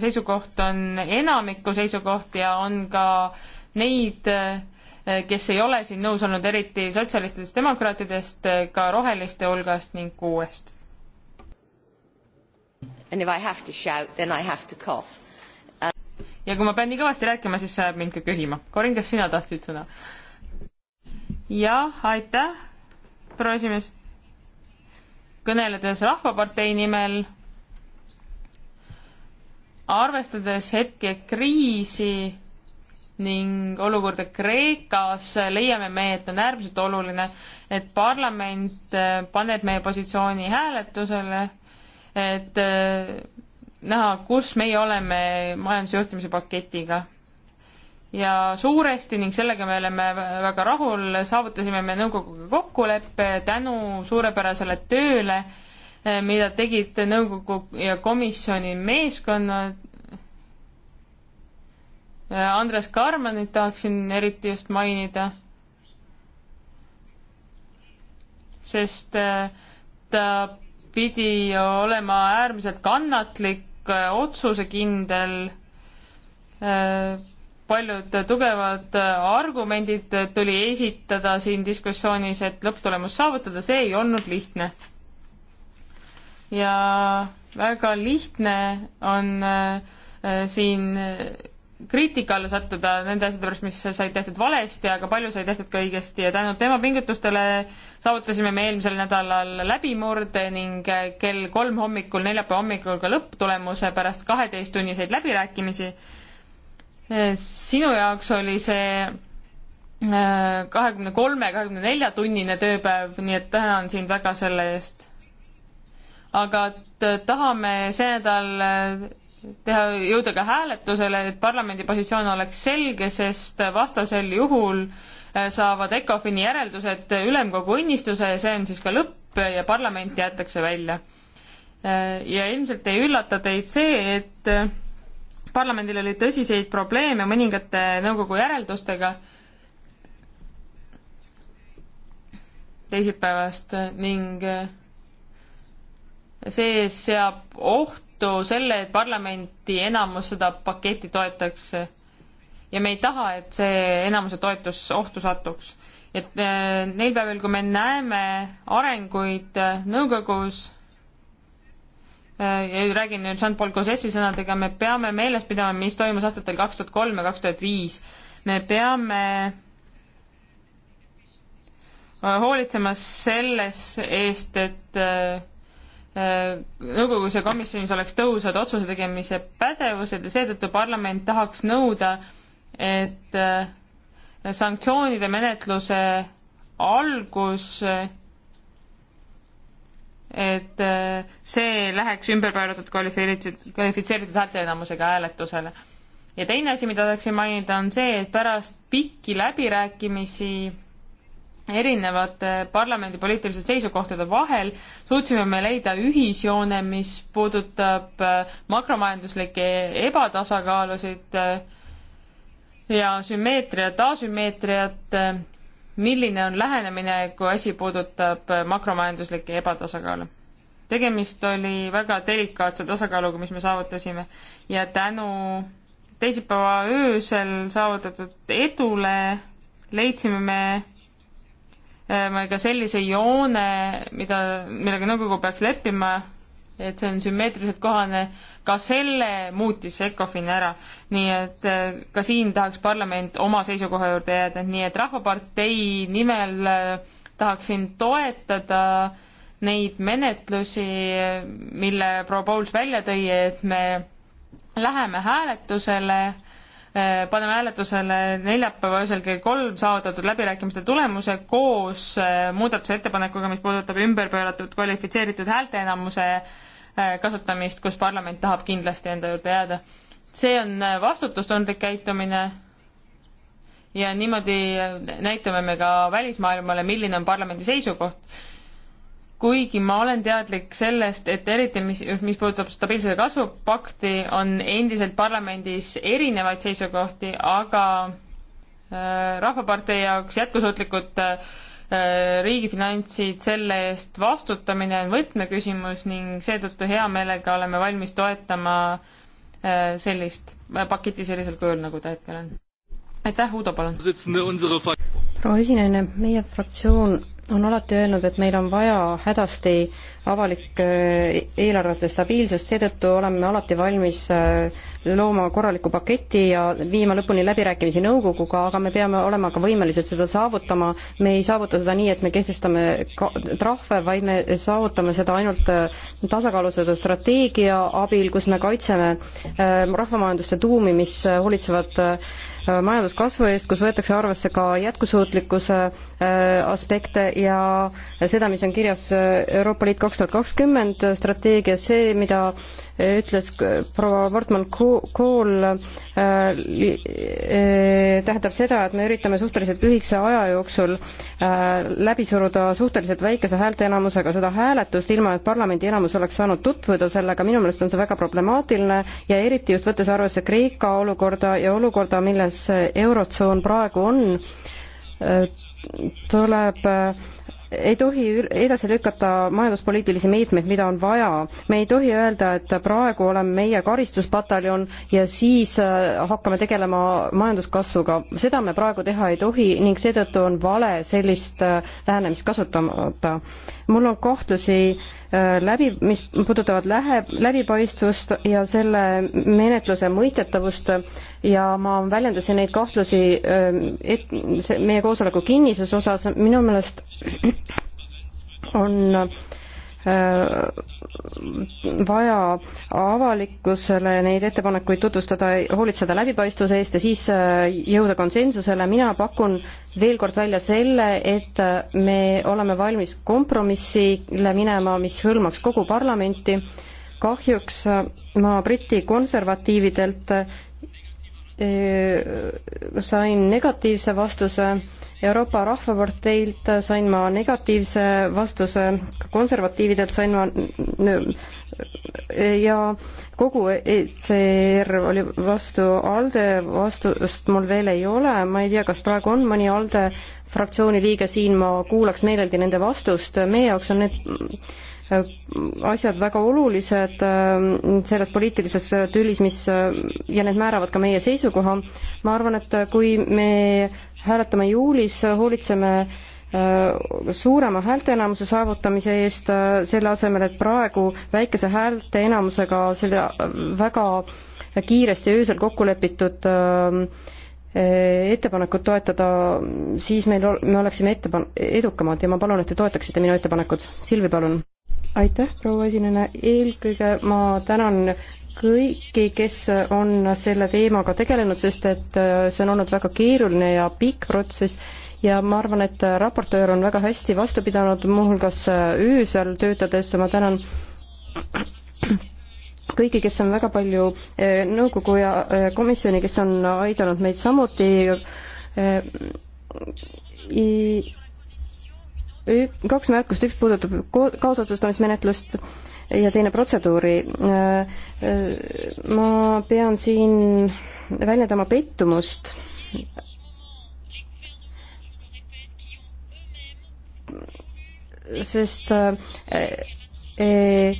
seisukoht on enamiku seisukoht ja on ka neid, kes ei ole siin nõus olnud, eriti sotsialistidest, demokraatidest, ka roheliste hulgast ning kuuest. ja kui ma pean nii kõvasti rääkima, siis see ajab mind ka köhima. Karin, kas sina tahtsid sõna? jah, aitäh, proua esimees. kõneledes Rahvapartei nimel arvestades hetke kriisi ning olukorda Kreekas, leiame me, et on äärmiselt oluline, et parlament äh, paneb meie positsiooni hääletusele, et äh, näha, kus meie oleme majandusjuhtimise paketiga. ja suuresti ning sellega me oleme väga rahul, saavutasime me nõukoguga kokkuleppe tänu suurepärasele tööle äh, Äh, mida tegid nõukogu ja komisjoni meeskonnad. Äh, Andres Karmanit tahaksin eriti just mainida, sest äh, ta pidi olema äärmiselt kannatlik, otsusekindel, paljud tugevad argumendid tuli esitada siin diskussioonis, et lõpptulemus saavutada, see ei olnud lihtne ja väga lihtne on äh, siin kriitika alla sattuda nende asjade pärast, mis said tehtud valesti, aga palju sai tehtud ka õigesti ja tänu tema pingutustele saavutasime me eelmisel nädalal läbimurde ning äh, kell kolm hommikul, neljapäeva hommikul ka lõpptulemuse pärast kaheteisttunniseid läbirääkimisi. Äh, sinu jaoks oli see kahekümne kolme, kahekümne nelja tunnine tööpäev, nii et tänan sind väga selle eest aga tahame see nädal äh, teha, jõuda ka hääletusele, et parlamendi positsioon oleks selge, sest vastasel juhul äh, saavad ECOFIN-i järeldused ülemkogu õnnistuse ja see on siis ka lõpp ja parlament jäetakse välja. Äh, ja ilmselt ei üllata teid see, et parlamendil oli tõsiseid probleeme mõningate nõukogu järeldustega teisipäevast ning see seab ohtu selle, et parlamenti enamus seda paketti toetaks. ja me ei taha, et see enamuse toetus ohtu satuks. et äh, neljapäeval, kui me näeme arenguid äh, nõukogus, äh, ja räägin nüüd Jean-Paul Gossessi sõnadega, me peame meeles pidama, mis toimus aastatel kaks tuhat kolm ja kaks tuhat viis. me peame hoolitsemas selles eest, et Äh, nõukogus ja komisjonis oleks tõhusad otsuse tegemise pädevused ja seetõttu parlament tahaks nõuda, et äh, sanktsioonide menetluse algus, et äh, see läheks ümberpööratud kvalifitseeritud, kvalifitseeritud häälteenamusega hääletusele. ja teine asi, mida tahaksin mainida, on see, et pärast pikki läbirääkimisi erinevate parlamendi poliitiliste seisukohtade vahel suutsime me leida ühisjoone, mis puudutab äh, makromajanduslikke ebatasakaalusid äh, ja sümmeetriat, asümmeetriat, äh, milline on lähenemine, kui asi puudutab makromajanduslikke ebatasakaalu. tegemist oli väga delikaatse tasakaaluga, mis me saavutasime ja tänu teisipäeva öösel saavutatud edule leidsime me ka ehm, sellise joone, mida, millega nõukogu peaks leppima, et see on sümmeetriliselt kohane, ka selle muutis ECOFIN ära. nii et eh, ka siin tahaks parlament oma seisukoha juurde jääda, nii et Rahvapartei nimel eh, tahaksin toetada neid menetlusi, mille proua Pauls välja tõi, et me läheme hääletusele äh, Äh, paneme hääletusele neljapäeva öösel kell kolm saavutatud läbirääkimiste tulemuse koos äh, muudatusettepanekuga, mis puudutab ümberpööratud kvalifitseeritud häälteenamuse äh, kasutamist, kus parlament tahab kindlasti enda juurde jääda. see on vastutustundlik käitumine ja niimoodi näitame me ka välismaailmale, milline on parlamendi seisukoht kuigi ma olen teadlik sellest, et eriti mis, mis puudutab stabiilsuse kasvupakti, on endiselt parlamendis erinevaid seisukohti, aga äh, Rahvapartei jaoks jätkusuutlikud äh, riigi finantsid, selle eest vastutamine on võtmeküsimus ning seetõttu hea meelega oleme valmis toetama äh, sellist paketti sellisel kujul, nagu ta hetkel on. aitäh, Uudo, palun! proua esinaine, meie fraktsioon on alati öelnud, et meil on vaja hädasti avalik äh, eelarvete stabiilsust, seetõttu oleme alati valmis äh, looma korraliku paketi ja viima lõpuni läbirääkimisi nõukoguga, aga me peame olema ka võimelised seda saavutama. me ei saavuta seda nii, et me kehtestame trahve, vaid me saavutame seda ainult äh, tasakaalustatud strateegia abil, kus me kaitseme rahvamajanduste tuumi, mis hoolitsevad Äh, majanduskasvu eest, kus võetakse arvesse ka jätkusuutlikkuse äh, aspekte ja seda, mis on kirjas äh, Euroopa Liit kaks tuhat kakskümmend strateegias, see, mida ütles proua Portman Kool, äh, äh, tähendab seda, et me üritame suhteliselt lühikese aja jooksul äh, läbi suruda suhteliselt väikese häälteenamusega seda hääletust, ilma et parlamendi enamus oleks saanud tutvuda sellega, minu meelest on see väga problemaatiline ja eriti just võttes arvesse Kreeka olukorda ja olukorda, milles Eurotsoon praegu on, tuleb ei tohi edasi lükata majanduspoliitilisi meetmeid, mida on vaja. me ei tohi öelda, et praegu oleme meie karistuspataljon ja siis äh, hakkame tegelema majanduskasvuga. seda me praegu teha ei tohi ning seetõttu on vale sellist äh, lähenemist kasutamata. mul on kahtlusi äh, läbi, mis puudutavad lähe, läbipaistvust ja selle menetluse mõistetavust ja ma väljendasin neid kahtlusi ähm, et, see, meie koosoleku kinnises osas, minu meelest on äh, vaja avalikkusele neid ettepanekuid tutvustada, hoolitseda läbipaistvuse eest ja siis äh, jõuda konsensusele, mina pakun veel kord välja selle, et me oleme valmis kompromissile minema, mis hõlmaks kogu parlamenti, kahjuks ma Briti konservatiividelt sain negatiivse vastuse Euroopa Rahvaparteilt, sain ma negatiivse vastuse konservatiividelt, sain ma ja kogu ECR oli vastu, ALDE vastust mul veel ei ole, ma ei tea, kas praegu on mõni ALDE fraktsiooni liige siin, ma kuulaks meeleldi nende vastust, meie jaoks on need asjad väga olulised äh, selles poliitilises tülis, mis äh, ja need määravad ka meie seisukoha. ma arvan, et kui me hääletame juulis, hoolitseme äh, suurema häälteenamuse saavutamise eest, selle asemel, et praegu väikese häälteenamusega selle väga kiiresti öösel kokku lepitud ettepanekut toetada, siis meil, me oleksime ettepan-, edukamad ja ma palun, et te toetaksite minu ettepanekut. Silvi, palun aitäh, proua esineja, eelkõige ma tänan kõiki, kes on selle teemaga tegelenud, sest et äh, see on olnud väga keeruline ja pikk protsess ja ma arvan, et raportöör on väga hästi vastu pidanud, muuhulgas äh, öösel töötades, ma tänan kõiki, kes on väga palju äh, nõukogu ja komisjoni, kes on aidanud meid samuti I kaks märkust, üks puudutab kaasotsustamismenetlust ja teine protseduuri. Äh, äh, ma pean siin väljendama pettumust sest äh, äh,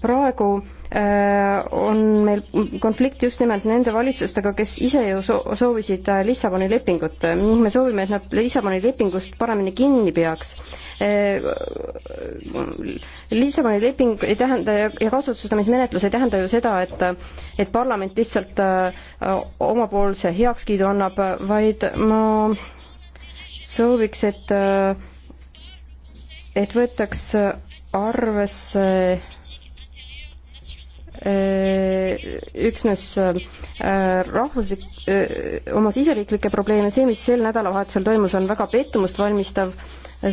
praegu äh, on meil konflikt just nimelt nende valitsustega, kes ise ju soo-, soovisid äh, Lissaboni lepingut ning me soovime, et nad Lissaboni lepingust paremini kinni peaks. Äh, Lissaboni leping ei tähenda ja, ja kasutusestamismenetlus ei tähenda ju seda, et, et parlament lihtsalt omapoolse heakskiidu annab, vaid ma sooviks, et, et võetaks arvesse Äh, üksnes äh, rahvuslik, äh, oma siseriiklikke probleeme, see, mis sel nädalavahetusel toimus, on väga pettumust valmistav,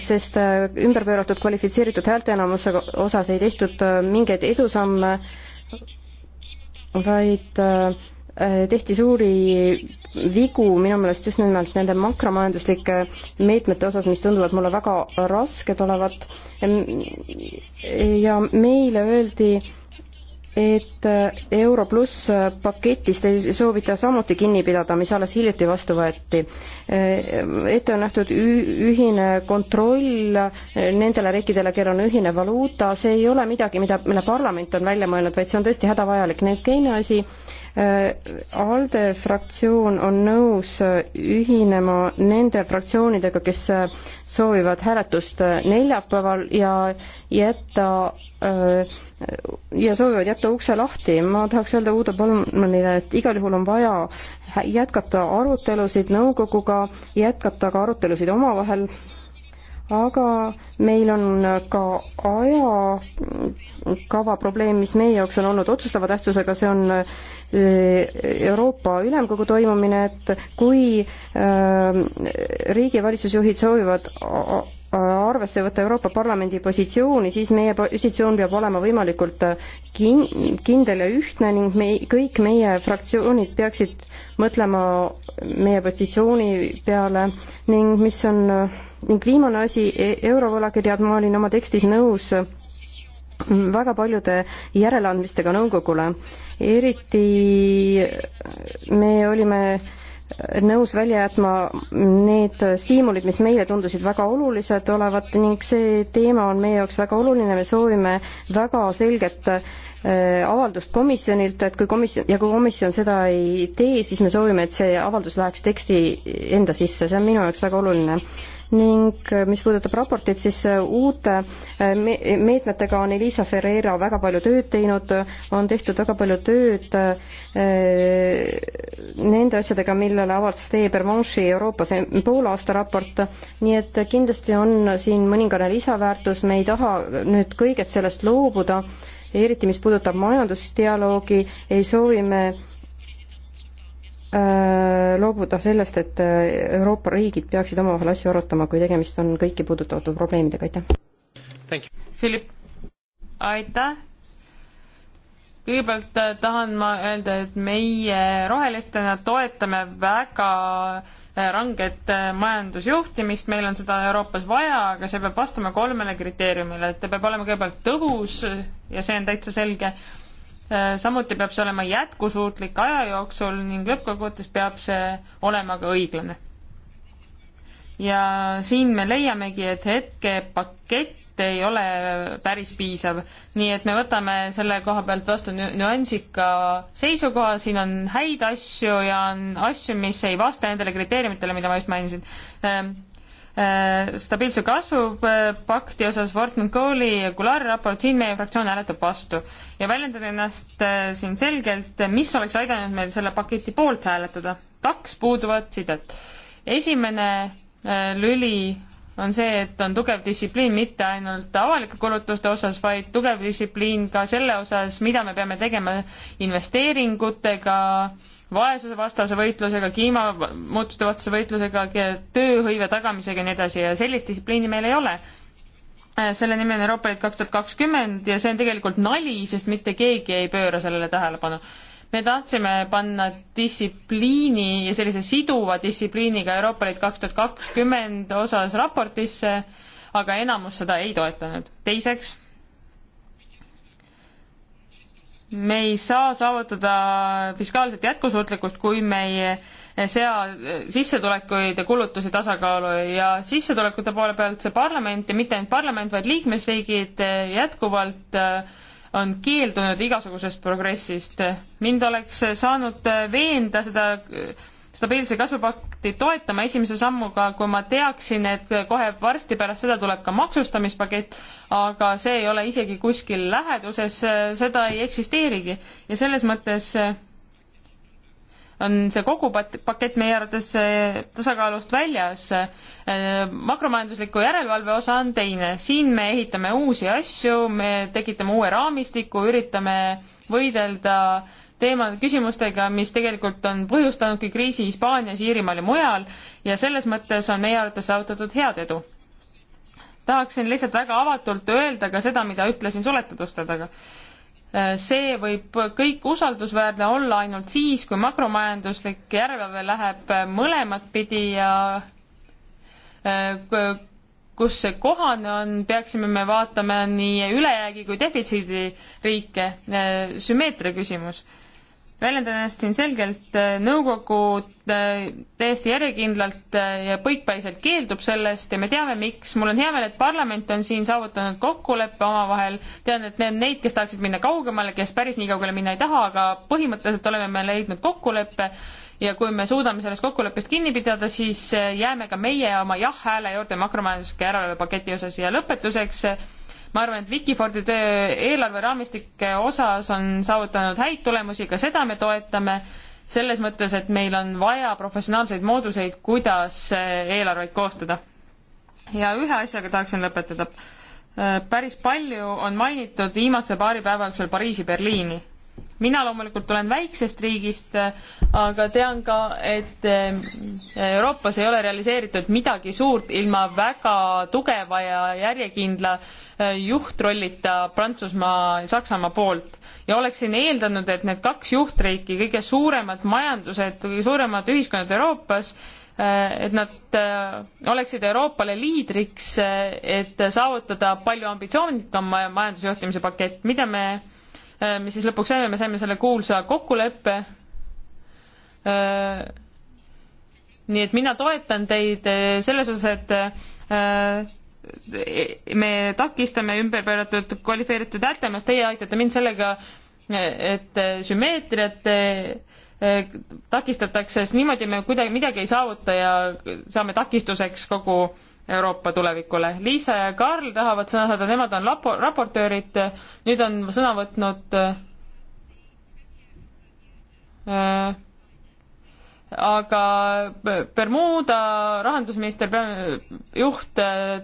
sest ümberpööratud kvalifitseeritud häälteenamuse osas ei tehtud mingeid edusamme, vaid tehti suuri vigu minu meelest just nimelt nende makromajanduslike meetmete osas, mis tunduvad mulle väga rasked olevat. ja meile öeldi, et äh, Euro pluss äh, paketist ei soovita samuti kinni pidada, mis alles hiljuti vastu võeti. Äh, ette on nähtud ühine kontroll nendele riikidele, kellel on ühine valuuta, see ei ole midagi, mida, mille parlament on välja mõelnud, vaid see on tõesti hädavajalik. nüüd teine asi, ALDE fraktsioon on nõus ühinema nende fraktsioonidega, kes soovivad hääletust neljapäeval ja jätta öö, ja soovivad jätta ukse lahti. ma tahaks öelda Uudo Palmanile, et igal juhul on vaja jätkata arutelusid nõukoguga, jätkata ka arutelusid omavahel, aga meil on ka ajakava probleem, mis meie jaoks on olnud otsustava tähtsusega, see on eh, Euroopa Ülemkogu toimumine, et kui äh, riigi ja valitsusjuhid soovivad arvesse võtta Euroopa Parlamendi positsiooni, siis meie positsioon peab olema võimalikult äh, kin-, kindel ja ühtne ning me, kõik meie fraktsioonid peaksid mõtlema meie positsiooni peale ning mis on, äh, ning viimane asi, e-, eurovõlakirjad, ma olin oma tekstis nõus mm, väga paljude järeleandmistega nõukogule. eriti me olime nõus välja jätma need stiimulid, mis meile tundusid väga olulised olevat ning see teema on meie jaoks väga oluline, me soovime väga selget äh, avaldust komisjonilt, et kui komisjon, ja kui komisjon seda ei tee, siis me soovime, et see avaldus läheks teksti enda sisse, see on minu jaoks väga oluline ning äh, mis puudutab raportit, siis äh, uute äh, meetmetega on Elisa Ferreira väga palju tööd teinud, on tehtud väga palju tööd nende asjadega, millele avaldas teie Bermanche'i Euroopas poolaasta raport, nii et kindlasti on siin mõningane lisaväärtus, me ei taha nüüd kõigest sellest loobuda, eriti mis puudutab majandusdialoogi, ei soovi me Äh, loobuda sellest, et äh, Euroopa riigid peaksid omavahel asju arutama, kui tegemist on kõiki puudutavate probleemidega, aitäh! Philip, aitäh! kõigepealt äh, tahan ma öelda, et meie rohelistena toetame väga ranget majandusjuhtimist, meil on seda Euroopas vaja, aga see peab vastama kolmele kriteeriumile, et ta peab olema kõigepealt tõhus ja see on täitsa selge Äh, samuti peab see olema jätkusuutlik aja jooksul ning lõppkokkuvõttes peab see olema ka õiglane. ja siin me leiamegi, et hetkepakett ei ole päris piisav, nii et me võtame selle koha pealt vastu nüansika seisukoha, siin on häid asju ja on asju, mis ei vasta nendele kriteeriumitele, mida ma just mainisin ähm, Äh, stabiilsuse kasvupakti äh, osas Wortmann Kooli ja Goulart raport, siin meie fraktsioon hääletab vastu. ja väljendan ennast äh, siin selgelt, mis oleks aidanud meil selle paketi poolt hääletada. kaks puuduvat sidet. esimene lüli on see, et on tugev distsipliin mitte ainult avalike kulutuste osas, vaid tugev distsipliin ka selle osas, mida me peame tegema investeeringutega, vaesusevastase võitlusega, kliimamuutuste vastase võitlusega, tööhõive tagamisega ja nii edasi ja sellist distsipliini meil ei ole. selle nimi on Euroopa Liit kaks tuhat kakskümmend ja see on tegelikult nali, sest mitte keegi ei pööra sellele tähelepanu me tahtsime panna distsipliini ja sellise siduva distsipliiniga Euroopa Liit kaks tuhat kakskümmend osas raportisse, aga enamus seda ei toetanud. teiseks, me ei saa saavutada fiskaalset jätkusuutlikkust, kui me ei sea sissetulekuid ja kulutusi tasakaalu ja sissetulekute poole pealt see parlament ja mitte ainult parlament, vaid liikmesriigid jätkuvalt äh, on keeldunud igasugusest progressist. mind oleks saanud veenda seda stabiilse kasvupakti toetama esimese sammuga, kui ma teaksin, et kohe varsti pärast seda tuleb ka maksustamispakett, aga see ei ole isegi kuskil läheduses, seda ei eksisteerigi. ja selles mõttes on see kogu pakett meie arvates tasakaalust väljas. makromajandusliku järelevalve osa on teine, siin me ehitame uusi asju, me tekitame uue raamistiku, üritame võidelda teema, küsimustega, mis tegelikult on põhjustanudki kriisi Hispaanias, Iirimaal ja mujal ja selles mõttes on meie arvates saavutatud head edu. tahaksin lihtsalt väga avatult öelda ka seda, mida ütlesin suletud uste taga Äh, see võib kõik usaldusväärne olla ainult siis, kui makromajanduslik järelevalve läheb äh, mõlemat pidi ja äh, kus see kohane on, peaksime me vaatama nii ülejäägi kui defitsiidi riike, sümmeetria küsimus väljendan ennast siin selgelt, äh, nõukogu äh, täiesti järjekindlalt äh, ja põikpäiselt keeldub sellest ja me teame, miks. mul on hea meel, et parlament on siin saavutanud kokkuleppe omavahel. tean, et need on neid, kes tahaksid minna kaugemale, kes päris nii kaugele minna ei taha, aga põhimõtteliselt oleme me leidnud kokkuleppe ja kui me suudame sellest kokkuleppest kinni pidada, siis jääme ka meie oma jah-hääle juurde makromajanduslike järelevalvepaketi osas ja lõpetuseks ma arvan, et Wikifordi töö eelarveraamistike osas on saavutanud häid tulemusi, ka seda me toetame, selles mõttes, et meil on vaja professionaalseid mooduseid, kuidas eh, eelarveid koostada. ja ühe asjaga tahaksin lõpetada. Äh, päris palju on mainitud viimase paari päeva jooksul Pariisi, Berliini mina loomulikult olen väiksest riigist, äh, aga tean ka, et äh, Euroopas ei ole realiseeritud midagi suurt ilma väga tugeva ja järjekindla äh, juhtrollita Prantsusmaa ja Saksamaa poolt. ja oleksin eeldanud, et need kaks juhtriiki, kõige suuremad majandused, kõige suuremad ühiskonnad Euroopas, et nad oleksid Euroopale liidriks, et saavutada palju ambitsioonikam majandusjuhtimise pakett, mida me Äh, mis siis lõpuks saime, me saime selle kuulsa kokkuleppe. Äh, nii et mina toetan teid äh, selles osas, et me takistame ümberpööratud kvalifitseeritud häältemast, teie aitate mind sellega, et sümmeetriat takistatakse, sest niimoodi me kuidagi midagi ei saavuta ja saame takistuseks kogu äh, Euroopa tulevikule. Liisa ja Karl tahavad sõna saada, nemad on lapo-, raportöörid, nüüd on sõna võtnud äh, aga Bermuda rahandusminister, juht äh,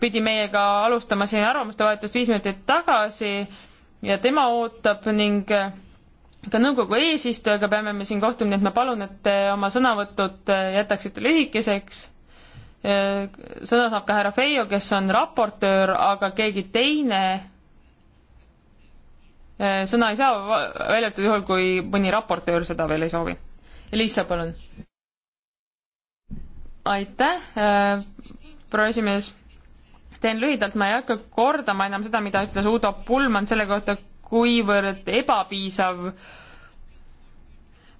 pidi meiega alustama siin arvamuste vahetust viis minutit tagasi ja tema ootab ning äh, ka nõukogu eesistujaga peame me siin kohtuma, nii et ma palun, et te oma sõnavõtud äh, jätaksite lühikeseks Äh, sõna saab ka härra Feio, kes on raportöör, aga keegi teine äh, sõna ei saa välja arvatud juhul, kui mõni raportöör seda veel ei soovi. Elisa, palun. aitäh, äh, proua esimees. teen lühidalt, ma ei hakka kordama enam seda, mida ütles Udo Pullmann selle kohta, kuivõrd ebapiisav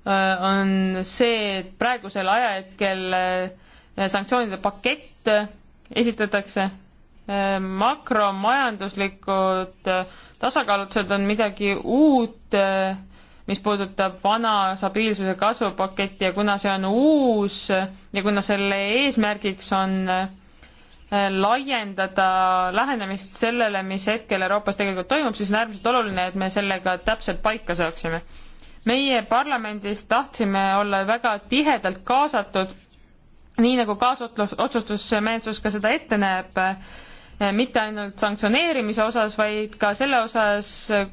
on see, et praegusel ajahetkel äh, Äh, sanktsioonide pakett äh, esitatakse, äh, makromajanduslikud tasakaalutused on midagi uut, mis puudutab vana stabiilsuse kasvupaketti ja kuna see on uus ja kuna selle eesmärgiks on laiendada lähenemist sellele, mis hetkel Euroopas tegelikult toimub, siis on äärmiselt oluline, et me sellega täpselt paika saaksime. meie parlamendis tahtsime olla väga tihedalt kaasatud nii nagu kaasotlus, otsustusmeelsus ka seda ette näeb, eh, mitte ainult sanktsioneerimise osas, vaid ka selle osas, eh,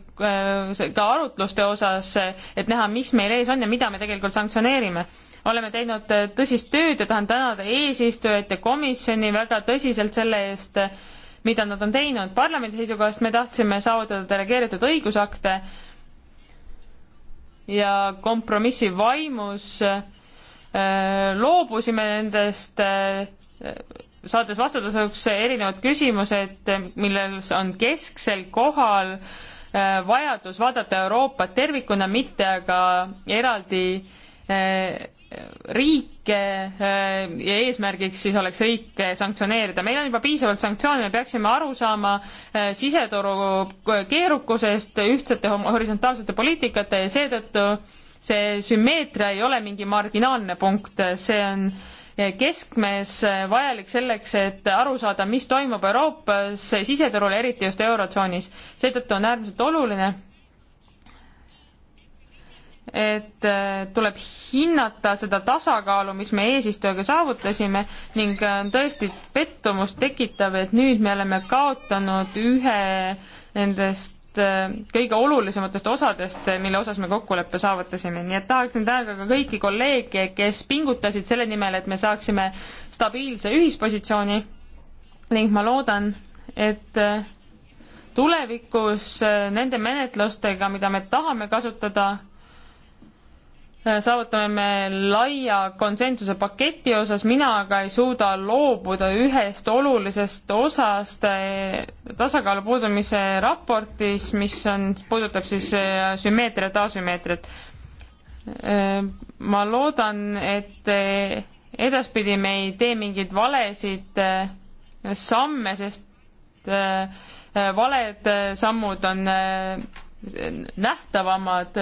ka arutluste osas, eh, et näha, mis meil ees on ja mida me tegelikult sanktsioneerime. oleme teinud tõsist tööd ja tahan tänada eesistujat ja komisjoni väga tõsiselt selle eest, mida nad on teinud. parlamendi seisukohast me tahtsime saavutada delegeeritud õigusakte ja kompromissi vaimus äh, Äh, loobusime nendest, äh, saates vastatuseks erinevad küsimused, milles on kesksel kohal äh, vajadus vaadata Euroopat tervikuna, mitte aga eraldi riike ja eesmärgiks siis oleks riike sanktsioneerida. meil on juba piisavalt sanktsioone, me peaksime aru saama siseturu keerukusest, ühtsete horisontaalsete poliitikate ja seetõttu see sümmeetria ei ole mingi marginaalne punkt, see on keskmes vajalik selleks, et aru saada, mis toimub Euroopas siseturul, eriti just Eurotsoonis. seetõttu on äärmiselt oluline, et tuleb hinnata seda tasakaalu, mis me eesistujaga saavutasime ning on tõesti pettumust tekitav, et nüüd me oleme kaotanud ühe nendest Äh, kõige olulisematest osadest, äh, mille osas me kokkuleppe saavutasime, nii et tahaksin tänada ka kõiki kolleege, kes pingutasid selle nimel, et me saaksime stabiilse ühispositsiooni ning ma loodan, et äh, tulevikus nende menetlustega, mida me tahame kasutada, saavutame me laia konsensuse paketi osas, mina aga ei suuda loobuda ühest olulisest osast eh, tasakaalu puudumise raportis, mis on, puudutab siis eh, sümmeetriat, asümmeetriat. Eh, ma loodan, et edaspidi me ei tee mingeid valesid samme, sest valed sammud on nähtavamad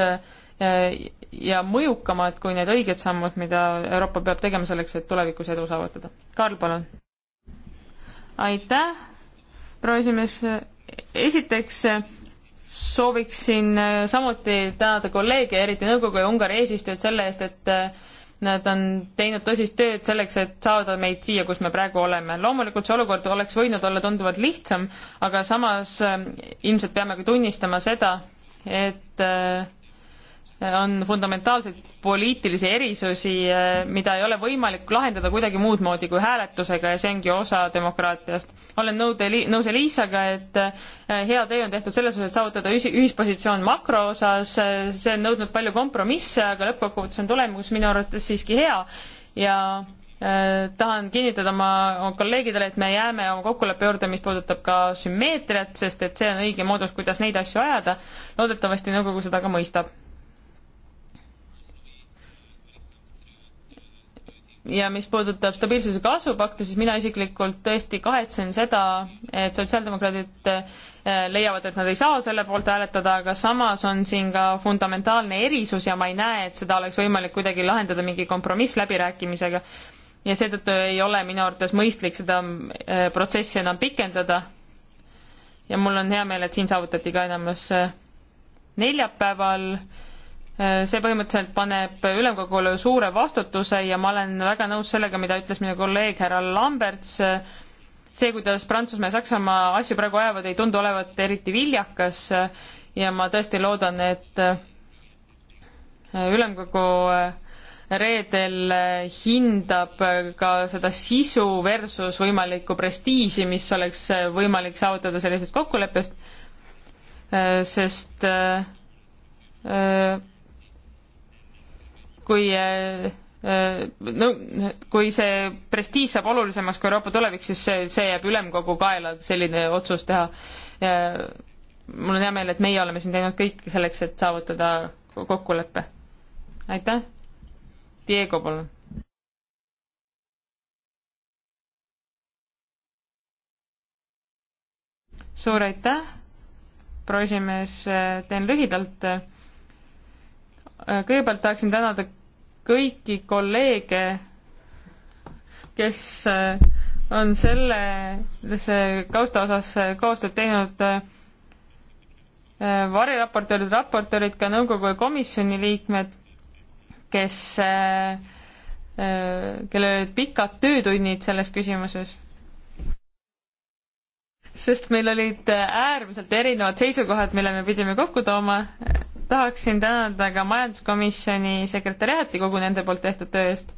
ja mõjukamad kui need õiged sammud, mida Euroopa peab tegema selleks, et tulevikus edu saavutada. Karl, palun. aitäh, proua esimees. esiteks sooviksin samuti tänada kolleege, eriti nõukogu ja Ungari eesistujad selle eest, et äh, nad on teinud tõsist tööd selleks, et saada meid siia, kus me praegu oleme. loomulikult see olukord oleks võinud olla tunduvalt lihtsam, aga samas äh, ilmselt peame ka tunnistama seda, et äh, on fundamentaalseid poliitilisi erisusi, eh, mida ei ole võimalik lahendada kuidagi muud moodi kui hääletusega ja see ongi osa demokraatiast. olen nõud, nõus Eliisaga, et eh, hea tee on tehtud selles osas, et saavutada ühispositsioon makro osas, eh, see on nõudnud palju kompromisse, aga lõppkokkuvõttes on tulemus minu arvates siiski hea ja äh, tahan kinnitada oma kolleegidele, et me jääme oma kokkuleppe juurde, mis puudutab ka sümmeetriat, sest et see on õige moodus, kuidas neid asju ajada. loodetavasti nõukogu seda ka mõistab ja mis puudutab stabiilsuse kasvupakti, siis mina isiklikult tõesti kahetsen seda, et sotsiaaldemokraadid äh, leiavad, et nad ei saa selle poolt hääletada, aga samas on siin ka fundamentaalne erisus ja ma ei näe, et seda oleks võimalik kuidagi lahendada mingi kompromissläbirääkimisega. ja seetõttu ei ole minu arvates mõistlik seda äh, protsessi enam pikendada. ja mul on hea meel, et siin saavutati ka enamus äh, neljapäeval äh, Äh, see põhimõtteliselt paneb ülemkogule suure vastutuse ja ma olen väga nõus sellega, mida ütles minu kolleeg härra Lamberts. see, kuidas Prantsusmaa ja Saksamaa asju praegu ajavad, ei tundu olevat eriti viljakas ja ma tõesti loodan, et äh, ülemkogu äh, reedel hindab ka seda sisu versus võimalikku prestiiži, mis oleks võimalik saavutada sellisest kokkuleppest, sest kui eh, eh, no kui see prestiiž saab olulisemaks kui Euroopa tulevik, siis see, see jääb ülemkogu kaela, selline otsus teha. mul on hea meel, et meie oleme siin teinud kõik selleks, et saavutada kokkulepe. aitäh. Diego, palun. suur aitäh, proua esimees, teen lühidalt Äh, kõigepealt tahaksin tänada kõiki kolleege, kes äh, on selle, selle kausta osas äh, koostööd teinud variraportöörid, raportöörid, ka nõukogu ja komisjoni liikmed, kes, kellel olid pikad töötunnid selles küsimuses. sest meil olid äärmiselt erinevad seisukohad, mille me pidime kokku tooma tahaksin tänada ka majanduskomisjoni sekretäriaati kogu nende poolt tehtud töö eest.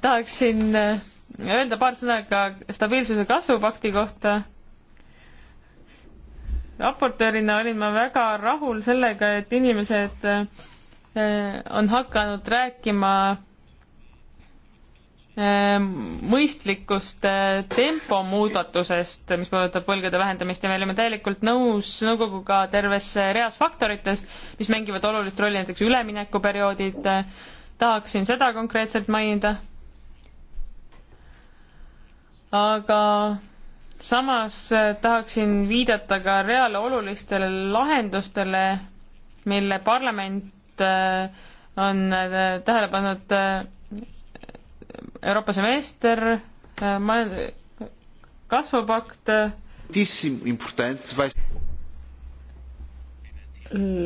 tahaksin äh, öelda paar sõna ka stabiilsuse kasvupakti kohta. raportöörina olin ma väga rahul sellega, et inimesed äh, on hakanud rääkima Ehm, mõistlikust eh, tempomuudatusest, mis puudutab võlgade vähendamist ja me olime täielikult nõus nõukoguga terves reas faktorites, mis mängivad olulist rolli, näiteks üleminekuperioodid, eh, tahaksin seda konkreetselt mainida. aga samas eh, tahaksin viidata ka reale olulistele lahendustele, mille parlament on tähele pannud Euroopa semester, äh, majand-, kasvupakt. Äh,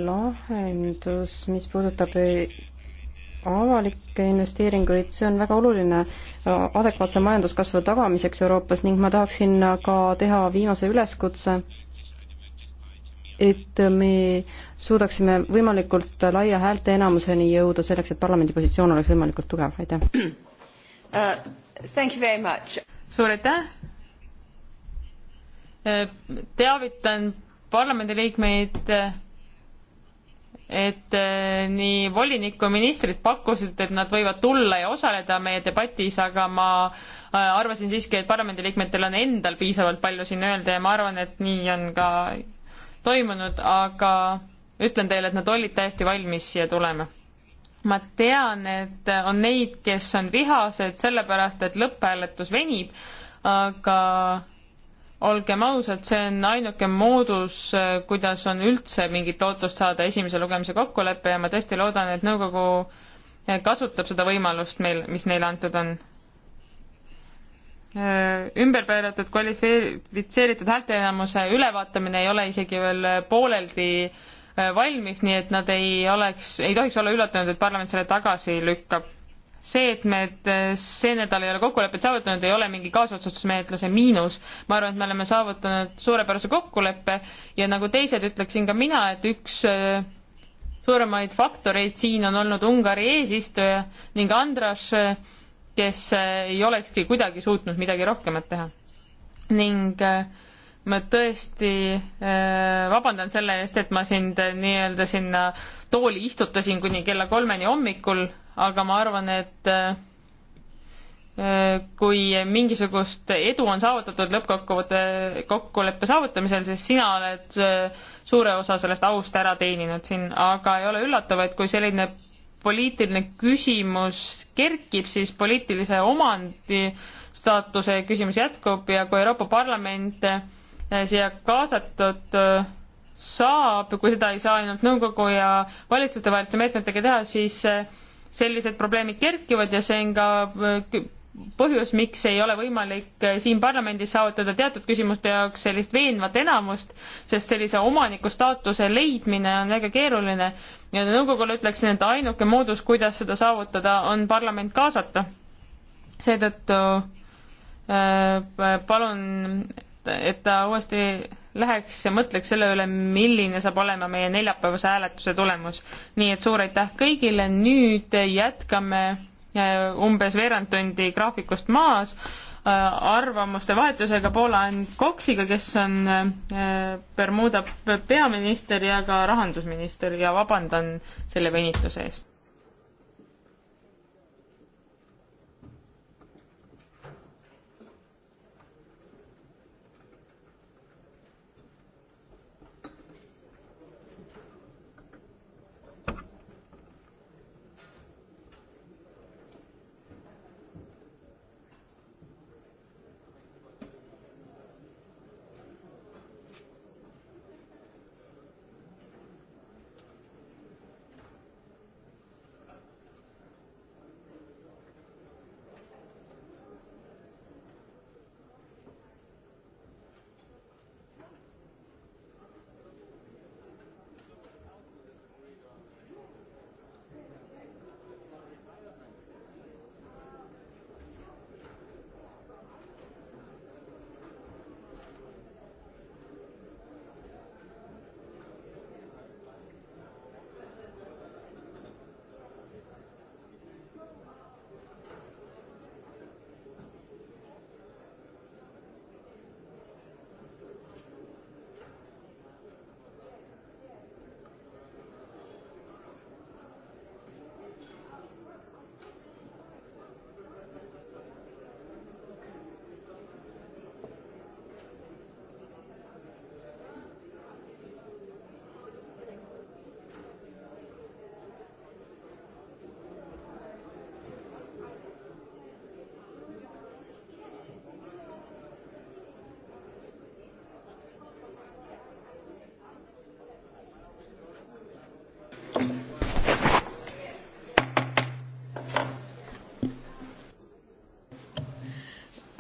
lahendus, mis puudutab äh, avalikke investeeringuid, see on väga oluline adekvaatse majanduskasvu tagamiseks Euroopas ning ma tahaksin ka teha viimase üleskutse, et me suudaksime võimalikult laia häälteenamuseni jõuda selleks, et parlamendi positsioon oleks võimalikult tugev, aitäh! uh,. Thank you very much. suur aitäh. Uh, teavitan parlamendiliikmeid, uh, et uh, nii volinik kui ministrid pakkusid, et nad võivad tulla ja osaleda meie debatis, aga ma arvasin siiski, et parlamendiliikmetel on endal piisavalt palju siin öelda ja ma arvan, et nii on ka toimunud, aga ütlen teile, et nad olid täiesti valmis siia tulema ma tean, et on neid, kes on vihased sellepärast, et lõpphääletus venib, aga olgem ausad, see on ainuke moodus, kuidas on üldse mingit lootust saada esimese lugemise kokkulepe ja ma tõesti loodan, et nõukogu kasutab seda võimalust meil, mis neile antud on. ümberpööratud kvalifitseeritud häälteenamuse ülevaatamine ei ole isegi veel pooleldi äh, Äh, valmis, nii et nad ei oleks, ei tohiks olla üllatunud, et parlament selle tagasi lükkab. see, et me äh, see nädal ei ole kokkulepet saavutanud, ei ole mingi kaasotsustusmenetluse miinus. ma arvan, et me oleme saavutanud suurepärase kokkuleppe ja nagu teised, ütleksin ka mina, et üks äh, suuremaid faktoreid siin on olnud Ungari eesistuja ning Andras, kes ei olekski kuidagi suutnud midagi rohkemat teha. ning äh, ma tõesti äh, vabandan selle eest, et ma sind äh, nii-öelda sinna tooli istutasin kuni kella kolmeni hommikul, aga ma arvan, et äh, kui mingisugust edu on saavutatud lõppkokkuvõtte, kokkuleppe saavutamisel, siis sina oled suure osa sellest aust ära teeninud siin, aga ei ole üllatav, et kui selline poliitiline küsimus kerkib, siis poliitilise omandi staatuse küsimus jätkub ja kui Euroopa Parlament Äh, siia kaasatud äh, saab, kui seda ei saa ainult nõukogu ja valitsuste vaheliste meetmetega teha, siis äh, sellised probleemid kerkivad ja see on ka põhjus, miks ei ole võimalik siin parlamendis saavutada teatud küsimuste jaoks sellist veenvat enamust, sest sellise omaniku staatuse leidmine on väga keeruline ja nõukogule ütleksin, et ainuke moodus, kuidas seda saavutada, on parlament kaasata. seetõttu äh, palun et ta uuesti läheks ja mõtleks selle üle, milline saab olema meie neljapäevase hääletuse tulemus. nii et suur aitäh kõigile, nüüd jätkame äh, umbes veerand tundi graafikust maas äh, arvamuste vahetusega Poola Ann Koksiga, kes on äh, Bermuda peaminister ja ka rahandusminister ja vabandan selle venituse eest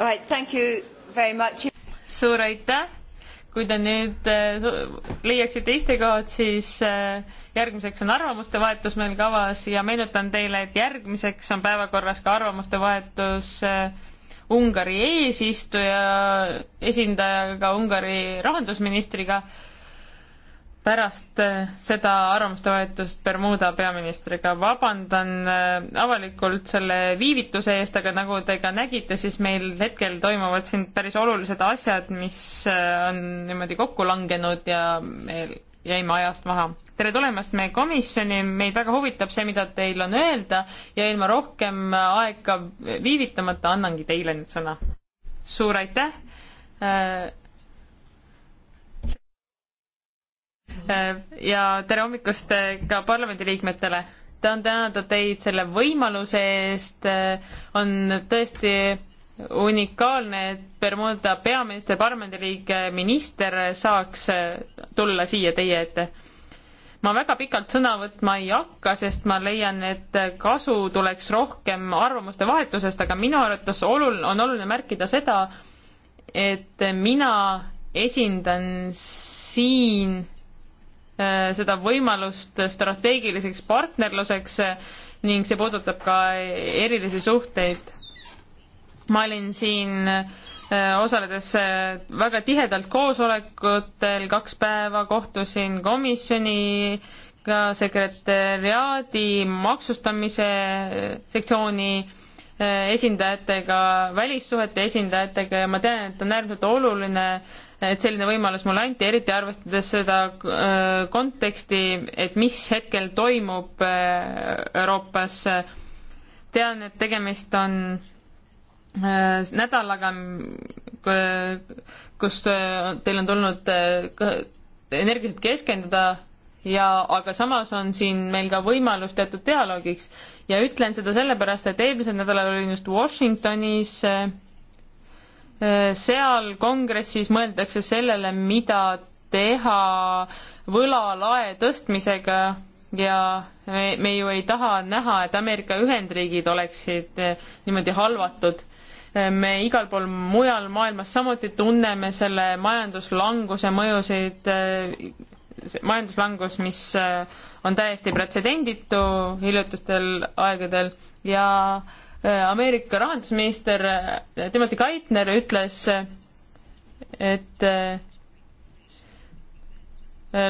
right,. suur aitäh. kui te nüüd eh, leiaksite istekohad, siis eh, järgmiseks on arvamuste vahetus meil kavas ja meenutan teile, et järgmiseks on päevakorras ka arvamuste vahetus eh, Ungari eesistuja esindajaga, Ungari rahandusministriga pärast äh, seda arvamuste vahetust Bermuda peaministriga. vabandan äh, avalikult selle viivituse eest, aga nagu te ka nägite, siis meil hetkel toimuvad siin päris olulised asjad, mis äh, on niimoodi kokku langenud ja meil jäime ajast maha. tere tulemast meie komisjoni, meid väga huvitab see, mida teil on öelda ja ilma rohkem aega viivitamata annangi teile nüüd sõna. suur aitäh Äh, ja tere hommikust äh, ka parlamendiliikmetele. tahan tänada teid selle võimaluse eest, äh, on tõesti unikaalne, et Bermuda peaminister, parlamendiliige, minister saaks tulla siia teie ette. ma väga pikalt sõna võtma ei hakka, sest ma leian, et kasu tuleks rohkem arvamuste vahetusest, aga minu arvates oluline, on oluline märkida seda, et mina esindan siin Äh, seda võimalust strateegiliseks partnerluseks äh, ning see puudutab ka erilisi suhteid. ma olin siin äh, osaledes väga tihedalt koosolekutel, kaks päeva kohtusin komisjoniga, sekretäriaadi, maksustamise sektsiooni esindajatega, välissuhete esindajatega ja ma tean, et on äärmiselt oluline et selline võimalus mulle anti, eriti arvestades seda äh, konteksti, et mis hetkel toimub äh, Euroopas. tean, et tegemist on äh, nädalaga, kus teil on tulnud energiliselt keskenduda ja, aga samas on siin meil ka võimalus teatud dialoogiks ja ütlen seda sellepärast, et eelmisel nädalal olin just Washingtonis äh, Äh, seal kongressis mõeldakse sellele, mida teha võlalae tõstmisega ja me, me ju ei taha näha, et Ameerika Ühendriigid oleksid äh, niimoodi halvatud. Äh, me igal pool mujal maailmas samuti tunneme selle majanduslanguse mõjusid, majanduslangus, mis on täiesti pretsedenditu hiljutistel aegadel ja äh, Äh, Ameerika rahandusminister äh, Timothy Geithner ütles, et äh,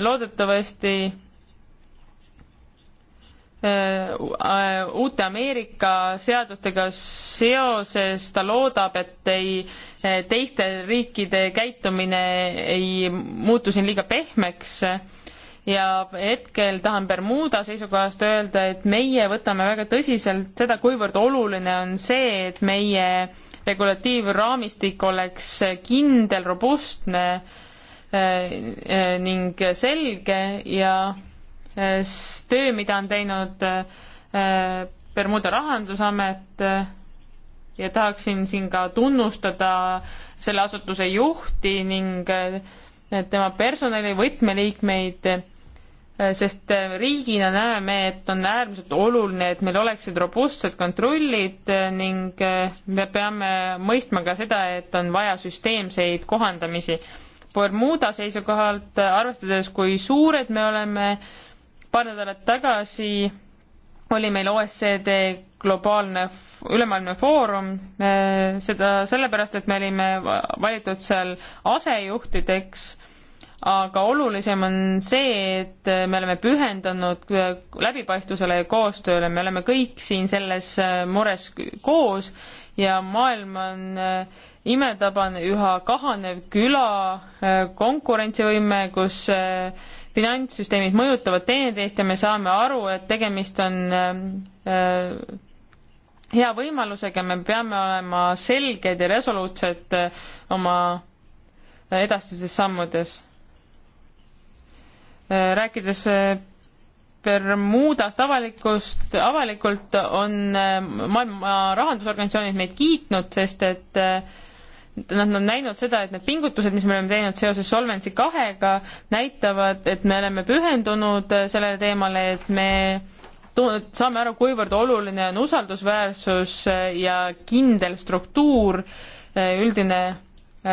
loodetavasti uute Ameerika seadustega seoses ta loodab, et ei teiste riikide käitumine ei muutu siin liiga pehmeks ja hetkel tahan Bermuda seisukohast öelda, et meie võtame väga tõsiselt seda, kuivõrd oluline on see, et meie regulatiivraamistik oleks kindel, robustne eh, eh, ning selge ja eh, töö, mida on teinud Bermuda rahandusamet ja tahaksin siin ka tunnustada selle asutuse juhti ning tema personali võtmeliikmeid Äh, sest äh, riigina näeme, et on äärmiselt oluline, et meil oleksid robustsed kontrollid äh, ning me peame mõistma ka seda, et on vaja süsteemseid kohandamisi. Bermuda seisukohalt, arvestades, kui suured me oleme, paar nädalat tagasi oli meil OECD globaalne ülemaailmne foorum, seda sellepärast, et me olime valitud seal asejuhtideks aga olulisem on see, et me oleme pühendunud läbipaistvusele ja koostööle, me oleme kõik siin selles mures koos ja maailm on äh, imetabane üha kahanev küla, äh, konkurentsivõime, kus äh, finantssüsteemid mõjutavad teineteist ja me saame aru, et tegemist on hea võimalusega, me peame olema selged ja resoluutsed oma edasistes sammudes Äh, rääkides äh, Bermudast avalikust, avalikult on äh, maailma rahandusorganisatsioonid meid kiitnud, sest et nad on näinud seda, et need pingutused, mis me oleme teinud seoses Solvency kahega, näitavad, et me oleme pühendunud sellele teemale, et me saame aru, kuivõrd oluline on usaldusväärsus ja kindel struktuur, üldine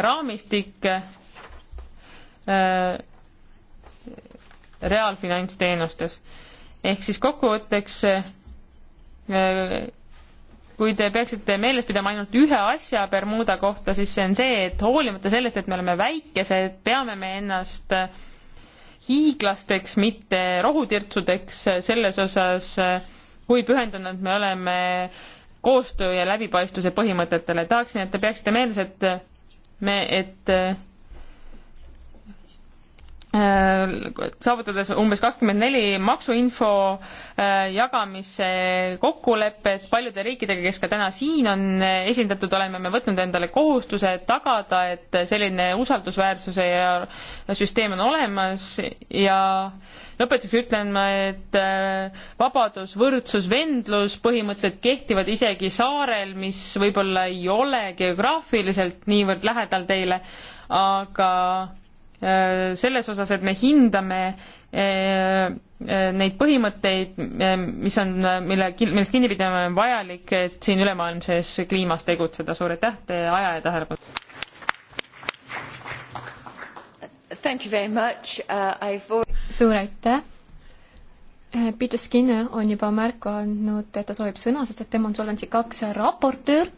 raamistik reaalfinantsteenustes. ehk siis kokkuvõtteks, eh, kui te peaksite meeles pidama ainult ühe asja Bermuda kohta, siis see on see, et hoolimata sellest, et me oleme väikesed, peame me ennast hiiglasteks, mitte rohutirtsudeks selles osas, kui pühendunud me oleme koostöö ja läbipaistvuse põhimõtetele. tahaksin, et te peaksite meeles, et me, et Äh, saavutades umbes kakskümmend neli maksuinfo äh, jagamise kokkulepet paljude riikidega, kes ka täna siin on äh, esindatud, oleme me võtnud endale kohustuse tagada, et selline usaldusväärsuse ja süsteem on olemas ja lõpetuseks ütlen ma, et vabadus, võrdsus, vendlus põhimõtted kehtivad isegi saarel, mis võib-olla ei ole geograafiliselt niivõrd lähedal teile, aga Äh, selles osas, et me hindame äh, äh, neid põhimõtteid, mis on, mille, millest kinni pidama on vajalik, et siin ülemaailmses kliimas tegutseda. suur aitäh teie aja ja tähelepanu! Uh, suur aitäh! Peter Skinner on juba märku andnud, et ta soovib sõna, sest et tema on Solvency kaks raportöör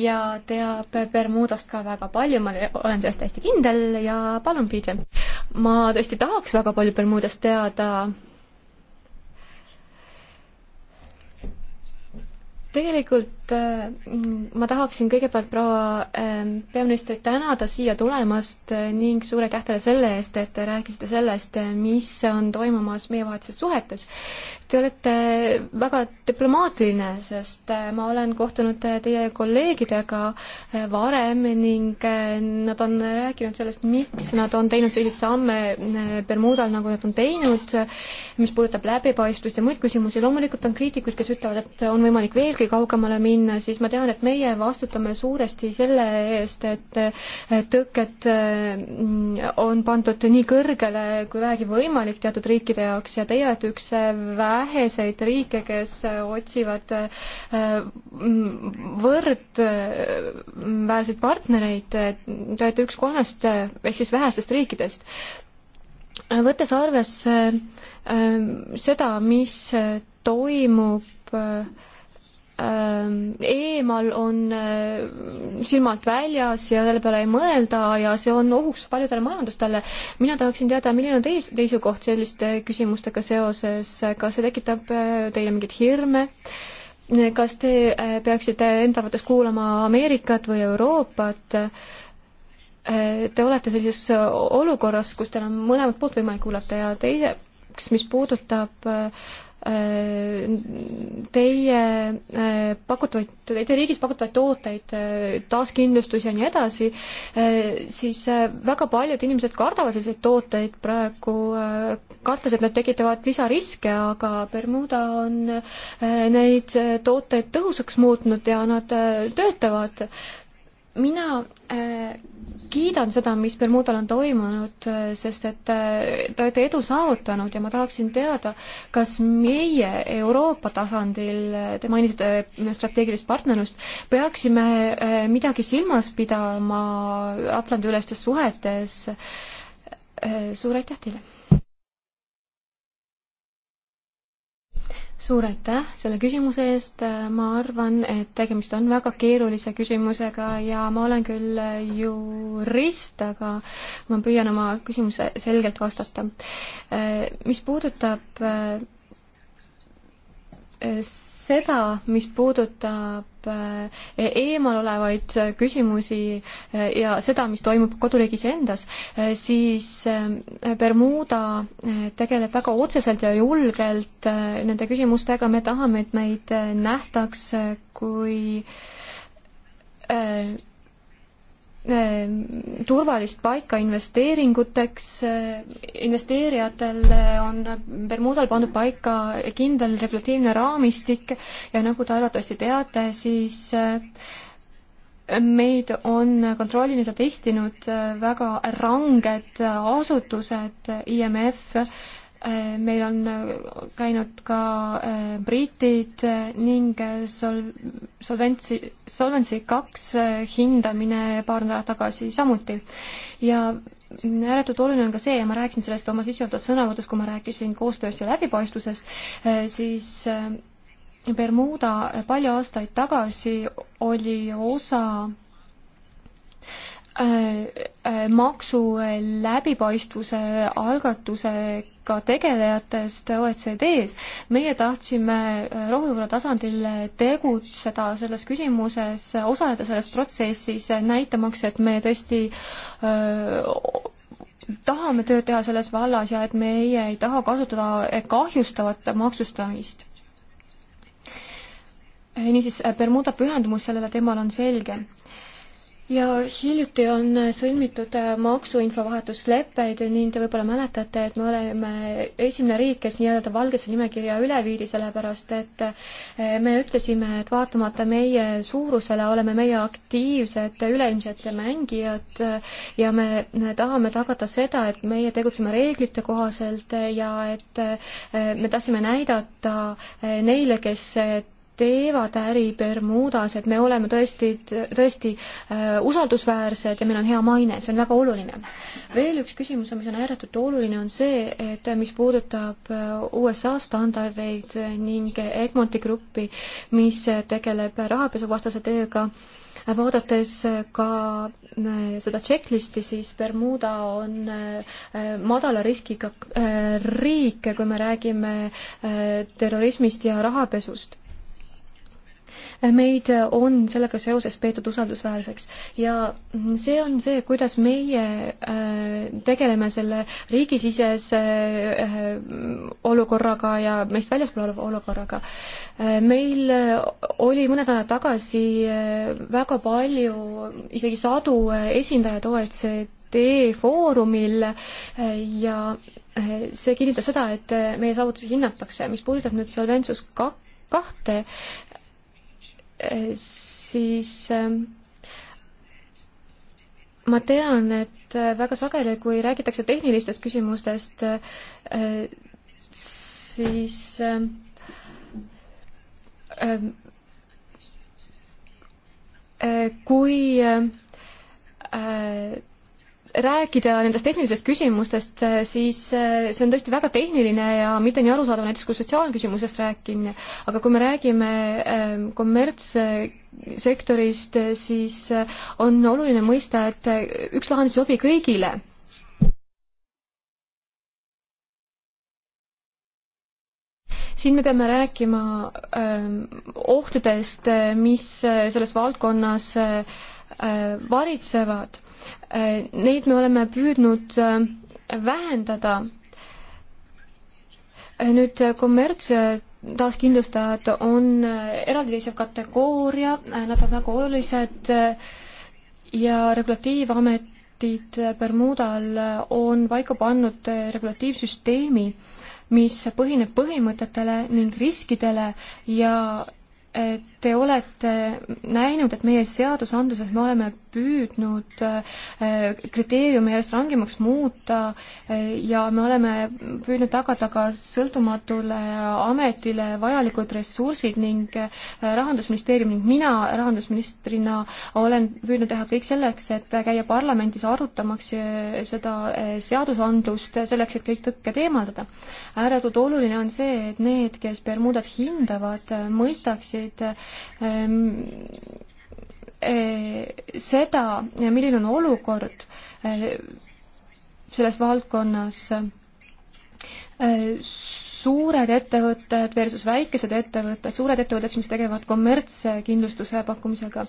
ja teab Bermudast ka väga palju, ma olen selles täiesti kindel ja palun, PJ. ma tõesti tahaks väga palju Bermudast teada. tegelikult Mm, ma tahaksin kõigepealt proua ähm, peaministrit tänada siia tulemast äh, ning suur aitäh teile selle eest, et te rääkisite sellest, äh, mis on toimumas meievahelistes suhetes. Te olete väga diplomaatiline, sest äh, ma olen kohtunud teie kolleegidega varem ning nad on rääkinud sellest, miks nad on teinud selliseid samme Bermudal, nagu nad on teinud, mis puudutab läbipaistvust ja muid küsimusi. loomulikult on kriitikuid, kes ütlevad, et on võimalik veelgi kaugemale minna, siin, siis ma tean, et meie vastutame suuresti selle eest, et tõkked mm, on pandud nii kõrgele kui vähegi võimalik teatud riikide jaoks ja teie olete üks väheseid riike, kes otsivad mm, võrdväärseid partnereid, te olete üks kolmest ehk siis vähestest riikidest. võttes arvesse mm, seda, mis toimub äh, Ehm, eemal, on eh, silmalt väljas ja selle peale ei mõelda ja see on ohuks paljudele majandustele. mina tahaksin teada, milline on teie seisukoht selliste küsimustega seoses, kas see tekitab eh, teile mingeid hirme? kas te eh, peaksite enda arvates kuulama Ameerikat või Euroopat? Te olete sellises olukorras, kus teil on mõlemat poolt võimalik kuulata ja teiseks, mis puudutab äh, Äh, teie äh, pakutavaid, teie riigis pakutavaid tooteid, äh, taaskindlustusi ja nii edasi, siis väga paljud inimesed kardavad selliseid tooteid praegu, kartes, et nad tekitavad lisariske, aga Bermuda on neid tooteid tõhusaks muutnud ja nad töötavad äh, mina äh, kiidan seda, mis Bermudal on toimunud, äh, sest et äh, te olete edu saavutanud ja ma tahaksin teada, kas meie Euroopa tasandil, äh, te mainisite äh, strateegilist partnerlust, peaksime äh, midagi silmas pidama Atlandi-ülestes suhetes äh,. suur aitäh teile! suur aitäh selle küsimuse eest, ma arvan, et tegemist on väga keerulise küsimusega ja ma olen küll jurist, aga ma püüan oma küsimuse selgelt vastata. mis puudutab äh, seda, mis puudutab äh, eemal olevaid küsimusi äh, ja seda, mis toimub koduriigis endas, äh, siis Bermuda tegeleb väga otseselt ja julgelt nende küsimustega, me tahame, et meid nähtaks kui Ehm, turvalist paika investeeringuteks, eh, investeerijatele on Bermudal pandud paika kindel regulatiivne raamistik ja nagu te arvatavasti teate, siis eh, meid on kontrollinud ja testinud eh, väga ranged asutused, IMF, Äh, meil on äh, käinud ka äh, britid ning sol-, solventsi, Solvency kaks hindamine paar nädalat tagasi samuti. ja ääretult oluline on ka see ja ma rääkisin sellest oma sissejuhatavas sõnavõtus, kui ma rääkisin koostööst ja läbipaistvusest, siis Bermuda palju aastaid tagasi oli osa Äh, äh, maksu äh, läbipaistvuse algatusega tegelejatest OECD-s. meie tahtsime rohujuure tasandil tegutseda selles küsimuses, osaleda selles protsessis, näitamaks, et me tõesti öö, tahame tööd teha selles vallas ja et meie ei taha kasutada kahjustavat maksustamist. niisiis, Bermuda pühendumus sellele teemale on selge ja hiljuti on sõlmitud äh, maksuinfovahetusleppeid ning te võib-olla mäletate, et me oleme esimene riik, kes nii-öelda valgesse nimekirja üle viidi, sellepärast et äh, me ütlesime, et vaatamata meie suurusele oleme meie aktiivsed üleilmsed mängijad äh, ja me tahame tagada seda, et meie tegutseme reeglite kohaselt ja et me tahtsime näidata neile, kes teevad äri Bermudas, et me oleme tõesti, tõesti äh, usaldusväärsed ja meil on hea maine, see on väga oluline. veel üks küsimus, mis on ääretult oluline, on see, et mis puudutab äh, USA standardeid ning Egmonti gruppi, mis tegeleb rahapesuvastase tööga, vaadates ka äh, seda checklisti, siis Bermuda on äh, madala riskiga riik, kui me räägime terrorismist ja rahapesust meid on sellega seoses peetud usaldusväärseks ja see on see, kuidas meie äh, tegeleme selle riigisisese äh, olukorraga ja meist väljaspool oleva olukorraga. Äh, meil oli mõned nädalad tagasi väga palju, isegi sadu esindajaid OECD foorumil ja see kinnitas seda, et meie saavutusi hinnatakse. mis puudutab nüüd Solventsus kak-, kahte, siis ähm, ma tean, et äh, väga sageli, kui räägitakse tehnilistest küsimustest, äh, siis ähm, ähm, äh, kui rääkida nendest tehnilistest küsimustest, siis see on tõesti väga tehniline ja mitte nii arusaadav näiteks kui sotsiaalküsimusest rääkimine, aga kui me räägime ähm, kommertssektorist, siis äh, on oluline mõista, et äh, üks lahendus ei sobi kõigile. siin me peame rääkima ähm, ohtudest, äh, mis selles valdkonnas varitsevad Äh, neid me oleme püüdnud äh, vähendada. Äh, nüüd kommerts taaskindlustajad on eraldiseisev kategooria, nad on väga olulised ja regulatiivametid Bermudal on paika pannud regulatiivsüsteemi, mis põhineb põhimõtetele ning riskidele ja te olete näinud, et meie seadusandluses me oleme püüdnud äh, kriteeriume järjest rangemaks muuta äh, ja me oleme püüdnud tagada ka sõltumatule ametile vajalikud ressursid ning äh, Rahandusministeerium ning mina rahandusministrina olen püüdnud teha kõik selleks, et käia parlamendis arutamaks seda seadusandlust selleks, et kõik tõkked eemaldada. ääretult oluline on see, et need, kes Bermudat hindavad, mõistaksid ähm, Eh, seda, milline on olukord eh, selles valdkonnas eh, suured ettevõtted versus väikesed ettevõtted, suured ettevõtted, mis tegevad kommertskindlustuse pakkumisega.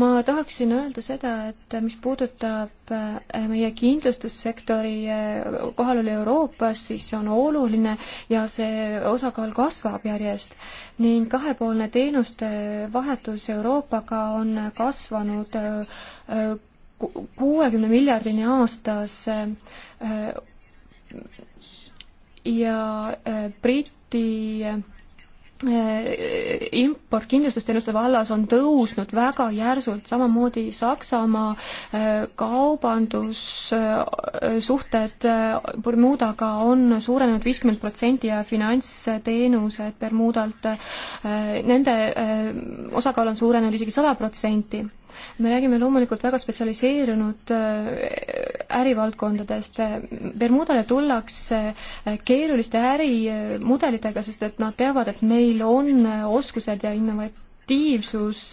ma tahaksin öelda seda, et mis puudutab äh, meie kindlustussektori äh, kohalolu Euroopas, siis see on oluline ja see osakaal kasvab järjest ning kahepoolne teenuste vahetus Euroopaga on kasvanud äh, kuuekümne miljardini aastas ja äh, Briti äh, import kindlustusteenuste vallas on tõusnud väga järsult, samamoodi Saksamaa äh, kaubandussuhted Bermudaga on suurenenud viiskümmend protsenti ja finantsteenused Bermudalt, nende osakaal on suurenenud isegi sada protsenti me räägime loomulikult väga spetsialiseerunud äh, ärivaldkondadest. Bermudale tullakse äh, keeruliste ärimudelitega, sest et nad teavad, et meil on äh, oskused ja innovatiivsus,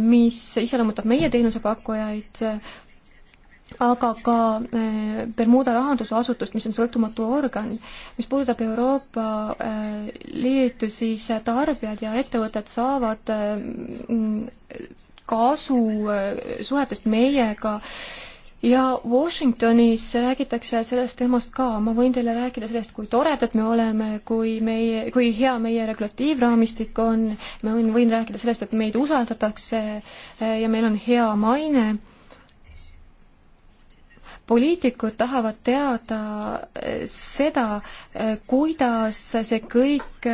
mis iseloomustab meie teenusepakkujaid, aga ka Bermuda rahandusasutust, mis on sõltumatu organ. mis puudutab Euroopa Liitu, siis tarbijad ja ettevõtted saavad kasu äh, suhetest meiega ja Washingtonis räägitakse sellest teemast ka, ma võin teile rääkida sellest, kui toredad me oleme, kui meie, kui hea meie regulatiivraamistik on, ma võin, võin rääkida sellest, et meid usaldatakse äh, ja meil on hea maine poliitikud tahavad teada äh, seda, kuidas see kõik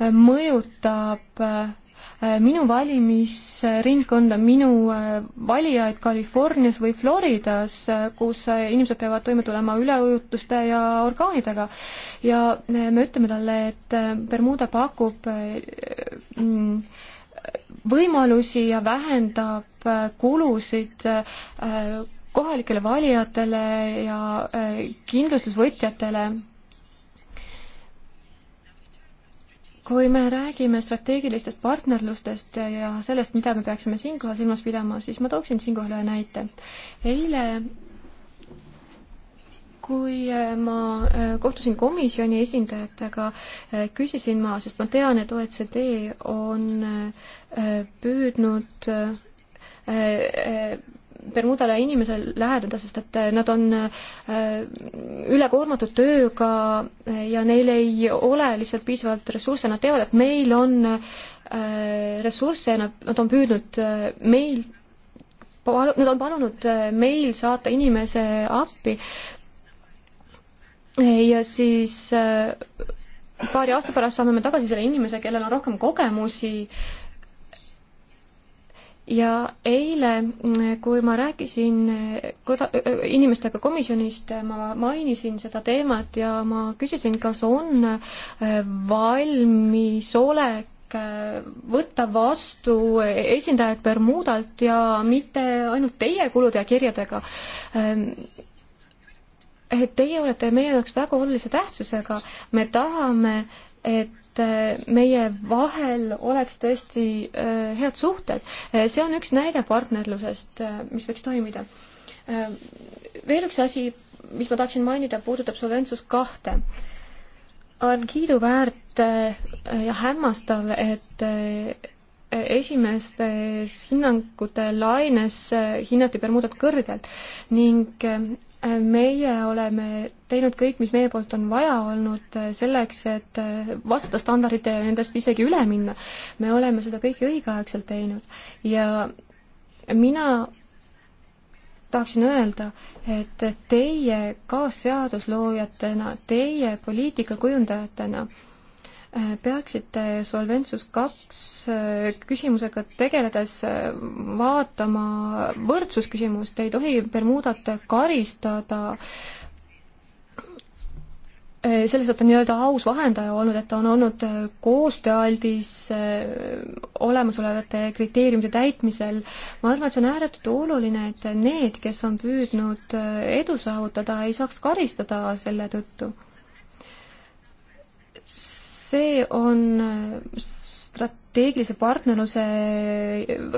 mõjutab Äh, minu valimisringkonda, minu äh, valijaid Californias või Floridas, äh, kus inimesed peavad toime tulema üleujutuste ja orkaanidega. ja me ütleme talle, et Bermuda pakub mm, võimalusi ja vähendab kulusid kohalikele valijatele ja kindlustusvõtjatele kui me räägime strateegilistest partnerlustest ja sellest, mida me peaksime siinkohal silmas pidama, siis ma tooksin siinkohal ühe näite. eile kui äh, ma äh, kohtusin komisjoni esindajatega, äh, küsisin ma, sest ma tean, et OECD on püüdnud Bermudale inimesel läheneda, sest et nad on äh, ülekoormatud tööga ja neil ei ole lihtsalt piisavalt ressursse, nad teavad, et meil on äh, ressursse ja nad, nad on püüdnud äh, meil, nad on palunud meil saata inimese appi ja siis paari aasta pärast saame me tagasi selle inimese, kellel on rohkem kogemusi äh, ja eile, kui ma rääkisin koda-, inimestega komisjonist, ma mainisin seda teemat ja ma küsisin, kas on äh, valmisolek äh, võtta vastu esindajad Bermudalt ja mitte ainult teie kulude ja kirjadega. Ähm, teie olete meie jaoks väga olulise tähtsusega, me tahame, et et äh, meie vahel oleks tõesti äh, head suhted. Äh, see on üks näide partnerlusest, mis võiks toimida. veel üks asi, mis ma tahaksin mainida, puudutab solventsust kahte on kiiduväärt ja hämmastav, et esimestes hinnangute laines hinnati Bermudat kõrgelt ning meie oleme teinud kõik, mis meie poolt on vaja olnud äh, selleks, et äh, vastata standarditele ja nendest isegi üle minna. me oleme seda kõike õigeaegselt teinud ja mina tahaksin öelda, et teie kaasseadusloojatena, teie poliitikakujundajatena äh, Äh, peaksite Solventsus kaks äh, küsimusega tegeledes äh, vaatama võrdsusküsimust, ei tohi Bermudat karistada selles on nii-öelda aus vahendaja olnud, et ta on olnud koostööaldis olemasolevate kriteeriumide täitmisel. ma arvan, et see on ääretult oluline, et need, kes on püüdnud edu saavutada, ei saaks karistada selle tõttu see on strateegilise partnerluse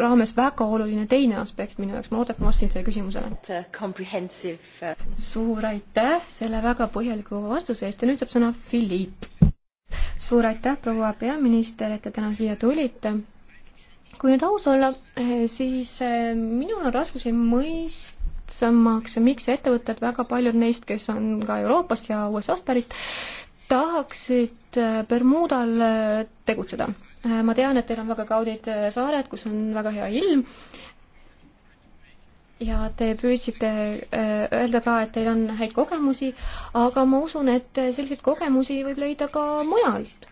raames väga oluline teine aspekt minu jaoks, ma loodan, et ma vastasin teie küsimusele. Uh, suur aitäh selle väga põhjaliku vastuse eest ja nüüd saab sõna Philipp. suur aitäh, proua peaminister, et te täna siia tulite. kui nüüd aus olla, eh, siis eh, minul on raskusi mõista, tähtsamaks, miks ettevõtted, väga paljud neist, kes on ka Euroopast ja USA-st pärist, tahaksid äh, Bermudal äh, tegutseda. Äh, ma tean, et teil on väga kaunid saared, kus on väga hea ilm ja te püüdsite öelda ka, et teil on häid kogemusi, aga ma usun, et selliseid kogemusi võib leida ka mujalt.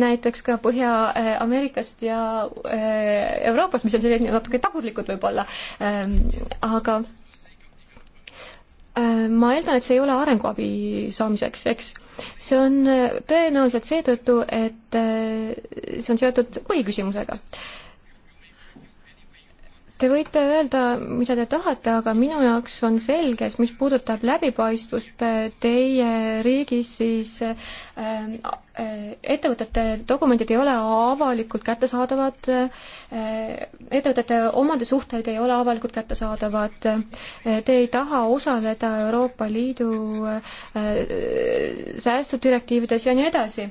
näiteks ka Põhja-Ameerikast ja Euroopast, mis on sellised natuke tagurlikud võib-olla, ähm, aga Äh, ma eeldan, et see ei ole arenguabi saamiseks, eks. see on äh, tõenäoliselt seetõttu, et äh, see on seotud põhiküsimusega. Te võite öelda, mida te tahate, aga minu jaoks on selge, mis puudutab läbipaistvust äh, teie riigis, siis ähm, äh, ettevõtete dokumendid ei ole avalikult kättesaadavad, äh, ettevõtete omandisuhted ei ole avalikult kättesaadavad, te ei taha osaleda Euroopa Liidu säästudirektiivides ja nii edasi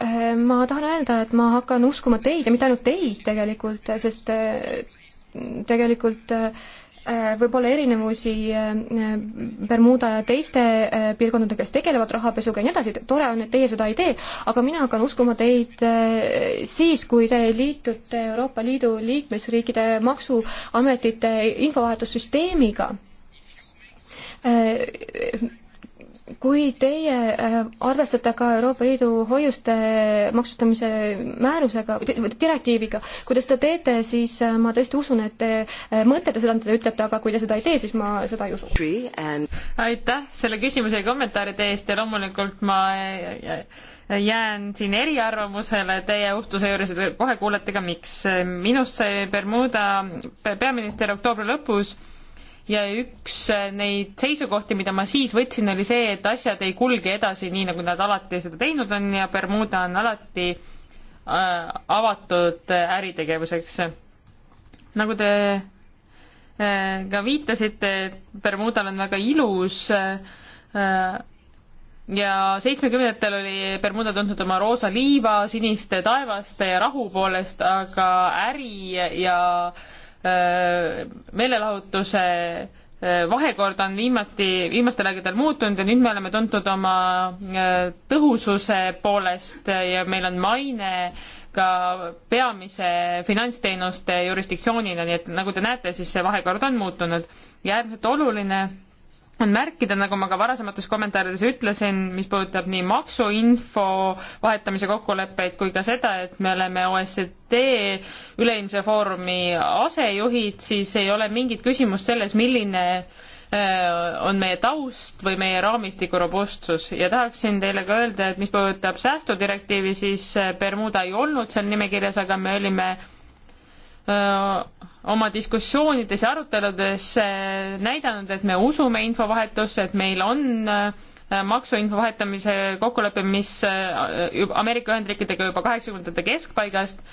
ma tahan öelda, et ma hakkan uskuma teid ja mitte ainult teid tegelikult, sest äh, tegelikult äh, võib-olla erinevusi äh, Bermuda ja teiste piirkondadega, kes tegelevad rahapesuga ja nii edasi, tore on, et teie seda ei tee, aga mina hakkan uskuma teid siis, kui te liitute Euroopa Liidu liikmesriikide maksuametite infovahetussüsteemiga kui teie äh, arvestate ka Euroopa Liidu hoiuste maksustamise määrusega, direktiiviga, kui te seda teete, siis äh, ma tõesti usun, et te äh, mõtlete seda, mida te ütlete, aga kui te seda ei tee, siis ma seda ei usu. aitäh selle küsimuse ja kommentaaride eest ja loomulikult ma jään siin eriarvamusele teie ustuse juures, kohe kuulete ka miks. minust sai Bermuda peaminister oktoobri lõpus ja üks äh, neid seisukohti, mida ma siis võtsin, oli see, et asjad ei kulge edasi nii, nagu nad alati seda teinud on ja Bermuda on alati äh, avatud äh, äritegevuseks. nagu te ka viitasite, et Bermudal on väga ilus ja seitsmekümnendatel oli Bermuda tuntud oma roosa liiva, siniste taevaste ja rahu poolest, aga äri ja äh, Äh, meelelahutuse äh, vahekord on viimati, viimastel aegadel muutunud ja nüüd me oleme tuntud oma äh, tõhususe poolest ja meil on maine ka peamise finantsteenuste jurisdiktsioonina, nii et nagu te näete, siis see vahekord on muutunud ja äärmiselt oluline on märkida, nagu ma ka varasemates kommentaarides ütlesin, mis puudutab nii maksuinfo vahetamise kokkuleppeid kui ka seda, et me oleme OSCD üleilmse foorumi asejuhid, siis ei ole mingit küsimust selles, milline äh, on meie taust või meie raamistiku robustsus ja tahaksin teile ka öelda, et mis puudutab säästudirektiivi, siis äh, Bermuda ei olnud seal nimekirjas, aga me olime oma diskussioonides ja aruteludes äh, näidanud, et me usume infovahetusse, et meil on äh, maksuinfo vahetamise kokkulepe, mis äh, Ameerika Ühendriikidega juba kaheksakümnendate keskpaigast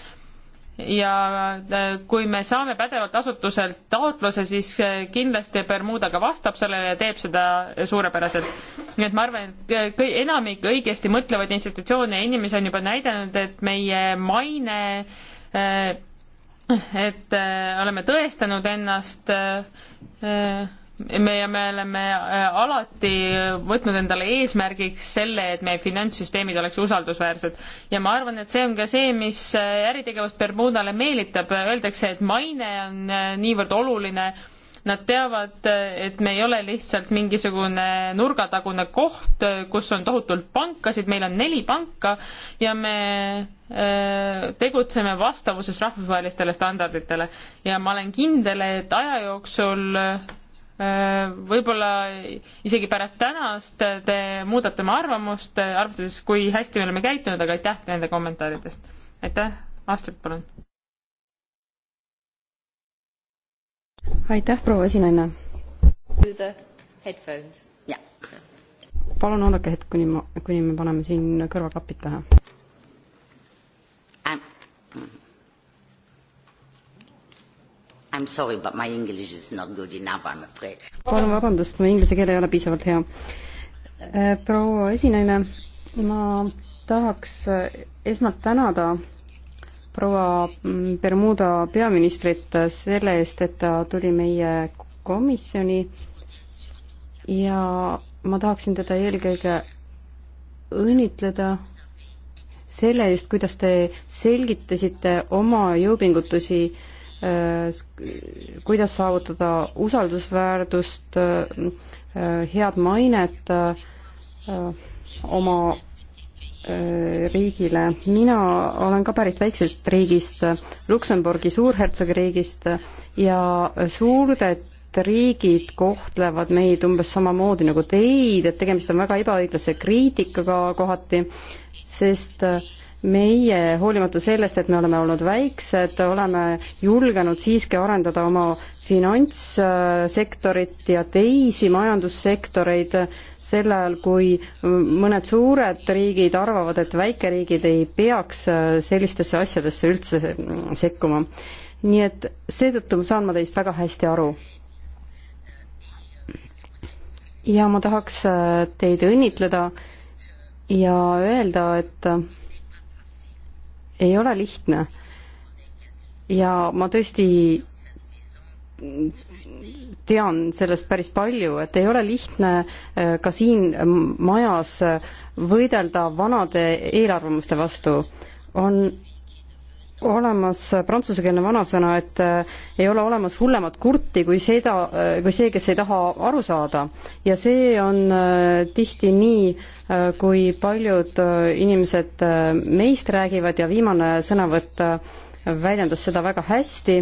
ja kui me saame pädevalt asutuselt taotluse, siis kindlasti Bermuda ka vastab sellele ja teeb seda suurepäraselt. nii et ma arvan, et kõi, enamik õigesti mõtlevaid institutsioone ja inimesi on juba näidanud, et meie maine et äh, oleme tõestanud ennast äh, me ja me oleme äh, alati võtnud endale eesmärgiks selle, et meie finantssüsteemid oleks usaldusväärsed. ja ma arvan, et see on ka see, mis äh, äritegevust Bermudale meelitab, öeldakse, et maine on äh, niivõrd oluline Nad teavad, et me ei ole lihtsalt mingisugune nurgatagune koht, kus on tohutult pankasid, meil on neli panka ja me äh, tegutseme vastavuses rahvusvahelistele standarditele ja ma olen kindel, et aja jooksul äh, võib-olla isegi pärast tänast te muudate oma arvamust, arvestades, kui hästi me oleme käitunud, aga aitäh nende kommentaaridest. aitäh, Astrid, palun aitäh, proua esinaine. palun oodake hetk, kuni ma, kuni me paneme siin kõrvaklapid pähe. I am sorry, but my english is not good enough, I am afraid. palun vabandust, mu inglise keel ei ole piisavalt hea. Äh, proua esinaine, ma tahaks äh, esmalt tänada proua Bermuda peaministrit selle eest, et ta tuli meie komisjoni ja ma tahaksin teda eelkõige õnnitleda selle eest, kuidas te selgitasite oma jõupingutusi, äh, kuidas saavutada usaldusväärdust, äh, head mainet äh, oma Äh, riigile. mina olen ka pärit väiksest riigist, Luksemburgi suurhertsogiriigist ja suured riigid kohtlevad meid umbes samamoodi nagu teid, et tegemist on väga ebaõiglase kriitikaga kohati, sest äh, meie, hoolimata sellest, et me oleme olnud väiksed, oleme julgenud siiski arendada oma finantssektorit ja teisi majandussektoreid, sel ajal kui mõned suured riigid arvavad, et väikeriigid ei peaks sellistesse asjadesse üldse sekkuma. nii et seetõttu saan ma teist väga hästi aru ja ma tahaks teid õnnitleda ja öelda, et ei ole lihtne. ja ma tõesti tean sellest päris palju, et ei ole lihtne äh, ka siin äh, majas äh, võidelda vanade eelarvamuste vastu. on olemas prantsusekeelne vanasõna, et äh, ei ole olemas hullemat kurti kui seda, äh, kui see, kes ei taha aru saada. ja see on äh, tihti nii, kui paljud inimesed meist räägivad ja viimane sõnavõtt väljendas seda väga hästi,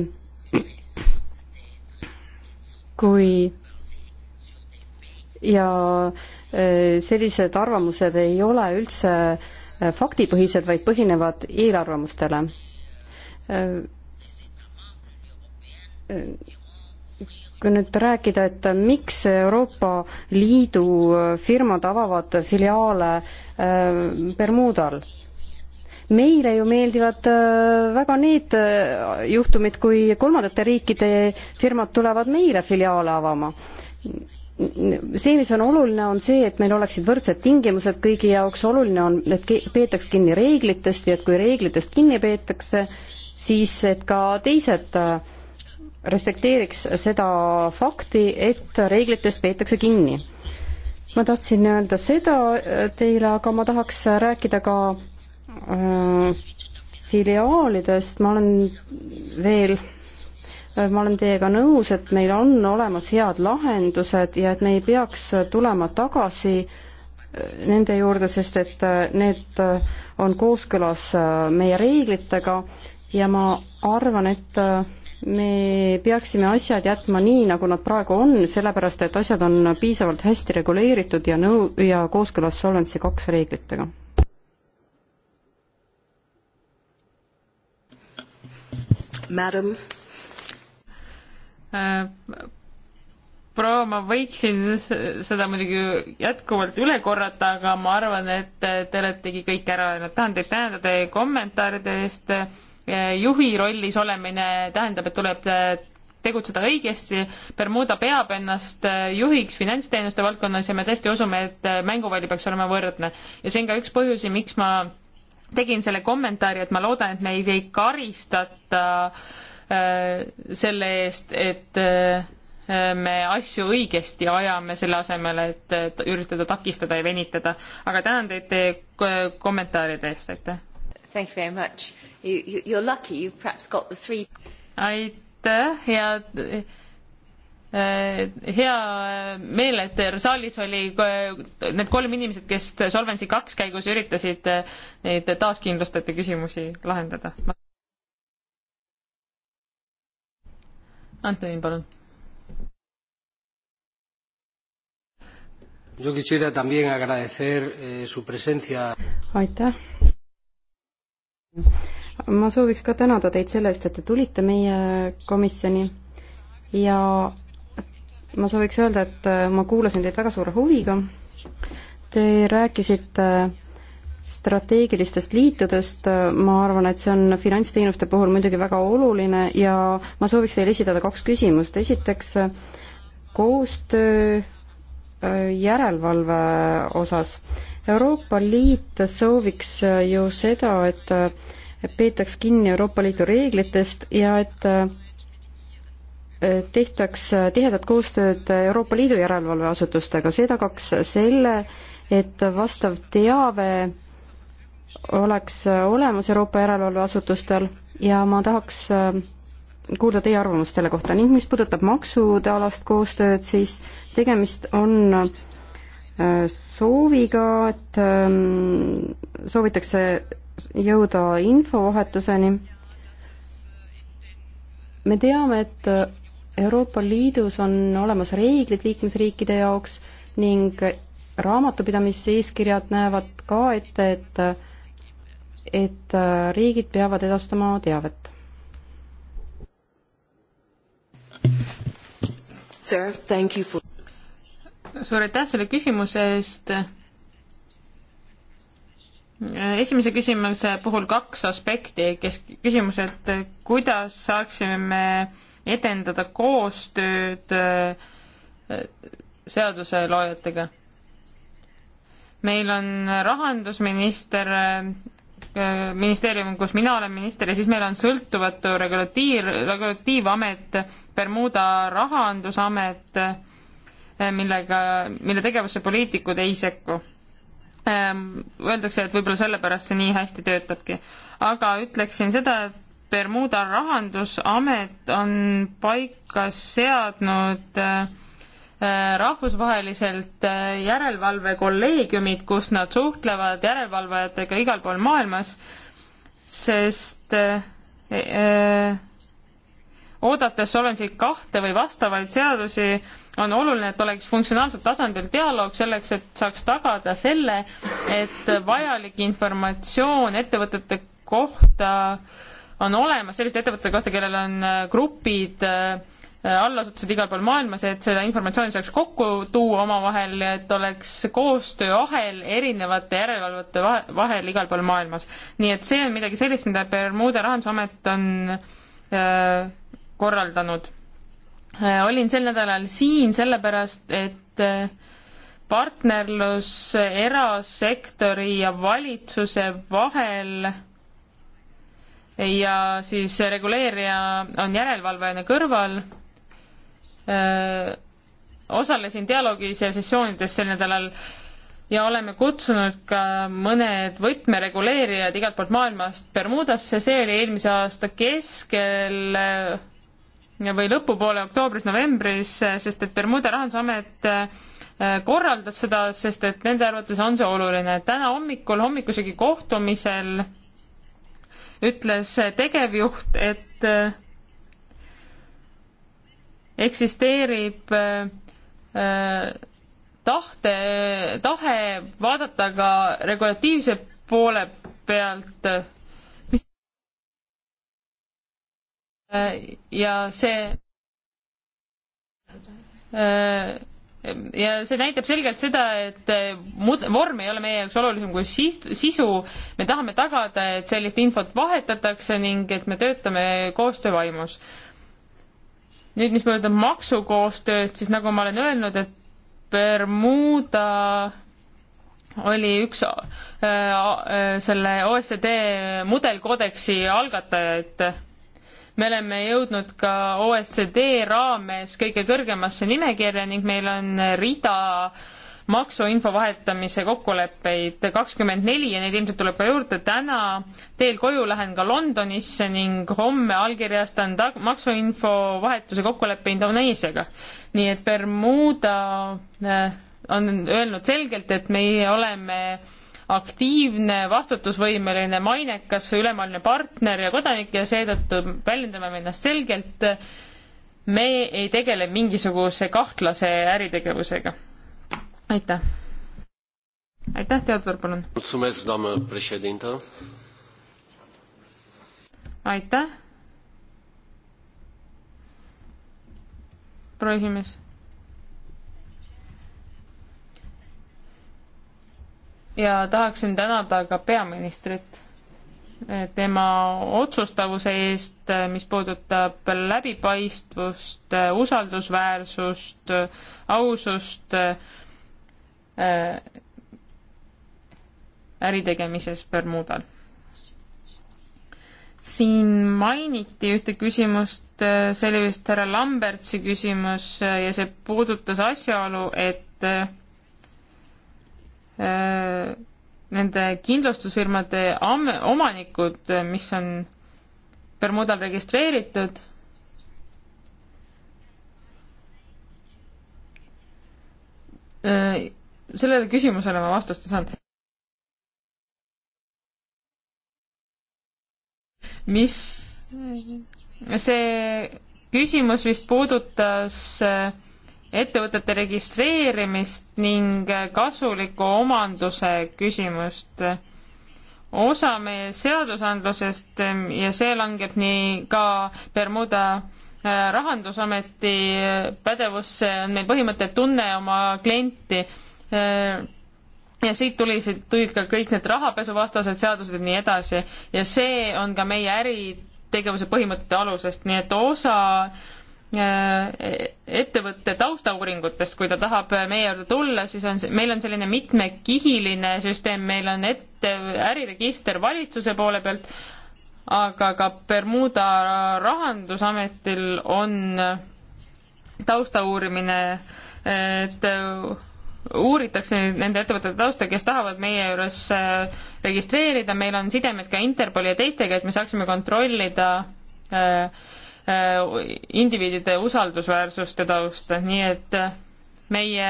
kui ja sellised arvamused ei ole üldse faktipõhised, vaid põhinevad eelarvamustele kui nüüd rääkida, et miks Euroopa Liidu firmad avavad filiaale äh, Bermudal? meile ju meeldivad äh, väga need äh, juhtumid, kui kolmandate riikide firmad tulevad meile filiaale avama see, mis on oluline, on see, et meil oleksid võrdsed tingimused kõigi jaoks, oluline on, et peetaks kinni reeglitest ja et kui reeglitest kinni peetakse, siis et ka teised äh, respekteeriks seda fakti, et reeglitest peetakse kinni. ma tahtsin öelda seda äh, teile, aga ma tahaks rääkida ka äh, filiaalidest, ma olen veel äh, ma olen teiega nõus, et meil on olemas head lahendused ja et me ei peaks tulema tagasi nende juurde, sest et need on kooskõlas meie reeglitega, ja ma arvan, et äh, me peaksime asjad jätma nii, nagu nad praegu on, sellepärast et asjad on piisavalt hästi reguleeritud ja nõu- ja kooskõlas Solvency kaks reeglitega. Madam äh, proua, ma võiksin seda muidugi jätkuvalt üle korrata, aga ma arvan, et äh, te oletegi kõik ära öelnud. tahan teid tänada teie kommentaaride eest Eh, juhi rollis olemine tähendab, et tuleb eh, tegutseda õigesti, Bermuda peab ennast eh, juhiks finantsteenuste valdkonnas ja me tõesti usume, et mänguväli peaks olema võrdne. ja see on ka üks põhjusi, miks ma tegin selle kommentaari, et ma loodan, et meid ei karistata äh, selle eest, et äh, me asju õigesti ajame, selle asemel, et üritada takistada ja venitada. aga tänan teid teie kommentaaride eest, aitäh! Thank you very much. You, you, you're lucky you perhaps got the three aitäh ja eh, hea eh, meel, et saalis oli eh, need kolm inimesed, kes Solvency kaks käigus üritasid neid taaskindlustajate küsimusi lahendada. Antonin, palun. aitäh ma sooviks ka tänada teid selle eest, et te tulite meie komisjoni ja ma sooviks öelda, et äh, ma kuulasin teid väga suure huviga. Te rääkisite äh, strateegilistest liitudest, ma arvan, et see on finantsteenuste puhul muidugi väga oluline ja ma sooviks teile esitada kaks küsimust, esiteks äh, koostöö järelevalve osas Euroopa Liit sooviks ju seda, et peetaks kinni Euroopa Liidu reeglitest ja et tehtaks tihedat koostööd Euroopa Liidu järelevalveasutustega, see tagaks selle, et vastav teave oleks olemas Euroopa järelevalveasutustel ja ma tahaks äh, kuulda teie arvamust selle kohta ning mis puudutab maksude alast koostööd, siis tegemist on sooviga, et ähm, soovitakse jõuda infovahetuseni. me teame, et Euroopa Liidus on olemas reeglid liikmesriikide jaoks ning raamatupidamiseeskirjad näevad ka ette, et, et äh, riigid peavad edastama teavet. Sir, thank you for suur aitäh selle küsimuse eest. esimese küsimuse puhul kaks aspekti, kes küsimus, et kuidas saaksime edendada koostööd äh, seaduseloojatega. meil on rahandusminister, äh, ministeerium, kus mina olen minister ja siis meil on sõltuvatu regulatiiv, regulatiivamet, Bermuda rahandusamet Äh, millega, mille tegevusse poliitikud ei sekku. Ähm, öeldakse, et võib-olla sellepärast see nii hästi töötabki. aga ütleksin seda, et Bermuda rahandusamet on paika seadnud äh, äh, rahvusvaheliselt järelevalvekolleegiumid, kus nad suhtlevad järelevalvajatega igal pool maailmas, sest oodates Solvency kahte või vastavaid seadusi, on oluline, et oleks funktsionaalsel tasandil dialoog selleks, et saaks tagada selle, et vajalik informatsioon ettevõtete kohta on olemas, selliste ettevõtete kohta, kellel on äh, grupid, äh, allasutused igal pool maailmas, et seda informatsiooni saaks kokku tuua omavahel ja et oleks koostööahel erinevate järelevalvete vahel igal pool maailmas. nii et see on midagi sellist, mida Bermuda rahandusamet on äh, korraldanud. Äh, olin sel nädalal siin sellepärast, et äh, partnerlus erasektori ja valitsuse vahel ja siis reguleerija on järelevalvajana kõrval. Äh, osalesin dialoogis ja sessioonides sel nädalal ja oleme kutsunud ka mõned võtmereguleerijad igalt poolt maailmast Bermudasse, see oli eelmise aasta keskel või lõpupoole oktoobris-novembris, sest et Bermuda rahandusamet äh, korraldas seda, sest et nende arvates on see oluline. täna hommikul hommikusegi kohtumisel ütles tegevjuht, et äh, eksisteerib äh, tahte, tahe vaadata ka regulatiivse poole pealt Äh, ja see äh, ja see näitab selgelt seda, et äh, vorm ei ole meie jaoks olulisem kui sisu. me tahame tagada, et sellist infot vahetatakse ning et me töötame koostöövaimus. nüüd, mis puudutab maksukoostööd, siis nagu ma olen öelnud, et Bermuda oli üks äh, äh, selle OECD mudelkoodeksi algatajaid me oleme jõudnud ka OECD raames kõige kõrgemasse nimekirja ning meil on rida maksuinfo vahetamise kokkuleppeid kakskümmend neli ja neid ilmselt tuleb ka juurde. täna teel koju lähen ka Londonisse ning homme allkirjastan maksuinfo vahetuse kokkuleppe Indoneesiaga. nii et Bermuda äh, on öelnud selgelt, et meie oleme äh, aktiivne, vastutusvõimeline, mainekas, ülemaailmne partner ja kodanik ja seetõttu väljendame me ennast selgelt. me ei tegele mingisuguse kahtlase äritegevusega. aitäh. aitäh, Teodor, palun. aitäh. proua esimees ja tahaksin tänada ka peaministrit eh, tema otsustavuse eest, eh, mis puudutab läbipaistvust, eh, usaldusväärsust, ausust äritegemises Bermudal. siin mainiti ühte küsimust, see oli vist härra Lambertsi küsimus ja see puudutas asjaolu, et Äh, nende kindlustusfirmade omanikud, äh, mis on Bermudal registreeritud, äh, sellele küsimusele ma vastust ei saanud. mis, see küsimus vist puudutas äh, ettevõtete registreerimist ning kasuliku omanduse küsimust. osa meie seadusandlusest ehm, ja see langeb nii ka Bermuda äh, rahandusameti äh, pädevusse on meil põhimõte tunne oma klienti. Äh, ja siit tulisid, tulid ka kõik need rahapesuvastased seadused ja nii edasi ja see on ka meie äritegevuse põhimõtete alusest, nii et osa äh, Äh, ettevõtte taustauuringutest, kui ta tahab meie juurde tulla, siis on see, meil on selline mitmekihiline süsteem, meil on ette äriregister valitsuse poole pealt, aga ka Bermuda rahandusametil on taustauurimine, et äh, uuritakse nende ettevõtete tausta, kes tahavad meie juures äh, registreerida, meil on sidemed ka Interpoli ja teistega, et me saaksime kontrollida äh, Äh, indiviidide usaldusväärsust ja tausta, nii et äh, meie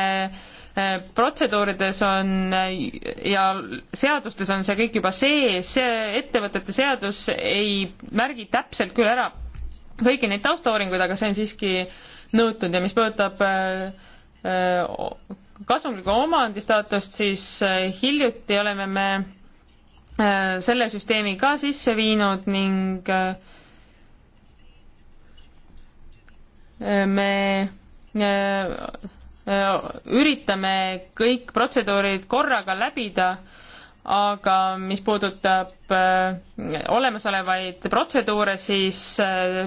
äh, protseduurides on ja seadustes on see kõik juba sees, see ettevõtete seadus ei märgi täpselt küll ära kõiki neid taustauuringuid, aga see on siiski nõutud ja mis puudutab kasumlikku omandistaatust, siis hiljuti oleme me selle süsteemi ka sisse viinud ning äh, me äh, äh, üritame kõik protseduurid korraga läbida, aga mis puudutab äh, olemasolevaid protseduure, siis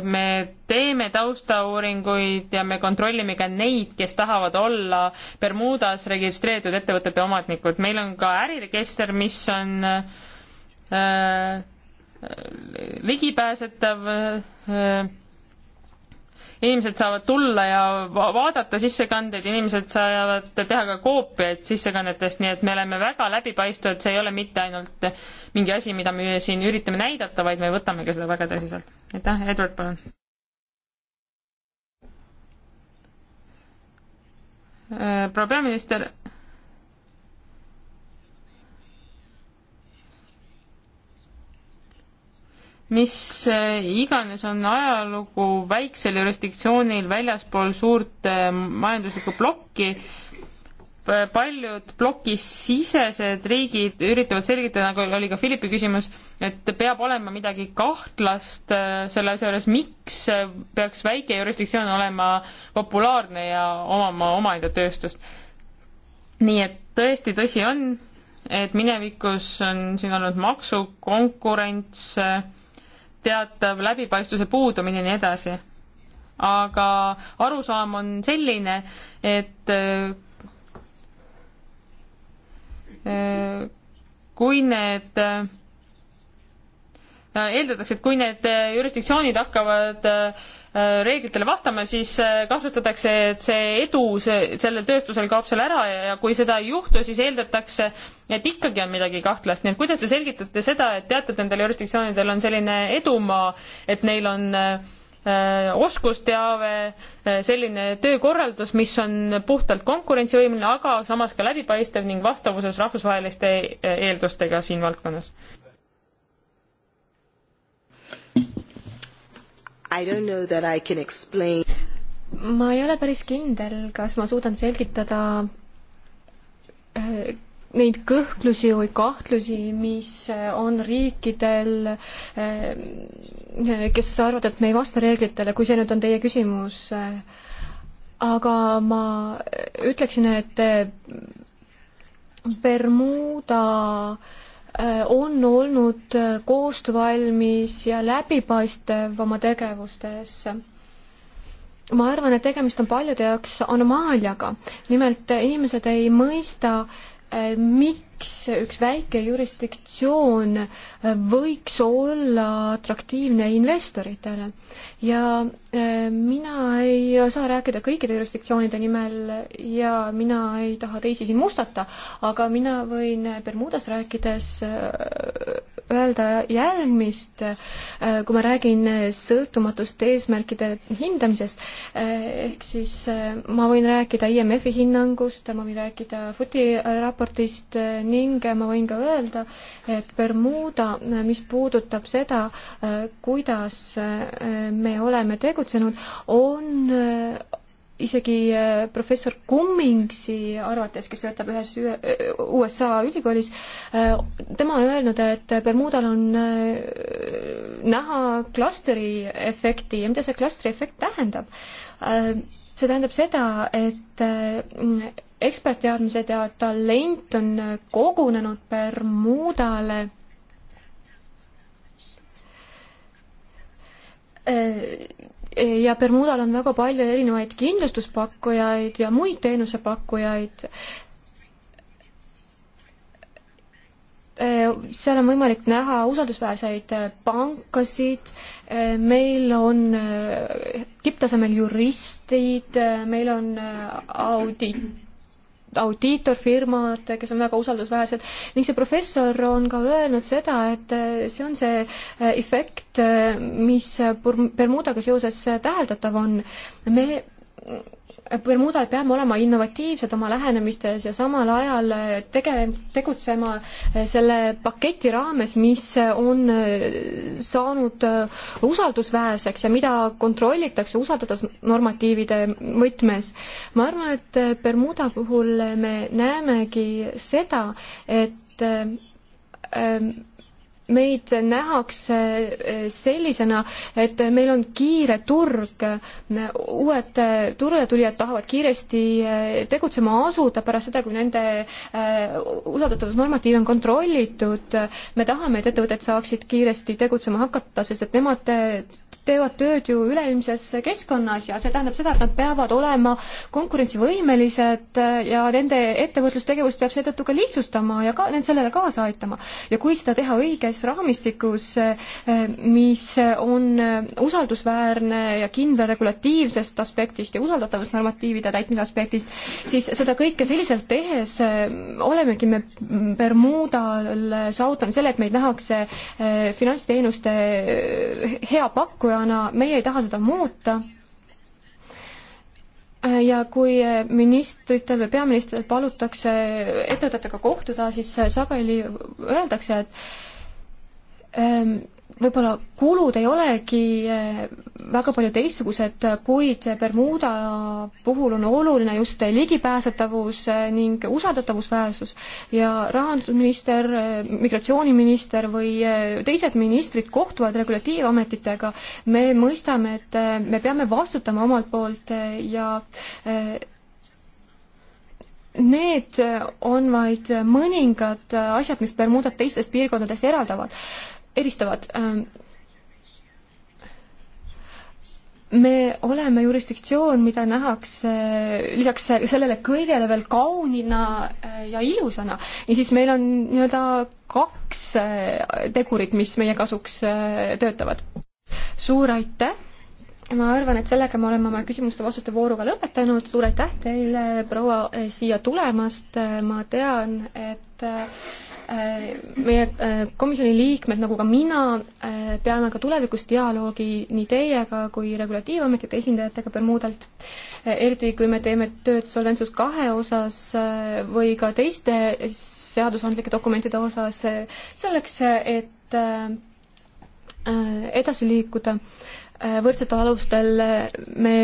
me teeme taustauuringuid ja me kontrollime ka neid, kes tahavad olla Bermudas registreeritud ettevõtete omanikud. meil on ka äriregister, mis on äh, ligipääsetav äh, inimesed saavad tulla ja vaadata sissekandeid, inimesed saavad teha ka koopiaid sissekannetest, nii et me oleme väga läbipaistvad, see ei ole mitte ainult mingi asi, mida me siin üritame näidata, vaid me võtame ka seda väga tõsiselt. aitäh, Edward, palun. Äh, proua peaminister mis eh, iganes on ajalugu väiksel jurisdiktsioonil väljaspool suurt eh, majanduslikku plokki, paljud plokisisesed riigid üritavad selgitada, nagu oli ka Philippi küsimus, et peab olema midagi kahtlast eh, selle asja juures, miks peaks väike jurisdiktsioon olema populaarne ja omama omaenda tööstust. nii et tõesti tõsi on, et minevikus on siin olnud maksukonkurents äh,, teatav läbipaistvuse puudumine ja nii edasi. aga arusaam on selline, et äh, kui need äh, eeldatakse, et kui need äh, jurisdiktsioonid hakkavad äh, Äh, reeglitele vastama, siis äh, kahtlustatakse, et see edu see, sellel tööstusel kaob seal ära ja, ja kui seda ei juhtu, siis eeldatakse, et ikkagi on midagi kahtlast, nii et kuidas te selgitate seda, et teatud nendel jurisdiktsioonidel on selline edumaa, et neil on äh, oskusteave, selline töökorraldus, mis on puhtalt konkurentsivõimeline, aga samas ka läbipaistev ning vastavuses rahvusvaheliste eeldustega siin valdkonnas. I don't know that I can explain ma ei ole päris kindel, kas ma suudan selgitada äh, neid kõhklusi või kahtlusi, mis äh, on riikidel, äh, kes arvavad, et me ei vasta reeglitele, kui see nüüd on teie küsimus. aga ma ütleksin, et Bermuda äh, Äh, on olnud äh, koostöövalmis ja läbipaistev oma tegevustes. ma arvan, et tegemist on paljude jaoks anomaaliaga. nimelt äh, inimesed ei mõista äh, Eh, miks üks väike jurisdiktsioon eh, võiks olla atraktiivne investoritele ja eh, mina ei saa rääkida kõikide jurisdiktsioonide nimel ja mina ei taha teisi siin mustata, aga mina võin Bermudas rääkides öelda järgmist, äh, kui ma räägin sõltumatust eesmärkide hindamisest, äh, ehk siis äh, ma võin rääkida IMF-i hinnangust, ma võin rääkida FUTi raportist ning ma võin ka öelda, et Bermuda, mis puudutab seda, kuidas me oleme tegutsenud, on isegi äh, professor Cummingsi arvates, kes töötab ühes äh, USA ülikoolis, äh, tema on öelnud, et Bermudal on näha klastri efekti ja mida see klastri efekt tähendab? see tähendab seda, et ekspertteadmised ja talent on kogunenud Bermudale ja Bermudal on väga palju erinevaid kindlustuspakkujaid ja muid teenusepakkujaid. seal on võimalik näha usaldusväärseid pankasid, meil on tipptasemel juristid, meil on audit audiitorfirmad, kes on väga usaldusväärsed, ning see professor on ka öelnud seda, et eh, see on see eh, efekt, eh, mis Bermudaga seoses täheldatav on. me Bermudal peame olema innovatiivsed oma lähenemistes ja samal ajal tege-, tegutsema selle paketi raames, mis on saanud usaldusväärseks ja mida kontrollitakse usaldatusnormatiivide võtmes. ma arvan, et Bermuda puhul me näemegi seda, et ähm, meid nähakse eh, sellisena, et meil on kiire turg, uued turuletulijad tahavad kiiresti eh, tegutsema asuda pärast seda, kui nende eh, usaldatavusnormatiiv on kontrollitud. me tahame, et ettevõtted saaksid kiiresti tegutsema hakata, sest et nemad teevad tööd ju üleilmses keskkonnas ja see tähendab seda, et nad peavad olema konkurentsivõimelised ja nende ettevõtlustegevust peab seetõttu ka lihtsustama ja ka sellele kaasa aitama. ja kui seda teha õigesti, mis raamistikus, eh, mis on usaldusväärne ja kindel regulatiivsest aspektist ja usaldatavusnormatiivide täitmise aspektist, siis seda kõike selliselt tehes eh, olemegi me Bermudal saavutanud selle, et meid nähakse eh, finantsteenuste hea pakkujana, meie ei taha seda muuta ja kui ministritel või peaministritel palutakse ettevõtetega kohtuda, siis sageli öeldakse, et Ehm, võib-olla kulud ei olegi eh, väga palju teistsugused, kuid Bermuda puhul on oluline just ligipääsetavus eh, ning usaldatavusväärsus ja rahandusminister, eh, migratsiooniminister või teised ministrid kohtuvad regulatiivametitega, me mõistame, et me peame vastutama omalt poolt ja need on vaid mõningad asjad, mis Bermudat teistest piirkondadest eraldavad eristavad. Ähm, me oleme jurisdiktsioon, mida nähakse lisaks sellele kõigele veel kaunina äh, ja ilusana ja siis meil on nii-öelda kaks äh, tegurit, mis meie kasuks äh, töötavad. suur aitäh! ma arvan, et sellega me oleme oma küsimuste-vastuste vooruga lõpetanud, suur aitäh teile, proua, siia tulemast, ma tean, et Äh, meie äh, komisjoni liikmed, nagu ka mina, äh, peame ka tulevikus dialoogi nii teiega kui regulatiivametite esindajatega Bermudalt. eriti, kui me teeme tööd Solventsus kahe osas või ka teiste seadusandlike dokumentide osas, selleks, et edasi liikuda võrdsetel alustel me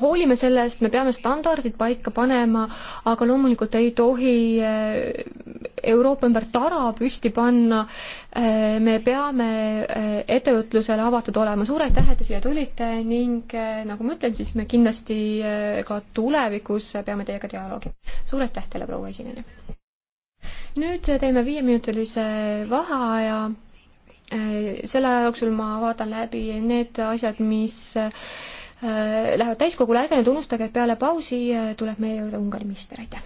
hoolime sellest, me peame standardid paika panema, aga loomulikult ei tohi eh, Euroopa ümber tara püsti panna. Eh, me peame eh, ettevõtlusele avatud olema. suur aitäh, et te siia tulite ning nagu ma ütlen, siis me kindlasti ka tulevikus peame teiega dialoogi. suur aitäh teile, proua esineja! nüüd teeme viieminutilise vaheaja selle aja jooksul ma vaatan läbi need asjad, mis Äh, lähevad täiskogule, ärge nüüd unustage, et peale pausi äh, tuleb meie juurde Ungari minister, aitäh!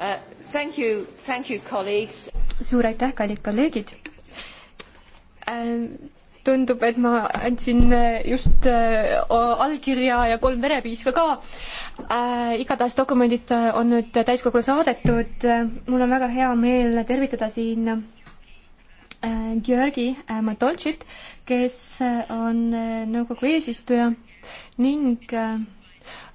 Uh, thank you, thank you, colleagues. suur aitäh, kallid kolleegid ähm,! tundub, et ma andsin äh, just äh, allkirja ja kolm verepiiska ka äh,. igatahes dokumendid äh, on nüüd täiskogule saadetud. mul on väga hea meel tervitada siin äh, Georgi äh, Matoltšit, kes on nõukogu eesistuja ning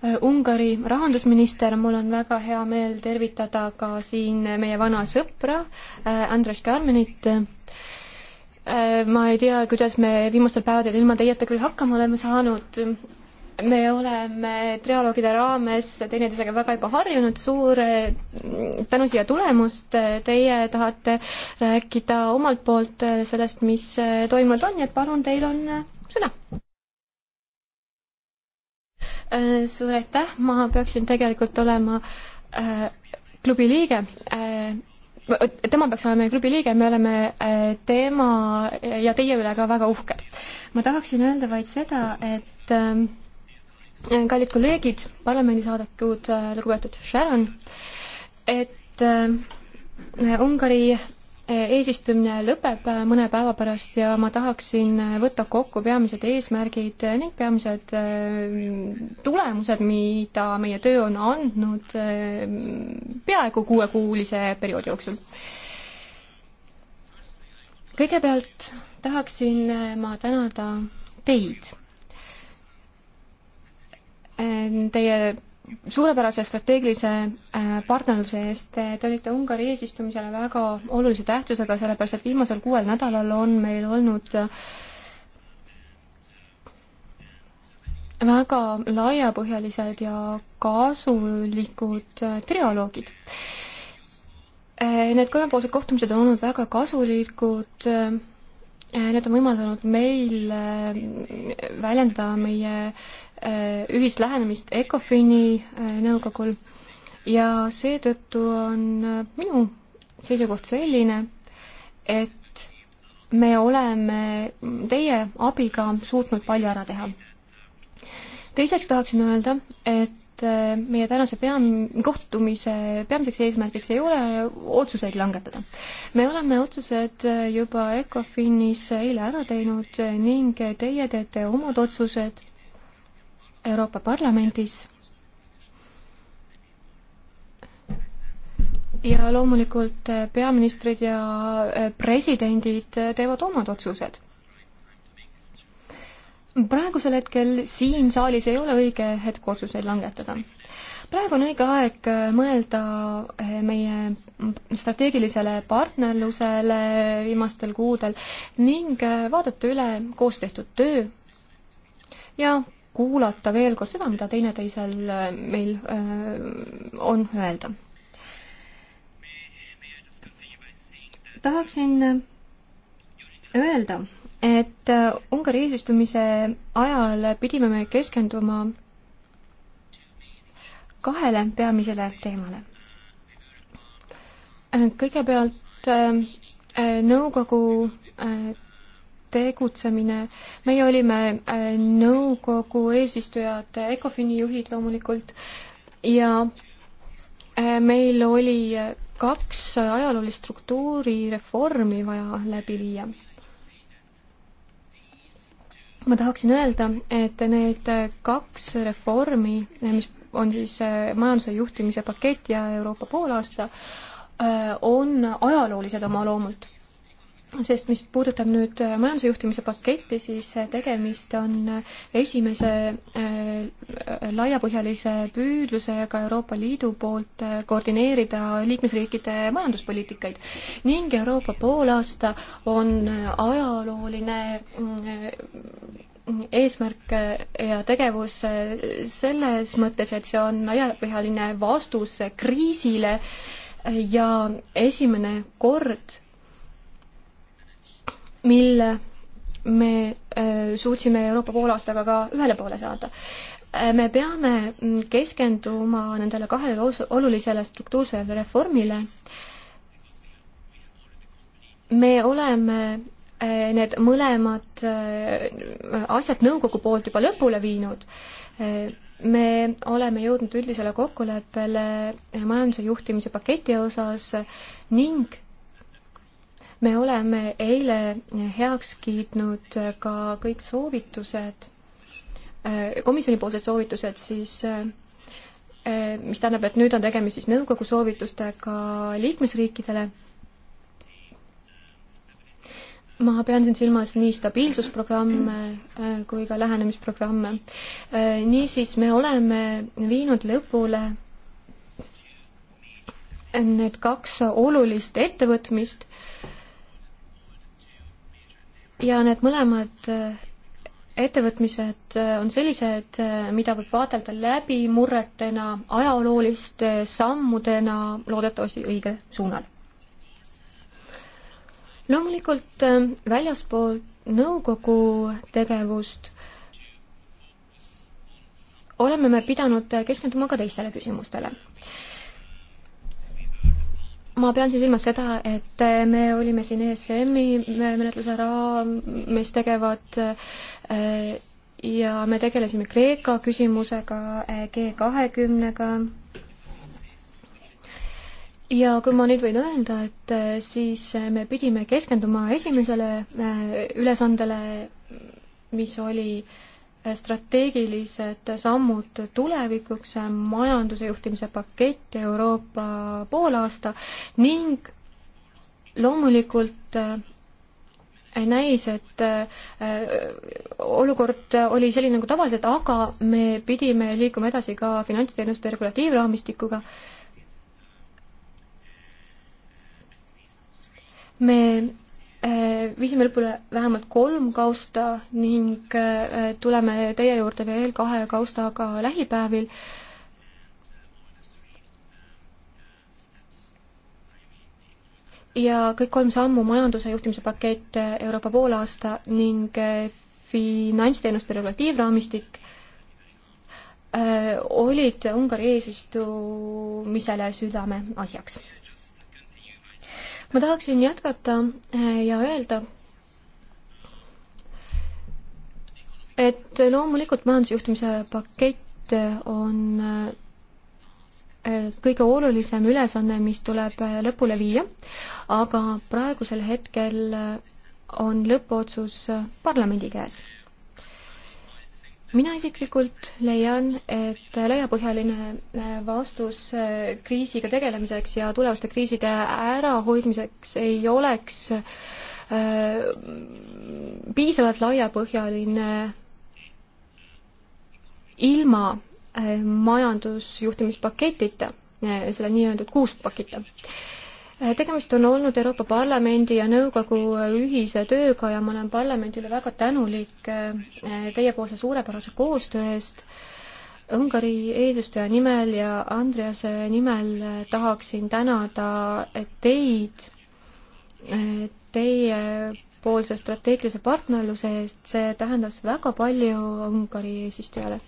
Äh, Ungari rahandusminister, mul on väga hea meel tervitada ka siin meie vana sõpra äh, Andres Karmenit. Äh, ma ei tea, kuidas me viimastel päevadel ilma teieta küll hakkama oleme saanud, me oleme trialoogide raames teineteisega väga juba harjunud, suur tänu siia tulemust, teie tahate rääkida omalt poolt sellest, mis toimunud on, nii et palun, teil on sõna. Äh, suur aitäh, ma peaksin tegelikult olema äh, klubi liige äh, tema peaks olema meie klubi liige, me oleme äh, tema ja teie üle ka väga uhked. ma tahaksin öelda vaid seda, et äh, kallid kolleegid, parlamendisaadikud, lugupeetud Sharon, et Ungari eesistumine lõpeb mõne päeva pärast ja ma tahaksin võtta kokku peamised eesmärgid ning peamised mm, tulemused, mida meie töö on andnud mm, peaaegu kuuekuulise perioodi jooksul. kõigepealt tahaksin ma tänada teid. Teie suurepärase strateegilise äh, partnerluse eest. Te olite Ungari eesistumisele väga olulise tähtsusega, sellepärast et viimasel kuuel nädalal on meil olnud äh, väga laiapõhjalised ja kasulikud äh, trioloogid. Need kolmepoolsed kohtumised on olnud väga kasulikud Need on võimaldanud meil väljendada meie Äh, ühist lähenemist ECOFIN-i äh, nõukogul ja seetõttu on äh, minu seisukoht selline, et me oleme teie abiga suutnud palju ära teha. teiseks tahaksin öelda, et meie tänase peam-, kohtumise peamiseks eesmärgiks ei ole otsuseid langetada. me oleme otsused juba ECOFINis eile ära teinud ning teie teete omad otsused Euroopa Parlamendis ja loomulikult eh, peaministrid ja eh, presidendid eh, teevad omad otsused. praegusel hetkel siin saalis ei ole õige hetk otsuseid langetada. praegu on õige aeg mõelda meie strateegilisele partnerlusele viimastel kuudel ning vaadata üle koos tehtud töö ja kuulata veel kord seda, mida teineteisel äh, meil äh, on öelda. tahaksin äh, öelda, et Ungari eesistumise ajal pidime me keskenduma kahele peamisele teemale. kõigepealt nõukogu tegutsemine. meie olime äh, nõukogu eesistujad, ECOFIN-i juhid loomulikult ja äh, meil oli kaks ajaloolist struktuurireformi vaja läbi viia. ma tahaksin öelda, et need kaks reformi, mis on siis äh, majanduse juhtimise pakett ja Euroopa poolaasta, on ajaloolised oma loomult sest mis puudutab nüüd äh, majanduse juhtimise paketti, siis äh, tegemist on äh, esimese laiapõhjalise püüdlusega Euroopa Liidu poolt koordineerida liikmesriikide majanduspoliitikaid ning Euroopa poolaasta on ajalooline mm, eesmärk ja tegevus selles mõttes, et see on laiapõhjaline vastus kriisile ja esimene kord mille me äh, suutsime Euroopa poolaastaga ka ühele poole saada. Äh, me peame mm, keskenduma nendele kahele olulisele struktuursele reformile. me oleme äh, need mõlemad asjad nõukogu poolt juba lõpule viinud. me oleme jõudnud üldisele kokkuleppele majanduse juhtimise paketi osas ning me oleme eile heaks kiitnud ka kõik soovitused, äh, komisjonipoolsed soovitused siis, äh, äh, mis tähendab, et nüüd on tegemist siis nõukogu soovitustega liikmesriikidele. ma pean siin silmas nii stabiilsusprogramme kui ka lähenemisprogramme. niisiis, me oleme viinud lõpule need kaks olulist ettevõtmist ja need mõlemad äh, ettevõtmised äh, on sellised, äh, mida võib vaadelda läbi murretena, ajalooliste sammudena, loodetavasti õige suunal. loomulikult väljaspool nõukogu tegevust oleme me pidanud keskenduma ka teistele küsimustele ma pean siin silmas seda, et me olime siin ESM-i menetluse raames tegevad eh, ja me tegelesime Kreeka küsimusega, eh, G kahekümnega. ja kui ma nüüd võin öelda, et eh, siis me pidime keskenduma esimesele ülesandele, mis oli äh, strateegilised sammud tulevikuks, majanduse juhtimise pakett Euroopa poolaasta ning loomulikult äh, näis, et äh, olukord oli selline nagu tavaliselt, aga me pidime liikuma edasi ka finantsteenuste regulatiivraamistikuga. me Äh, viisime lõpule vähemalt kolm kausta ning äh, tuleme teie juurde veel kahe kaustaga lähipäevil. ja kõik kolm sammu, majanduse juhtimise pakett, äh, Euroopa poolaasta ning finantsteenuste regulatiivraamistik, olid Ungari eesistumisele südameasjaks ma tahaksin jätkata eh, ja öelda, et loomulikult majandusjuhtimise pakett on eh, kõige olulisem ülesanne, mis tuleb eh, lõpule viia, aga praegusel hetkel on lõppotsus parlamendi käes mina isiklikult leian, et laiapõhjaline äh, vastus äh, kriisiga tegelemiseks ja tulevaste kriiside ärahoidmiseks ei oleks äh, piisavalt laiapõhjaline ilma majandusjuhtimispaketita, selle nii-öeldud kuuspakita. Äh, tegemist on olnud Euroopa Parlamendi ja Nõukogu äh, ühise tööga ja ma olen parlamendile väga tänulik äh, teiepoolse suurepärase koostöö eest. Ungari eesistuja nimel ja Andrease nimel tahaksin tänada teid, teiepoolse strateegilise partnerluse eest, see tähendas väga palju Ungari eesistujale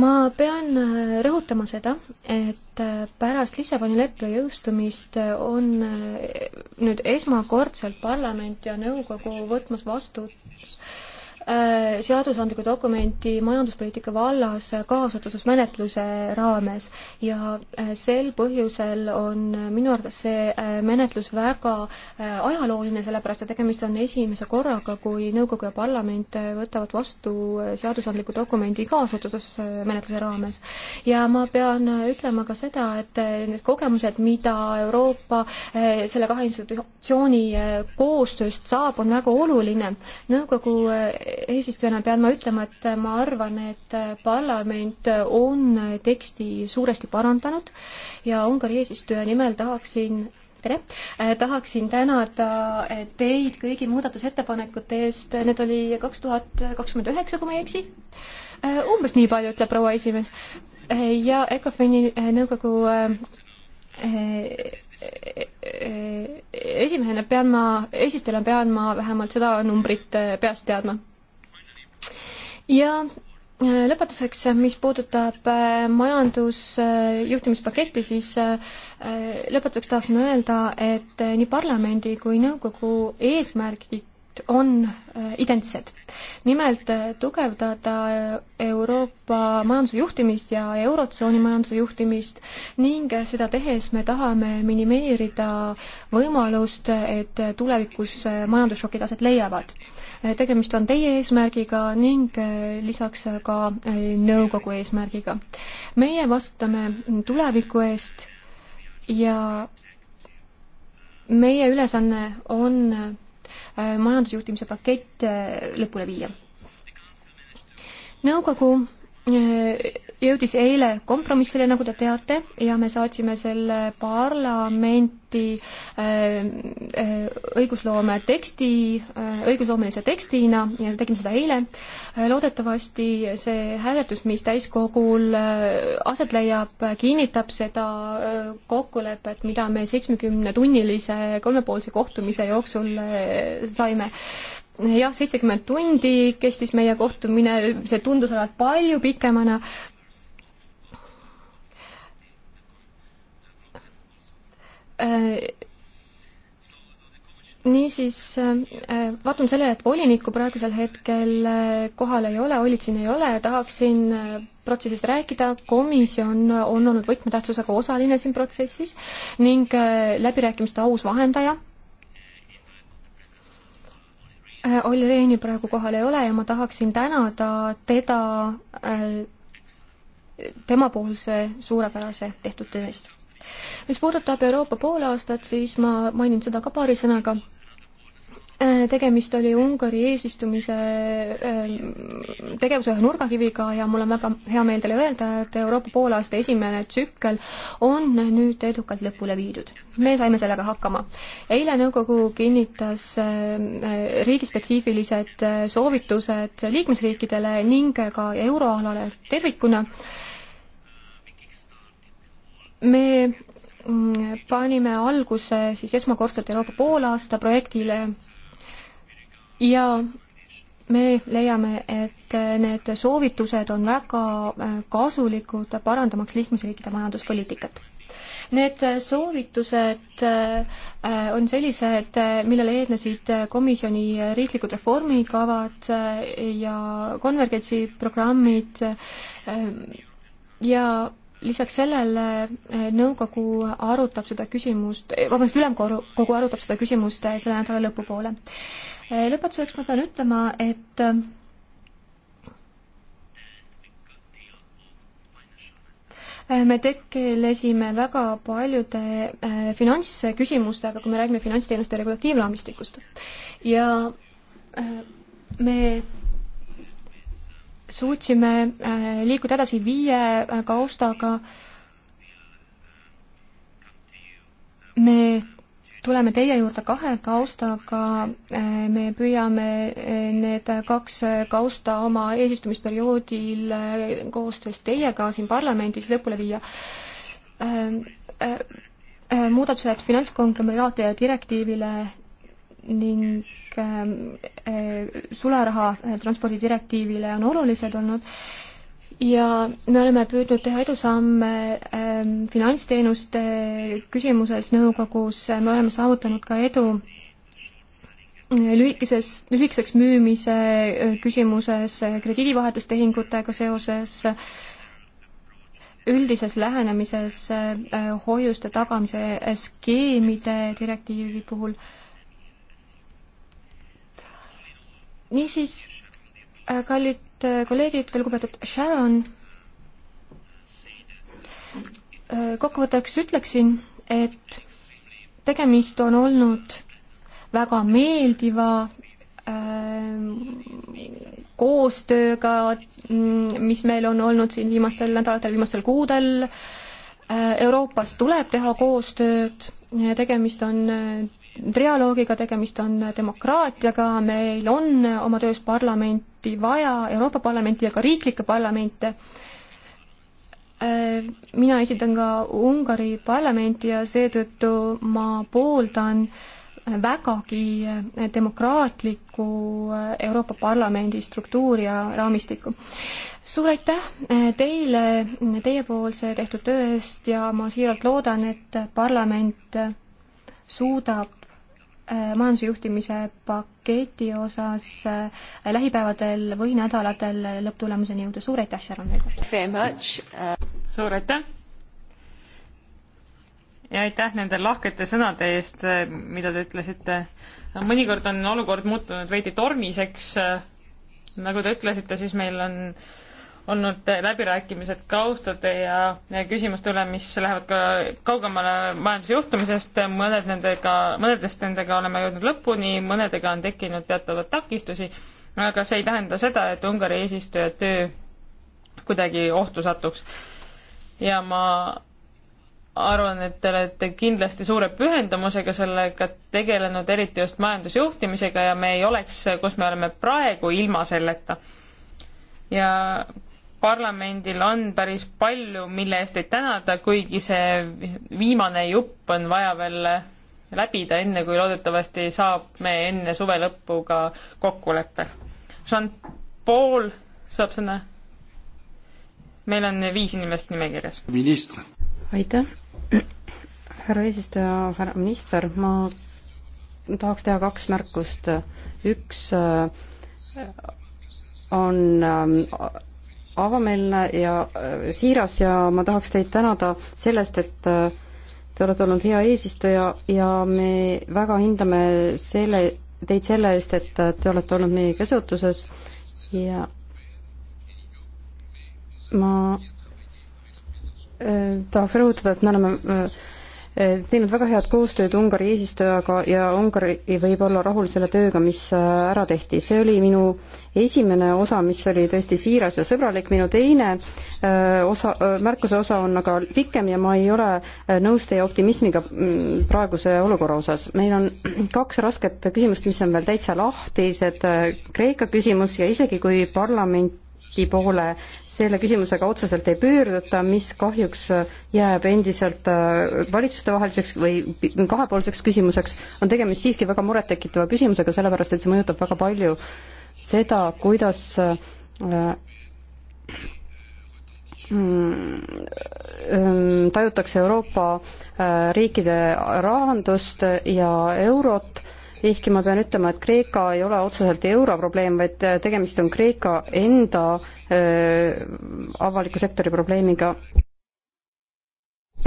ma pean äh, rõhutama seda, et äh, pärast Lissaboni leppe jõustumist äh, on nüüd esmakordselt parlament ja nõukogu võtmas vastu Äh, seadusandliku dokumenti majanduspoliitika vallas kaasotsusmenetluse raames ja äh, sel põhjusel on minu arvates see äh, menetlus väga ajalooline, sellepärast et tegemist on esimese korraga, kui nõukogu ja parlament võtavad vastu seadusandliku dokumendi kaasotsusmenetluse raames. ja ma pean ütlema ka seda, et need kogemused, mida Euroopa selle kahe institutsiooni koostööst saab, on väga oluline. nõukogu eesistujana pean ma ütlema, et ma arvan, et parlament on teksti suuresti parandanud ja Ungari eesistuja nimel tahaksin tere eh,! tahaksin tänada teid kõigi muudatusettepanekute eest, need oli kaks tuhat kakskümmend üheksa, kui ma ei eksi eh,. umbes nii palju, ütleb proua esimees eh,. ja ECOFIN-i nõukogu eh, eh, eh, esimehena pean ma, esistajana pean ma vähemalt seda numbrit peast teadma ja äh, lõpetuseks, mis puudutab äh, majandusjuhtimispaketti, äh, siis lõpetuseks tahaksin öelda, et nii parlamendi kui nõukogu eesmärgid eesmärgid on äh, identsed. nimelt äh, tugevdada äh, Euroopa majanduse juhtimist ja Eurotsooni majanduse juhtimist ning seda tehes me tahame minimeerida võimalust, et tulevikus majandusšokid aset leiavad. tegemist on teie eesmärgiga ning lisaks ka nõukogu eesmärgiga. meie vastutame tuleviku eest ja meie ülesanne on Äh, majandusjuhtimise pakett äh, lõpule viia. nõukogu äh, jõudis eile kompromissile, nagu te teate, ja me saatsime selle parlamenti äh, äh, õigusloome teksti, äh, õigusloomelise tekstina ja tegime seda eile. loodetavasti see hääletus, mis täiskogul aset leiab, kinnitab seda kokkulepet, mida me seitsmekümnetunnilise kolmepoolse kohtumise jooksul saime jah, seitsekümmend tundi kestis meie kohtumine, see tundus olevat palju pikemana Äh, niisiis, äh, vaatame sellele, et volinikku praegusel hetkel äh, kohal ei ole, olid siin ei ole, tahaksin protsessist rääkida, komisjon on olnud võtmetähtsusega osaline siin protsessis ning läbirääkimiste aus vahendaja. Olli Rehni praegu kohal ei ole ja ma tahaksin tänada teda temapoolse suurepärase tehtud töö eest mis puudutab Euroopa poolaastat, siis ma mainin seda ka paari sõnaga äh, tegemist oli Ungari eesistumise äh, tegevuse ühe nurgakiviga ja mul on väga hea meel teile öelda, et Euroopa poolaasta esimene tsükkel on nüüd edukalt lõpule viidud. me saime sellega hakkama. eile nõukogu kinnitas äh, riigispetsiifilised soovitused liikmesriikidele ning ka euroalale tervikuna me mm, panime alguse siis esmakordselt Euroopa poolaasta projektile ja me leiame, et need soovitused on väga äh, kasulikud, parandamaks liikmesriikide majanduspoliitikat. Need soovitused äh, on sellised, millele eelnesid komisjoni riiklikud reformikavad äh, ja konvergentsiprogrammid ja lisaks sellele eh, nõukogu arutab seda küsimust, eh, vabandust, ülemkogu arutab seda küsimust eh, selle nädala lõpupoole. lõpetuseks ma pean ütlema, et me tegelesime väga paljude finantsküsimustega, kui me räägime finantsteenuste regulatiivraamistikust. ja me suutsime äh, liikuda edasi viie äh, kaustaga. me tuleme teie juurde kahe kaustaga, äh, me püüame need kaks kausta oma eesistumisperioodil koostöös teiega siin parlamendis lõpule viia muudatused finantskonglomeraatide direktiivile ning ähm, äh, sularaha äh, transpordidirektiivile on olulised olnud ja me oleme püüdnud teha edusamme ähm, finantsteenuste küsimuses nõukogus, me oleme saavutanud ka edu äh, lühikeses, lühikeseks müümise küsimuses, krediidivahetustehingutega seoses, üldises lähenemises hoiuste tagamise skeemide direktiivi puhul niisiis, äh, kallid äh, kolleegid, lugupeetud Sharon, äh, kokkuvõtteks ütleksin, et tegemist on olnud väga meeldiva koostööga, mm, mis meil on olnud siin viimastel nädalatel, viimastel kuudel. Euroopas tuleb teha koostööd, tegemist on trialoogiga, tegemist on demokraatiaga, meil on oma töös parlamenti vaja, Euroopa Parlamenti ja ka riiklikke parlamente. Äh, mina esindan ka Ungari parlamenti ja seetõttu ma pooldan vägagi demokraatlikku Euroopa Parlamendi struktuuri ja raamistikku. suur aitäh teile teiepoolse tehtud töö eest ja ma siiralt loodan, et parlament suudab Äh, majanduse juhtimise paketi osas äh, lähipäevadel või nädalatel lõpptulemuseni jõuda. suur aitäh, Sharon, veel kord! Uh, suur aitäh! ja aitäh nende lahkete sõnade eest, äh, mida te ütlesite. mõnikord on olukord muutunud veidi tormiseks, nagu te ütlesite, siis meil on äh, olnud läbirääkimised kaustade ja, ja küsimuste üle, mis lähevad ka kaugemale majandusjuhtimisest, mõned nendega, mõnedest nendega oleme jõudnud lõpuni, mõnedega on tekkinud teatavad takistusi, aga see ei tähenda seda, et Ungari eesistuja töö kuidagi ohtu satuks. ja ma arvan, et te olete kindlasti suure pühendumusega sellega tegelenud, eriti just majandusjuhtimisega ja me ei oleks, kus me oleme praegu, ilma selleta. ja parlamendil on päris palju, mille eest teid tänada, kuigi see viimane jupp on vaja veel läbida, enne kui loodetavasti saab me enne suve lõppu ka kokkuleppe. Jean-Paul saab sõna. meil on viis inimest nimekirjas. minister. aitäh, härra eesistuja, härra minister, ma tahaks teha kaks märkust. üks äh, on ähm, avameelne ja äh, siiras ja ma tahaks teid tänada sellest, et äh, te olete olnud hea eesistuja ja me väga hindame selle, teid selle eest, et äh, te olete olnud meie käsutuses ja ma tahaks rõhutada, et me oleme teinud väga head koostööd Ungari eesistujaga ja Ungari võib olla rahul selle tööga, mis äh, ära tehti. see oli minu esimene osa, mis oli tõesti siiras ja sõbralik, minu teine äh, osa, äh, märkuse osa on aga pikem ja ma ei ole nõus teie optimismiga mm, praeguse olukorra osas. meil on kaks rasket küsimust, mis on veel täitsa lahtised, Kreeka küsimus ja isegi kui parlament poole selle küsimusega otseselt ei pöörduta, mis kahjuks jääb endiselt äh, valitsustevaheliseks või kahepoolseks küsimuseks, on tegemist siiski väga murettekitava küsimusega, sellepärast et see mõjutab väga palju seda, kuidas äh, mm, äh, tajutakse Euroopa riikide rahandust ja eurot ehkki ma pean ütlema, et Kreeka ei ole otseselt europrobleem, vaid äh, tegemist on Kreeka enda äh, avaliku sektori probleemiga.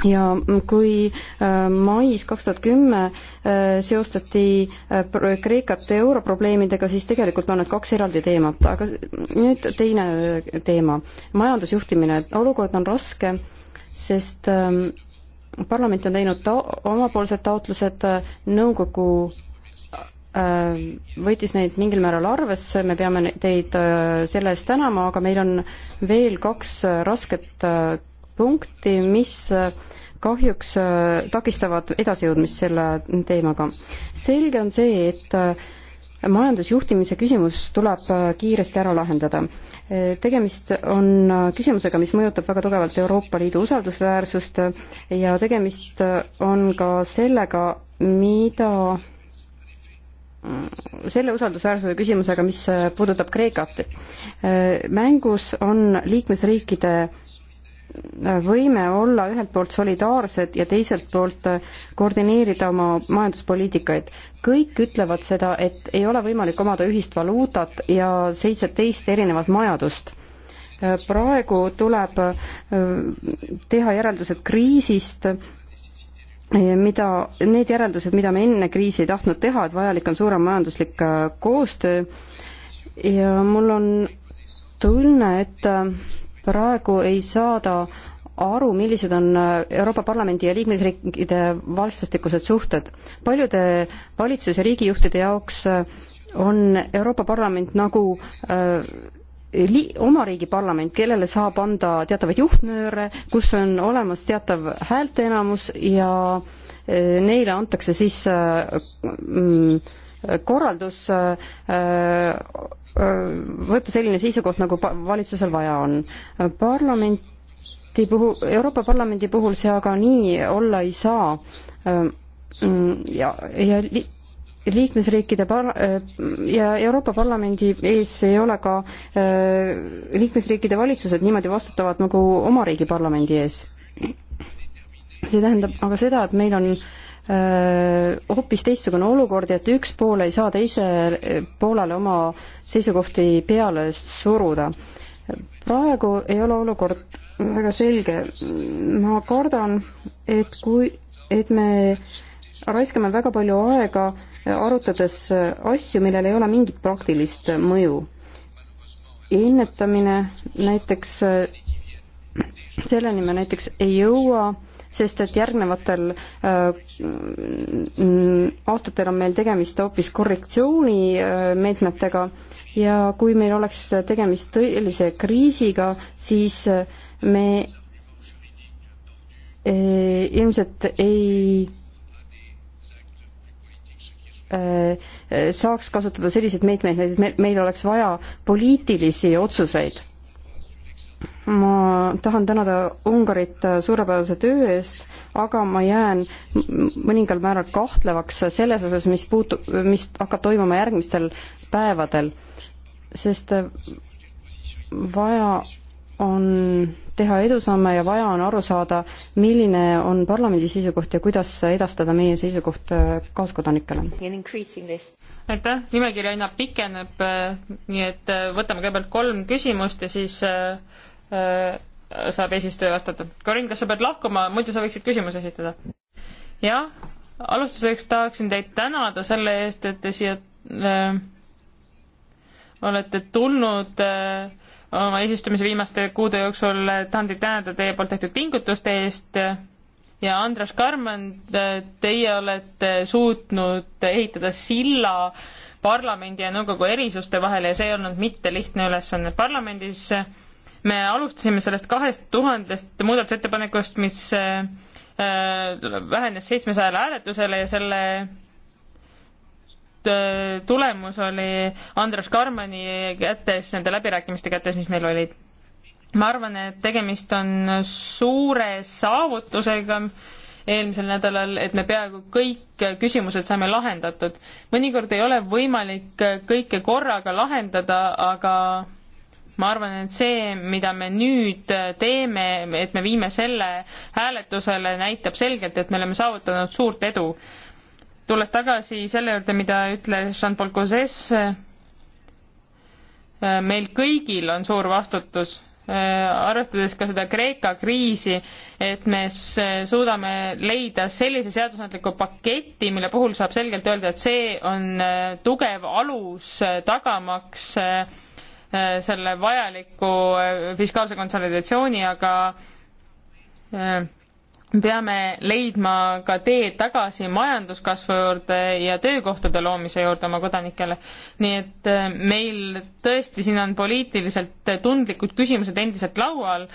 ja kui äh, mais kaks tuhat kümme äh, seostati äh, Kreekat europrobleemidega, siis tegelikult on need kaks eraldi teemat, aga nüüd teine äh, teema, majandusjuhtimine, olukord on raske, sest äh, parlament on teinud ta-, omapoolsed taotlused, nõukogu Äh, võttis neid mingil määral arvesse, me peame teid äh, selle eest tänama, aga meil on veel kaks äh, rasket punkti, mis kahjuks takistavad edasijõudmist selle teemaga. selge on see, et majandusjuhtimise küsimus tuleb kiiresti ära lahendada. tegemist on küsimusega, mis mõjutab väga tugevalt Euroopa Liidu usaldusväärsust ja tegemist on ka sellega, mida selle usaldusväärsuse küsimusega, mis äh, puudutab Kreekat. Äh, mängus on liikmesriikide äh, võime olla ühelt poolt solidaarsed ja teiselt poolt koordineerida oma majanduspoliitikaid. kõik ütlevad seda, et ei ole võimalik omada ühist valuutat ja seitseteist erinevat majandust. praegu tuleb teha järeldused kriisist mida, need järeldused, mida me enne kriisi ei tahtnud teha, et vajalik on suurem majanduslik äh, koostöö ja mul on tunne, et äh, praegu ei saada aru, millised on äh, Euroopa Parlamendi ja liikmesriikide vastastikused suhted. paljude valitsus- ja riigijuhtide jaoks on Euroopa Parlament nagu äh, li-, oma riigi parlament, kellele saab anda teatavaid juhtnööre, kus on olemas teatav häälteenamus ja eh, neile antakse siis eh, mm, korraldus eh, võtta selline seisukoht, nagu valitsusel vaja on. parlamenti puhul, Euroopa Parlamendi puhul see aga nii olla ei saa mm, ja, ja li, liikmesriikide par- äh, ja Euroopa Parlamendi ees ei ole ka äh, liikmesriikide valitsused niimoodi vastutavad nagu oma riigi parlamendi ees. see tähendab aga seda, et meil on äh, hoopis teistsugune olukord ja et üks pool ei saa teise poolele oma seisukohti peale suruda. praegu ei ole olukord väga selge. ma kardan, et kui, et me raiskame väga palju aega äh, arutades asju, millel ei ole mingit praktilist mõju. ennetamine näiteks, selleni me näiteks ei jõua, sest et järgnevatel äh, aastatel on meil tegemist hoopis korrektsioonimeetmetega äh, ja kui meil oleks tegemist tõelise kriisiga, siis äh, me ilmselt ei Äh, äh, saaks kasutada selliseid meetmeid, et meil oleks vaja poliitilisi otsuseid. ma tahan tänada Ungarit äh, suurepärase töö eest, aga ma jään mõningal määral kahtlevaks selles osas, mis puutu-, mis hakkab toimuma järgmistel päevadel, sest vaja on teha edusamme ja vaja on aru saada, milline on parlamendi seisukoht ja kuidas edastada meie seisukoht äh, kaaskodanikele. aitäh, nimekiri aina pikeneb, äh, nii et äh, võtame kõigepealt kolm küsimust ja siis saab eesistuja vastata. Karin, kas sa pead lahkuma, muidu sa võiksid küsimuse esitada? jah, alustuseks tahaksin teid tänada selle eest, et te siia öö, olete tulnud öö, oma eesistumise viimaste kuude jooksul tahan teid tänada teie poolt tehtud pingutuste eest ja Andras Karmen, teie olete suutnud ehitada silla parlamendi ja nõukogu erisuste vahele ja see ei olnud mitte lihtne ülesanne. parlamendis me alustasime sellest kahest tuhandest muudatusettepanekust, mis äh, vähenes seitsmesajale hääletusele ja selle Äh, tulemus oli Andrus Karmani kätes, nende läbirääkimiste kätes, mis meil olid. ma arvan, et tegemist on suure saavutusega eelmisel nädalal, et me peaaegu kõik küsimused saime lahendatud. mõnikord ei ole võimalik kõike korraga lahendada, aga ma arvan, et see, mida me nüüd teeme, et me viime selle hääletusele, näitab selgelt, et me oleme saavutanud suurt edu tulles tagasi selle juurde, mida ütles Jean-Paul Gauzes, äh, meil kõigil on suur vastutus, äh, arvestades ka seda Kreeka kriisi, et me suudame leida sellise seadusandliku paketi, mille puhul saab selgelt öelda, et see on äh, tugev alus tagamaks selle vajaliku fiskaalse konsolidatsiooni, aga peame leidma ka tee tagasi majanduskasvu juurde ja töökohtade loomise juurde oma kodanikele. nii et äh, meil tõesti siin on poliitiliselt tundlikud küsimused endiselt laual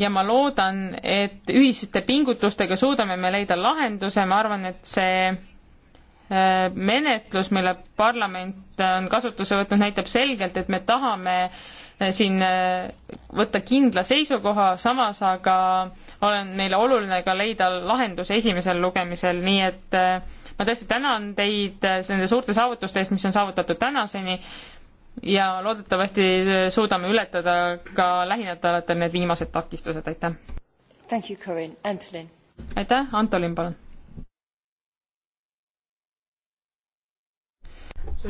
ja ma loodan, et ühiste pingutustega suudame me leida lahenduse, ma arvan, et see äh, menetlus, mille parlament on kasutusse võtnud, näitab selgelt, et me tahame äh, siin äh, võtta kindla seisukoha, samas aga olen meile oluline ka leida lahendus esimesel lugemisel, nii et äh, ma tõesti tänan teid äh, nende suurte saavutuste eest, mis on saavutatud tänaseni ja loodetavasti suudame ületada ka lähinädalatel need viimased takistused, aitäh! aitäh, Antolin, palun!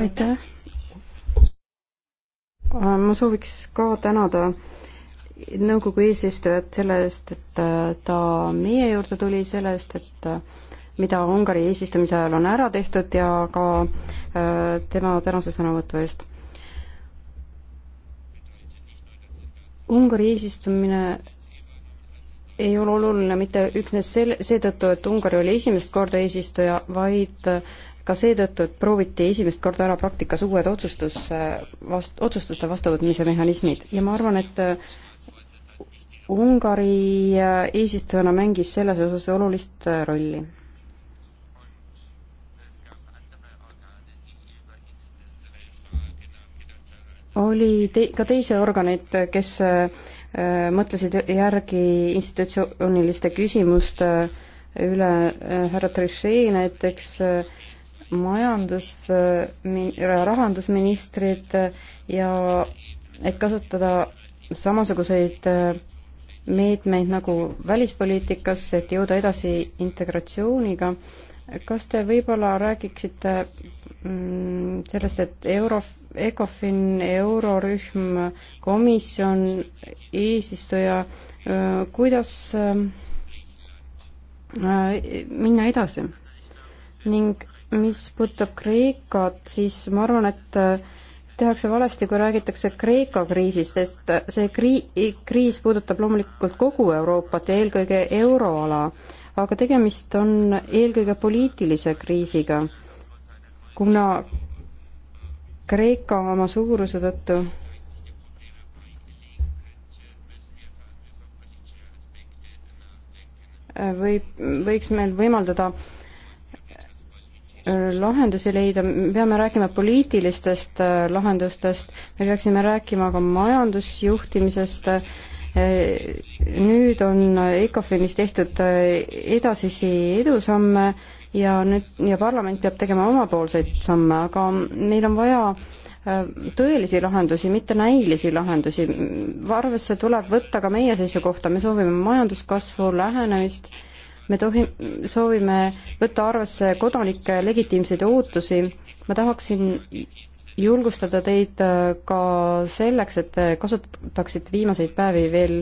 aitäh! ma sooviks ka tänada nõukogu eesistujat selle eest, et äh, ta meie juurde tuli, selle eest, et äh, mida Ungari eesistumise ajal on ära tehtud ja ka äh, tema tänase sõnavõtu eest. Ungari eesistumine ei ole oluline mitte üksnes sel-, seetõttu, et Ungari oli esimest korda eesistuja, vaid ka seetõttu, et prooviti esimest korda ära praktikas uued otsustus, vast-, otsustuste vastuvõtmise mehhanismid ja ma arvan, et äh, Ungari äh, eesistujana mängis selles osas olulist äh, rolli. oli te-, ka teisi organeid, kes mõtlesid järgi institutsiooniliste küsimuste üle, härra Trichet näiteks äh, majandus, äh, rahandusministrid äh, ja et kasutada samasuguseid äh, meetmeid nagu välispoliitikas, et jõuda edasi integratsiooniga. kas te võib-olla räägiksite mm, sellest, et euro, ECOFIN, eurorühm, komisjon, eesistuja, kuidas minna edasi ning mis puudutab Kreekat, siis ma arvan, et äh, tehakse valesti, kui räägitakse Kreeka kriisist, sest äh, see krii-, kriis puudutab loomulikult kogu Euroopat ja eelkõige euroala, aga tegemist on eelkõige poliitilise kriisiga, kuna Kreeka oma suuruse tõttu võib, võiks meil võimaldada äh, lahendusi leida, me peame rääkima poliitilistest äh, lahendustest, me peaksime rääkima ka majandusjuhtimisest, äh, nüüd on ECOFINis tehtud äh, edasisi edusamme ja nüüd, ja parlament peab tegema omapoolseid samme, aga meil on vaja tõelisi lahendusi, mitte näilisi lahendusi. arvesse tuleb võtta ka meie seisukohta, me soovime majanduskasvu, lähenemist me tohi, soovime võtta arvesse kodanike legitiimseid ootusi. ma tahaksin julgustada teid äh, ka selleks, et te kasutaksite viimaseid päevi veel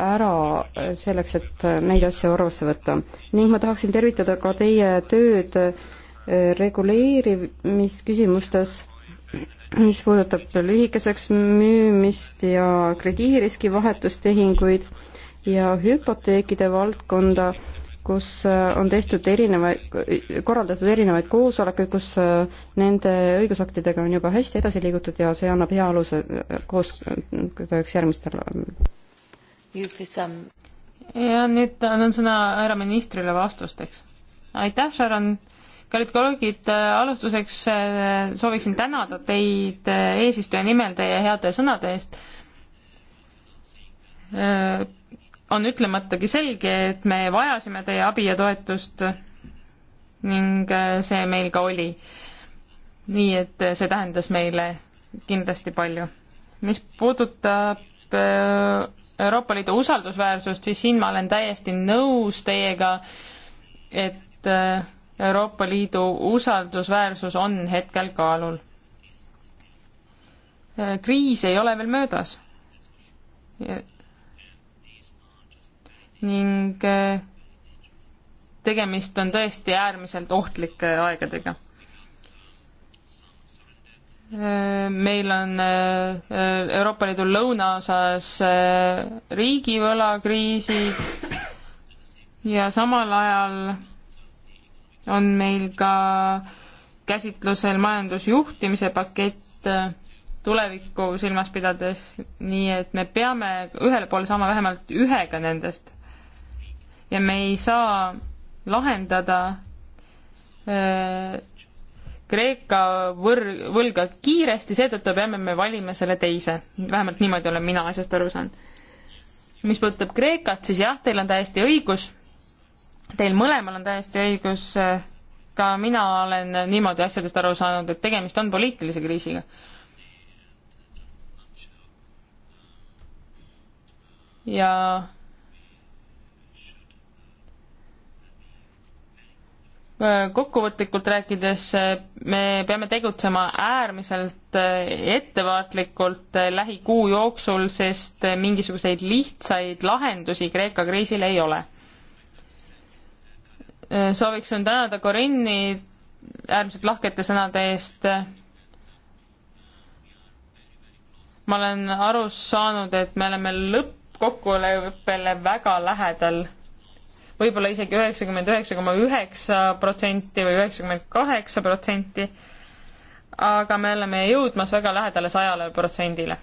ära äh, selleks, et äh, neid asju arvesse võtta. ning ma tahaksin tervitada ka teie tööd reguleerimisküsimustes, mis puudutab lühikeseks müümist ja krediidiriski vahetustehinguid ja hüpoteekide valdkonda kus äh, on tehtud erinevaid, korraldatud erinevaid koosolekuid, kus äh, nende õigusaktidega on juba hästi edasi liigutud ja see annab hea aluse äh, koos tööks järgmistel. ja nüüd annan sõna härra ministrile vastusteks. aitäh, Sharon. kallid kolleegid, alustuseks sooviksin tänada teid eesistuja nimel teie heade sõnade eest on ütlematagi selge, et me vajasime teie abi ja toetust ning äh, see meil ka oli. nii et äh, see tähendas meile kindlasti palju. mis puudutab äh, Euroopa Liidu usaldusväärsust, siis siin ma olen täiesti nõus teiega, et Euroopa Liidu usaldusväärsus on hetkel kaalul. kriis ei ole veel möödas ning eh, tegemist on tõesti äärmiselt ohtlike aegadega. Eh, meil on eh, Euroopa Liidu lõunaosas riigivõlakriisid ja samal ajal on meil ka käsitlusel majandusjuhtimise pakett tulevikku silmas pidades, nii et me peame ühele poole saama vähemalt ühega nendest ja me ei saa lahendada äh, Kreeka võr-, võlga kiiresti, seetõttu peame me valima selle teise. vähemalt niimoodi olen mina asjast aru saanud. mis puudutab Kreekat, siis jah, teil on täiesti õigus, teil mõlemal on täiesti õigus, äh, ka mina olen niimoodi asjadest aru saanud, et tegemist on poliitilise kriisiga. ja kokkuvõtlikult rääkides me peame tegutsema äärmiselt ettevaatlikult lähikuu jooksul, sest mingisuguseid lihtsaid lahendusi Kreeka kriisile ei ole. sooviksin tänada Corinni äärmiselt lahkete sõnade eest. ma olen aru saanud, et me oleme lõppkokkuleppele väga lähedal võib-olla isegi üheksakümmend üheksa koma üheksa protsenti või üheksakümmend kaheksa protsenti, aga me oleme jõudmas väga lähedale sajale protsendile.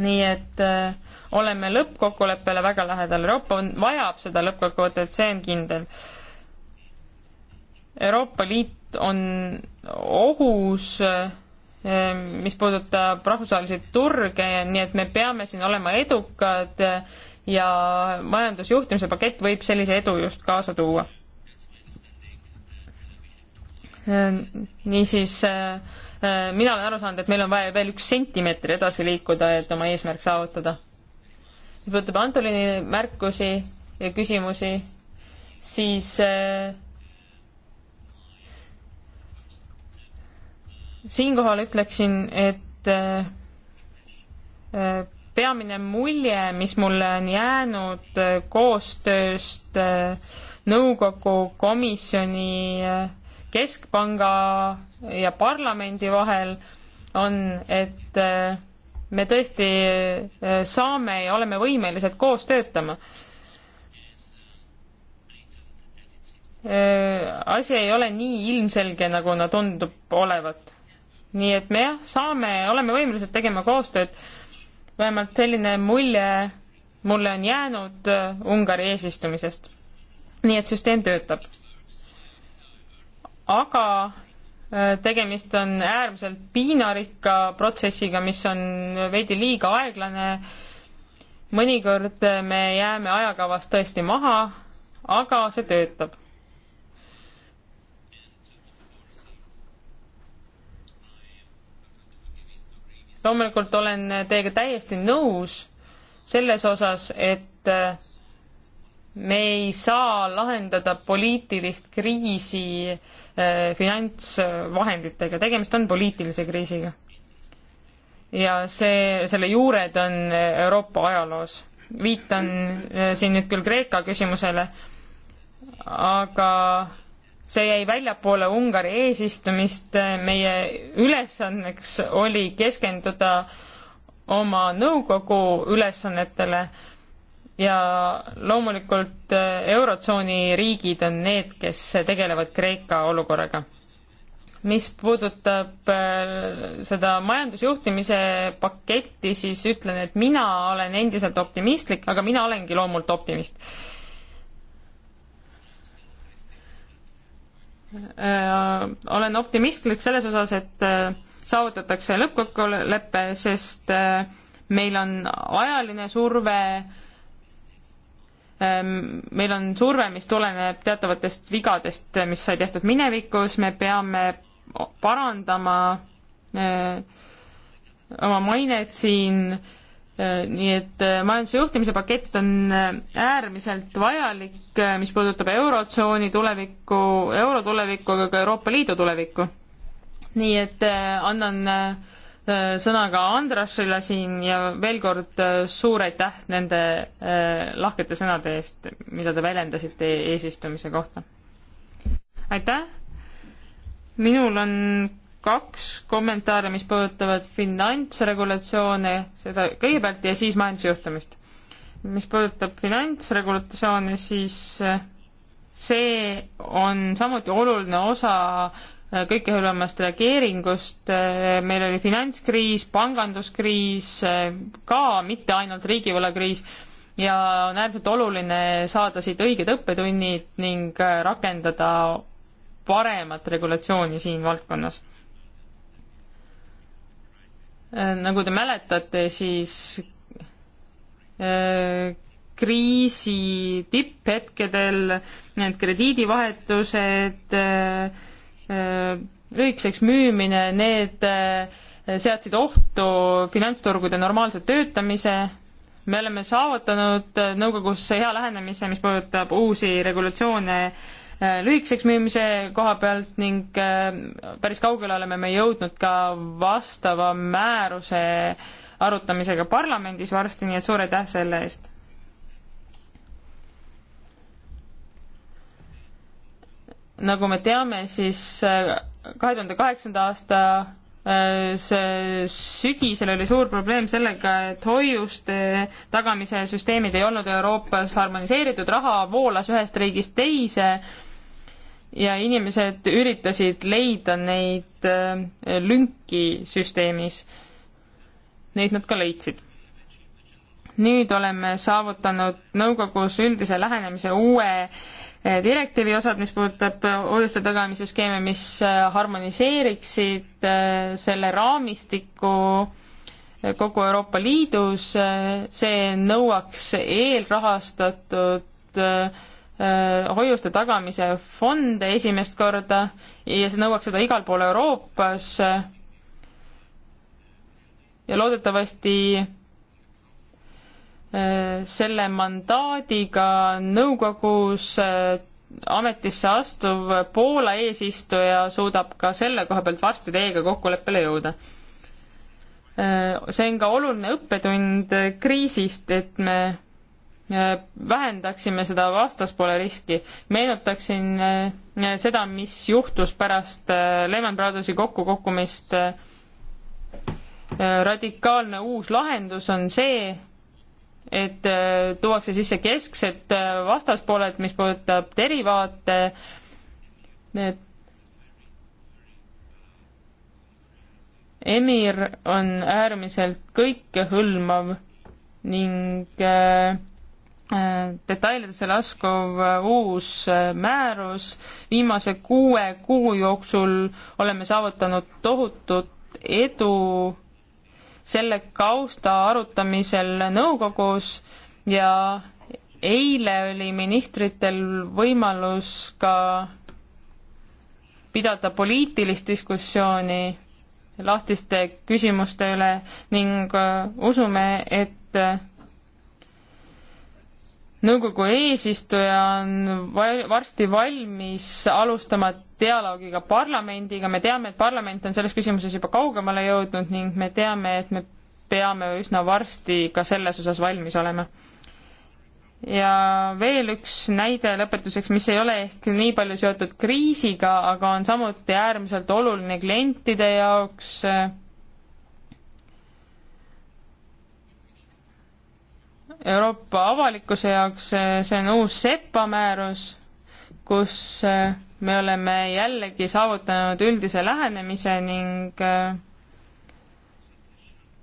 nii et öö, äh, oleme lõppkokkuleppele väga lähedal, Euroopa on, vajab seda lõppkokkuvõtet, see on kindel. Euroopa Liit on ohus äh, mis puudutab rahvusvahelisi turge, nii et me peame siin olema edukad äh, ja majandusjuhtimise pakett võib sellise edu just kaasa tuua. niisiis, mina olen aru saanud, et meil on vaja veel üks sentimeeter edasi liikuda, et oma eesmärk saavutada. mis puudutab Antolini märkusi ja küsimusi, siis äh, siinkohal ütleksin, et äh, peamine mulje, mis mulle on jäänud äh, koostööst äh, nõukogu, komisjoni, äh, keskpanga ja parlamendi vahel, on, et me tõesti saame ja oleme võimelised koos töötama. asi ei ole nii ilmselge, nagu ta tundub olevat. nii et me jah, saame, oleme võimelised tegema koostööd vähemalt selline mulje mulle on jäänud äh, Ungari eesistumisest. nii et süsteem töötab. aga äh, tegemist on äärmiselt piinarikka protsessiga, mis on veidi liiga aeglane. mõnikord me jääme ajakavast tõesti maha, aga see töötab. loomulikult olen teiega täiesti nõus selles osas, et äh, me ei saa lahendada poliitilist kriisi äh, finantsvahenditega, tegemist on poliitilise kriisiga. ja see, selle juured on Euroopa ajaloos. viitan äh, siin nüüd küll Kreeka küsimusele, aga see jäi väljapoole Ungari eesistumist, meie ülesandeks oli keskenduda oma nõukogu ülesannetele ja loomulikult eh, Eurotsooni riigid on need, kes tegelevad Kreeka olukorraga. mis puudutab eh, seda majandusjuhtimise paketti, siis ütlen, et mina olen endiselt optimistlik, aga mina olengi loomult optimist Äh, olen optimistlik selles osas, et äh, saavutatakse lõppkokkulepe, sest äh, meil on ajaline surve, ähm, meil on surve, mis tuleneb teatavatest vigadest, mis sai tehtud minevikus, me peame parandama oma mainet siin Äh, nii et äh, majanduse juhtimise pakett on äh, äärmiselt vajalik, mis puudutab Eurotsooni tulevikku, euro tulevikku, aga ka Euroopa Liidu tulevikku. nii et annan sõna ka Andrasile siin ja veel kord suur aitäh nende lahkete sõnade eest, mida te väljendasite eesistumise kohta. aitäh! minul on kaks kommentaari, mis puudutavad finantsregulatsioone, seda kõigepealt ja siis majandusjuhtimist. mis puudutab finantsregulatsioone, siis äh, see on samuti oluline osa äh, kõikehõlmast reageeringust, äh, meil oli finantskriis, panganduskriis ka, mitte ainult riigivõlakriis, ja on äärmiselt oluline saada siit õiged õppetunnid ning rakendada paremat regulatsiooni siin valdkonnas Äh, nagu te mäletate, siis äh, kriisi tipphetkedel need krediidivahetused, lühikeseks äh, müümine, need seadsid ohtu finantsturgude normaalse töötamise, me oleme saavutanud nõukogus hea lähenemise, mis puudutab uusi regulatsioone Äh, lühikeseks müümise koha pealt ning äh, päris kaugele oleme me jõudnud ka vastava määruse arutamisega parlamendis varsti, nii et suur aitäh selle eest. nagu me teame, siis äh, kahe tuhande kaheksanda aasta see sügisel oli suur probleem sellega, et hoiuste tagamise süsteemid ei olnud Euroopas harmoniseeritud, raha voolas ühest riigist teise ja inimesed üritasid leida neid äh, lünki süsteemis. Neid nad ka leidsid. nüüd oleme saavutanud nõukogus üldise lähenemise uue äh, direktiivi osad, mis puudutab äh, hoiuste tagamise skeeme, mis harmoniseeriksid selle raamistiku kogu Euroopa Liidus, see nõuaks eelrahastatud äh, Äh, hoiuste tagamise fonde esimest korda ja see nõuaks seda igal pool Euroopas. ja loodetavasti äh, selle mandaadiga nõukogus äh, ametisse astuv Poola eesistuja suudab ka selle koha pealt varsti teiega kokkuleppele jõuda. see on ka oluline õppetund kriisist, et me Äh, vähendaksime seda vastaspoole riski. meenutaksin äh, seda, mis juhtus pärast äh, Lehman Brothersi kokkukukkumist. radikaalne uus lahendus on see, et tuuakse sisse kesksed vastaspooled, mis puudutab derivaate, need emir on äärmiselt kõikehõlmav ning äh, detailidesse laskuv äh, uus äh, määrus. viimase kuue kuu jooksul oleme saavutanud tohutut edu selle kausta arutamisel nõukogus ja eile oli ministritel võimalus ka pidada poliitilist diskussiooni lahtiste küsimuste üle ning äh, usume, et nõukogu eesistuja on val varsti valmis alustama dialoogiga parlamendiga, me teame, et parlament on selles küsimuses juba kaugemale jõudnud ning me teame, et me peame üsna varsti ka selles osas valmis olema. ja veel üks näide lõpetuseks, mis ei ole ehk nii palju seotud kriisiga, aga on samuti äärmiselt oluline klientide jaoks äh, Euroopa avalikkuse jaoks, see on uus SEPA määrus, kus äh, me oleme jällegi saavutanud üldise lähenemise ning äh,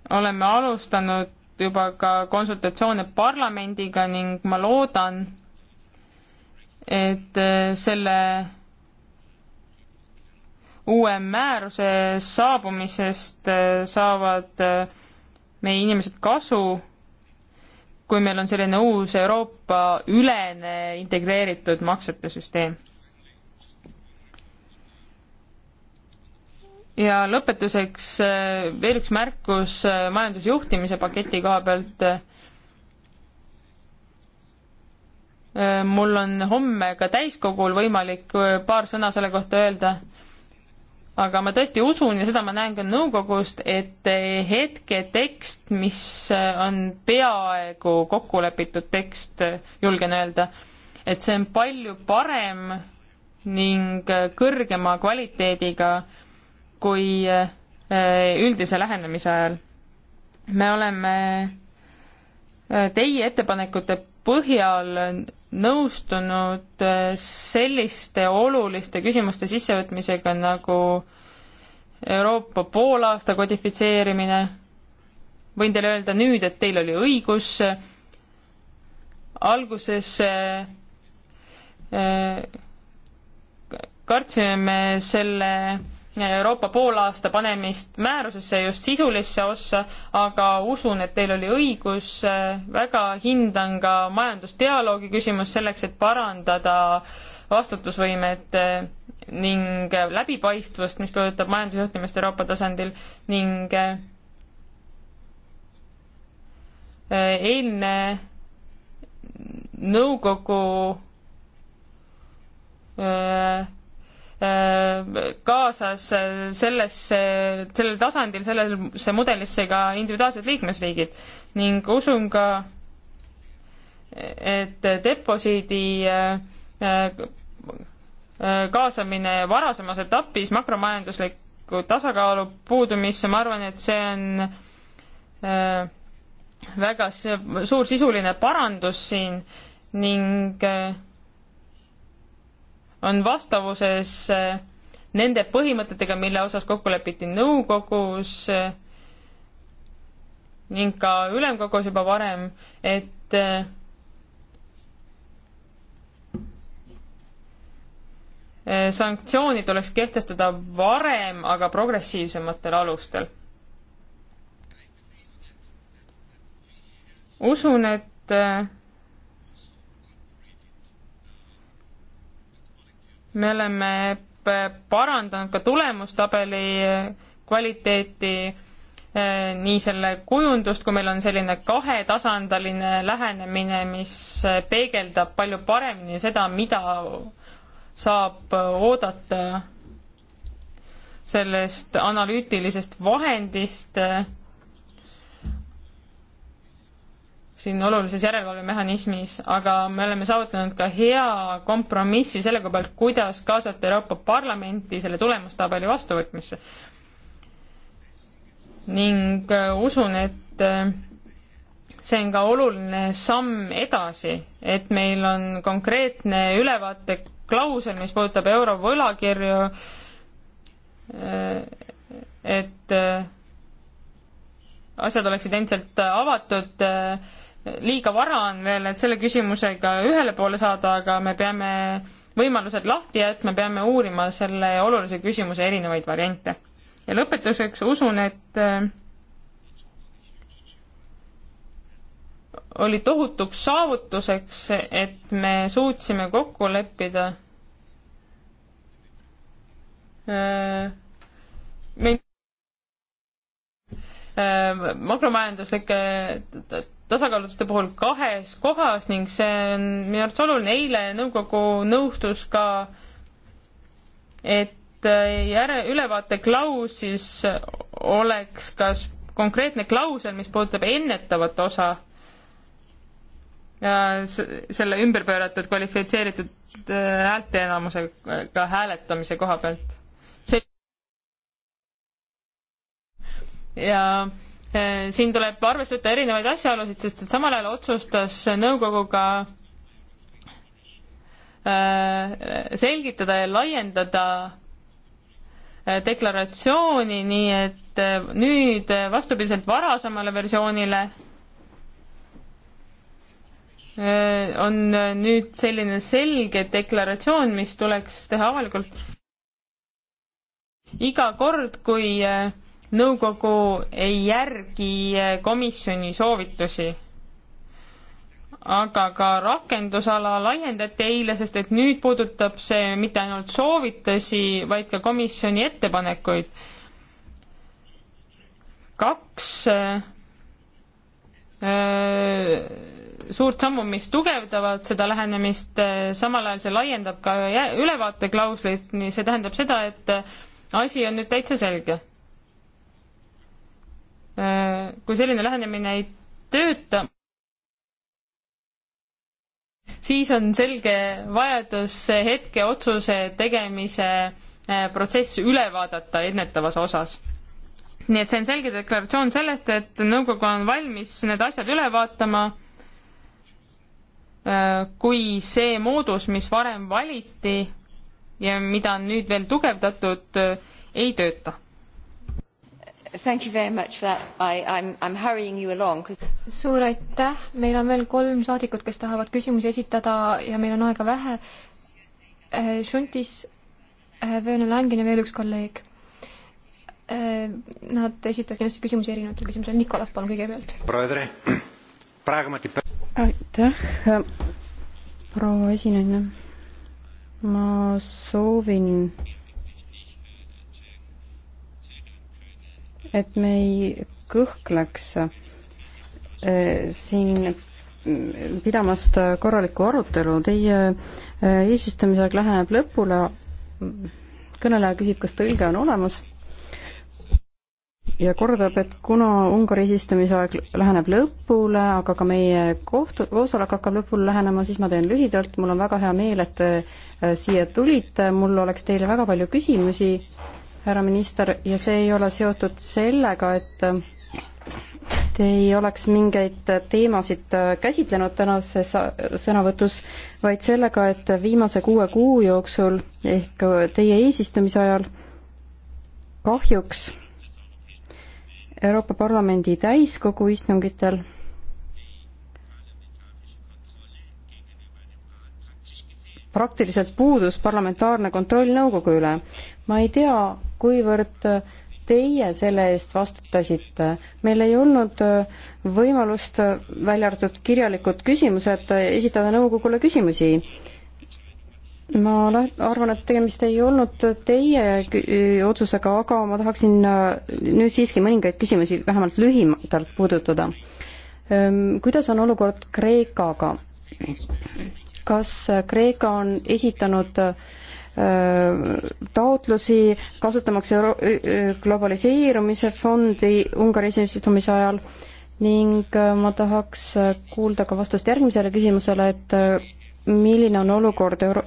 oleme alustanud juba ka konsultatsioone parlamendiga ning ma loodan, et äh, selle uue määruse saabumisest saavad meie inimesed kasu kui meil on selline uus Euroopa ülene integreeritud maksete süsteem. ja lõpetuseks äh, veel üks märkus äh, majandusjuhtimise paketi koha pealt. Äh, mul on homme ka täiskogul võimalik paar sõna selle kohta öelda aga ma tõesti usun ja seda ma näen ka nõukogust, et hetketekst, mis on peaaegu kokku lepitud tekst, julgen öelda, et see on palju parem ning kõrgema kvaliteediga kui äh, üldise lähenemise ajal. me oleme äh, teie ettepanekute põhjal nõustunud äh, selliste oluliste küsimuste sissevõtmisega nagu Euroopa poolaasta kodifitseerimine. võin teile öelda nüüd, et teil oli õigus. alguses äh, äh, kartsime me selle Euroopa poolaasta panemist määrusesse, just sisulisse ossa, aga usun, et teil oli õigus, väga hindan ka majandusdialoogi küsimus selleks, et parandada vastutusvõimet eh, ning läbipaistvust, mis puudutab majandusjuhtimist Euroopa tasandil ning eh, eilne nõukogu öö, eh, Äh, kaasas sellesse, sellel tasandil, sellesse mudelisse ka individuaalsed liikmesriigid ning usun ka, et deposiidi äh, äh, kaasamine varasemas etapis makromajandusliku tasakaalu puudumisse, ma arvan, et see on väga suur sisuline parandus siin ning äh, on vastavuses äh, nende põhimõtetega, mille osas kokku lepiti nõukogus äh, ning ka ülemkogus juba varem, et äh, sanktsioonid tuleks kehtestada varem, aga progressiivsematel alustel. usun, et me oleme parandanud ka tulemustabeli kvaliteeti, eh, nii selle kujundust, kui meil on selline kahetasandiline lähenemine, mis peegeldab palju paremini seda, mida saab oodata sellest analüütilisest vahendist eh, siin olulises järelevalvemehhanismis, aga me oleme saavutanud ka hea kompromissi selle koha pealt, kuidas kaasata Euroopa Parlamenti selle tulemustabeli vastuvõtmisse. ning äh, usun, et äh, see on ka oluline samm edasi, et meil on konkreetne ülevaate klausel, mis puudutab eurovõlakirju, äh, et asjad oleksid endiselt avatud äh, liiga vara on veel, et selle küsimusega ühele poole saada, aga me peame võimalused lahti jätma, peame uurima selle olulise küsimuse erinevaid variante. ja lõpetuseks usun, et äh, oli tohutuks saavutuseks, et me suutsime kokku leppida äh, me äh, makromajanduslike tasakaalutuste puhul kahes kohas ning see on minu arvates oluline. eile nõukogu nõustus ka, et äh, järe, ülevaate klausis oleks kas konkreetne klausel, mis puudutab ennetavat osa ja äh, selle ümberpööratud kvalifitseeritud äh, häälteenamusega hääletamise koha pealt. see ja Eh, siin tuleb arvesse võtta erinevaid asjaolusid, sest et samal ajal otsustas nõukoguga eh, selgitada ja laiendada eh, deklaratsiooni, nii et nüüd vastupidiselt varasemale versioonile on nüüd selline selge deklaratsioon, mis tuleks teha avalikult iga kord, kui nõukogu ei järgi komisjoni soovitusi. aga ka rakendusala laiendati eile, sest et nüüd puudutab see mitte ainult soovitusi, vaid ka komisjoni ettepanekuid. kaks öö, äh, äh, suurt sammu, mis tugevdavad seda lähenemist, äh, samal ajal see laiendab ka ülevaateklauslit, nii see tähendab seda, et asi on nüüd täitsa selge kui selline lähenemine ei tööta, siis on selge vajadus hetke otsuse tegemise eh, protsess üle vaadata ennetavas osas. nii et see on selge deklaratsioon sellest, et nõukogu on valmis need asjad üle vaatama, eh, kui see moodus, mis varem valiti ja mida on nüüd veel tugevdatud, eh, ei tööta Thank you very much for that. I, I'm, I'm hurrying you along cause.... suur aitäh, meil on veel kolm saadikut, kes tahavad küsimusi esitada ja meil on aega vähe. Äh, Šuntis, äh, Veene Längin ja veel üks kolleeg. Äh, nad esitavad kindlasti küsimusi erinevatel küsimusel. Nikolai, palun kõigepealt. aitäh, proua esinaine. ma soovin et me ei kõhkleks äh, siin pidamast korralikku arutelu. Teie äh, eesistumise aeg läheneb lõpule. kõneleja küsib, kas tõlge on olemas ja kordab, et kuna Ungari eesistumise aeg läheneb lõpule, aga ka meie kohtu, koosolek hakkab lõpule lähenema, siis ma teen lühidalt, mul on väga hea meel, et te äh, siia tulite, mul oleks teile väga palju küsimusi härra minister, ja see ei ole seotud sellega, et te ei oleks mingeid teemasid käsitlenud tänases sõnavõtus, vaid sellega, et viimase kuue kuu jooksul ehk teie eesistumise ajal kahjuks Euroopa Parlamendi täiskogu istungitel praktiliselt puudus parlamentaarne kontroll nõukogu üle ma ei tea, kuivõrd teie selle eest vastutasite. meil ei olnud äh, võimalust, äh, välja arvatud kirjalikud küsimused, äh, esitada nõukogule küsimusi ma arvan, et tegemist ei olnud teie otsusega, aga ma tahaksin nüüd siiski mõningaid küsimusi vähemalt lühimalt puudutada. Ehm, kuidas on olukord Kreekaga? kas Kreeka on esitanud äh, Äh, taotlusi, kasutamaks euro-, äh, äh, globaliseerumise fondi Ungari esimesistumise ajal ning ma tahaks kuulda ka vastust järgmisele küsimusele, et milline on olukord euro-,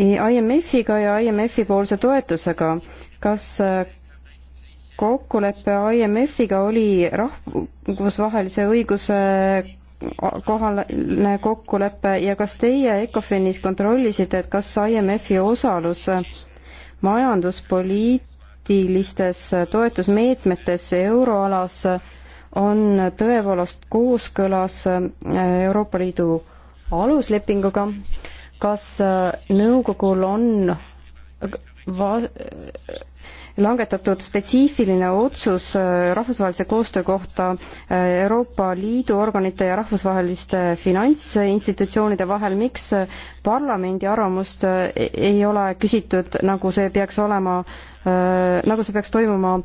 IMF-iga ja IMF-i poolse toetusega, kas kokkulepe IMF-iga oli rahvusvahelise õiguse kohane kokkulepe ja kas teie ECOFINis kontrollisite, et kas IMF-i osalus majanduspoliitilistes toetusmeetmetes euroalas on tõepoolest kooskõlas Euroopa Liidu aluslepinguga, kas nõukogul on va-, langetatud spetsiifiline otsus äh, rahvusvahelise koostöö kohta äh, Euroopa Liidu organite ja rahvusvaheliste finantsinstitutsioonide vahel, miks äh, parlamendi arvamust e-, ei ole küsitud, nagu see peaks olema nagu see peaks toimuma,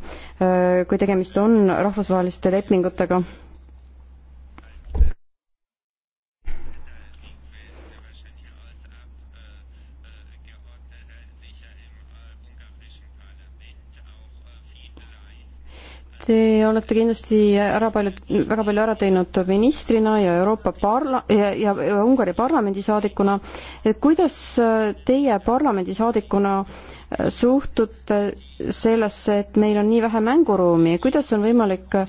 kui tegemist on rahvusvaheliste lepingutega? Te olete kindlasti ära palju, väga palju ära teinud ministrina ja Euroopa parla- ja, ja, ja Ungari parlamendisaadikuna. kuidas teie parlamendisaadikuna äh, suhtute sellesse, et meil on nii vähe mänguruumi, kuidas on võimalik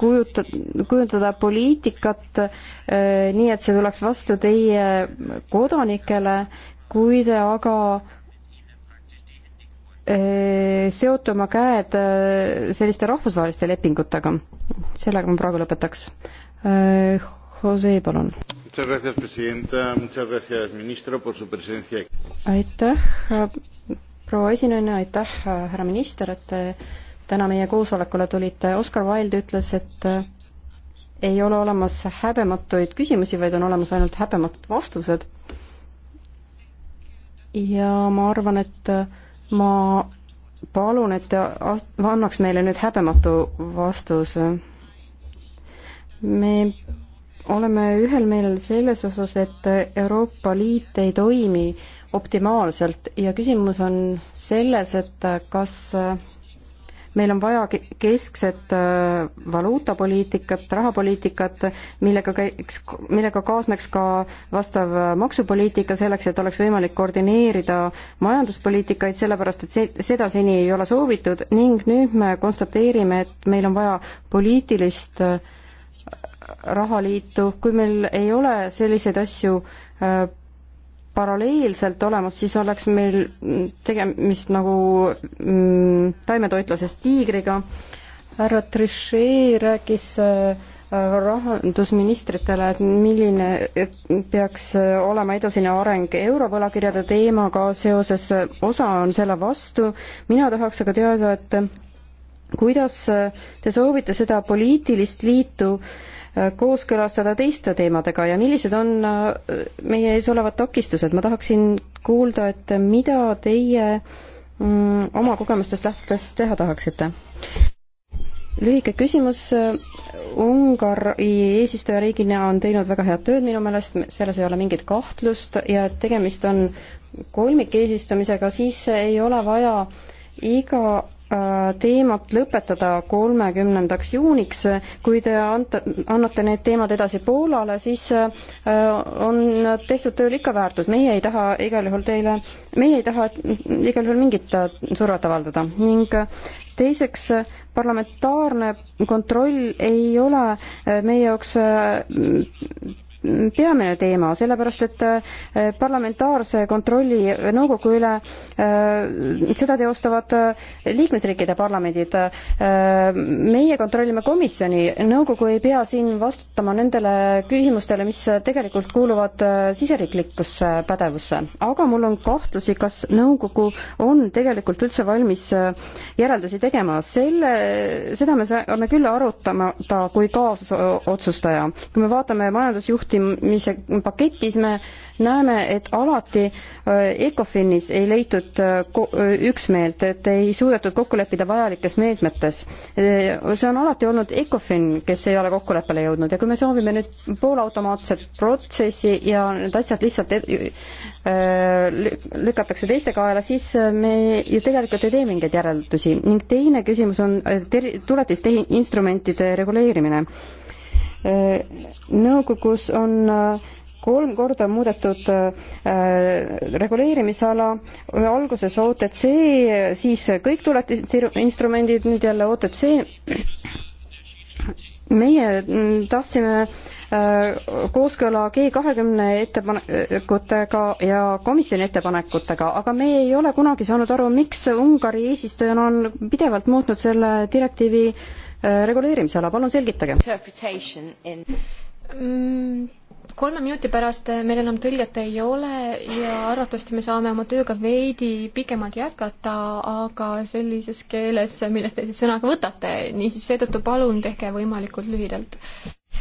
kujuta-, kujundada poliitikat eh, nii, et see tuleks vastu teie kodanikele, kui te aga eh, Eh, seota oma käed eh, selliste rahvusvaheliste lepingutega. sellega ma praegu lõpetaks. Eh, Jose, palun. aitäh, proua esinaine, aitäh, härra minister, et te täna meie koosolekule tulite. Oscar Wilde ütles, et ei ole olemas häbematuid küsimusi, vaid on olemas ainult häbematud vastused. ja ma arvan, et äh, ma palun, et te annaks meile nüüd häbematu vastuse. me oleme ühel meelel selles osas, et Euroopa Liit ei toimi optimaalselt ja küsimus on selles, et kas äh, meil on vaja keskset äh, valuutapoliitikat, rahapoliitikat, millega käiks, millega kaasneks ka vastav äh, maksupoliitika selleks, et oleks võimalik koordineerida majanduspoliitikaid, sellepärast et see, seda seni ei ole soovitud ning nüüd me konstateerime, et meil on vaja poliitilist äh, rahaliitu, kui meil ei ole selliseid asju paralleelselt olemas, siis oleks meil tegemist nagu mm, taimetoitlasest tiigriga. härra Trichet rääkis äh, rahandusministritele, et milline et peaks äh, olema edasine areng eurovõlakirjade teemaga seoses, osa on selle vastu, mina tahaks aga teada, et kuidas äh, te soovite seda poliitilist liitu äh, kooskõlastada teiste teemadega ja millised on äh, meie ees olevad takistused, ma tahaksin kuulda, et mida teie mm, oma kogemustest lähtudes teha tahaksite? lühike küsimus, Ungari eesistujariigina on teinud väga head tööd minu meelest, selles ei ole mingit kahtlust ja et tegemist on kolmikeesistumisega, siis ei ole vaja iga Äh, teemat lõpetada kolmekümnendaks juuniks. kui te ante, annate need teemad edasi Poolale, siis äh, on tehtud tööl ikka väärtus. meie ei taha igal juhul teile, meie ei taha igal juhul mingit äh, survet avaldada ning teiseks, parlamentaarne kontroll ei ole meie jaoks peamine teema, sellepärast et äh, parlamentaarse kontrolli nõukogu üle, äh, seda teostavad äh, liikmesriikide parlamendid. meie kontrollime komisjoni, nõukogu ei pea siin vastutama nendele küsimustele, mis tegelikult kuuluvad siseriiklikusse pädevusse. aga mul on kahtlusi, kas nõukogu on tegelikult üldse valmis järeldusi tegema. selle, seda me saame küll arutama, kui kaasotsustaja. kui me vaatame majandusjuhti, juhtimise paketis me näeme, et alati äh, ECOFINis ei leitud äh, äh, üksmeelt, et ei suudetud kokku leppida vajalikes meetmetes. see on alati olnud ECOFIN, kes ei ole kokkuleppele jõudnud ja kui me soovime nüüd poolautomaatset protsessi ja need asjad lihtsalt lükatakse teiste kaela, siis me ju tegelikult ei tee mingeid järeldusi ning teine küsimus on ter-, tuletistehi-, instrumentide reguleerimine Äh, nõukogus on äh, kolm korda muudetud äh, reguleerimisala, alguses OTC, siis kõik tuletisinstrumendid, nüüd jälle OTC. meie mm, tahtsime kooskõla G kahekümne ettepanekutega ja komisjoni ettepanekutega, aga me ei ole kunagi saanud aru, miks Ungari eesistujana on pidevalt muutnud selle direktiivi Äh, reguleerimisala, palun selgitage in.... Mm, kolme minuti pärast äh, meil enam tõlget ei ole ja arvatavasti me saame oma tööga veidi pikemalt jätkata, aga sellises keeles, millest te siis sõna ka võtate, niisiis seetõttu palun tehke võimalikult lühidalt.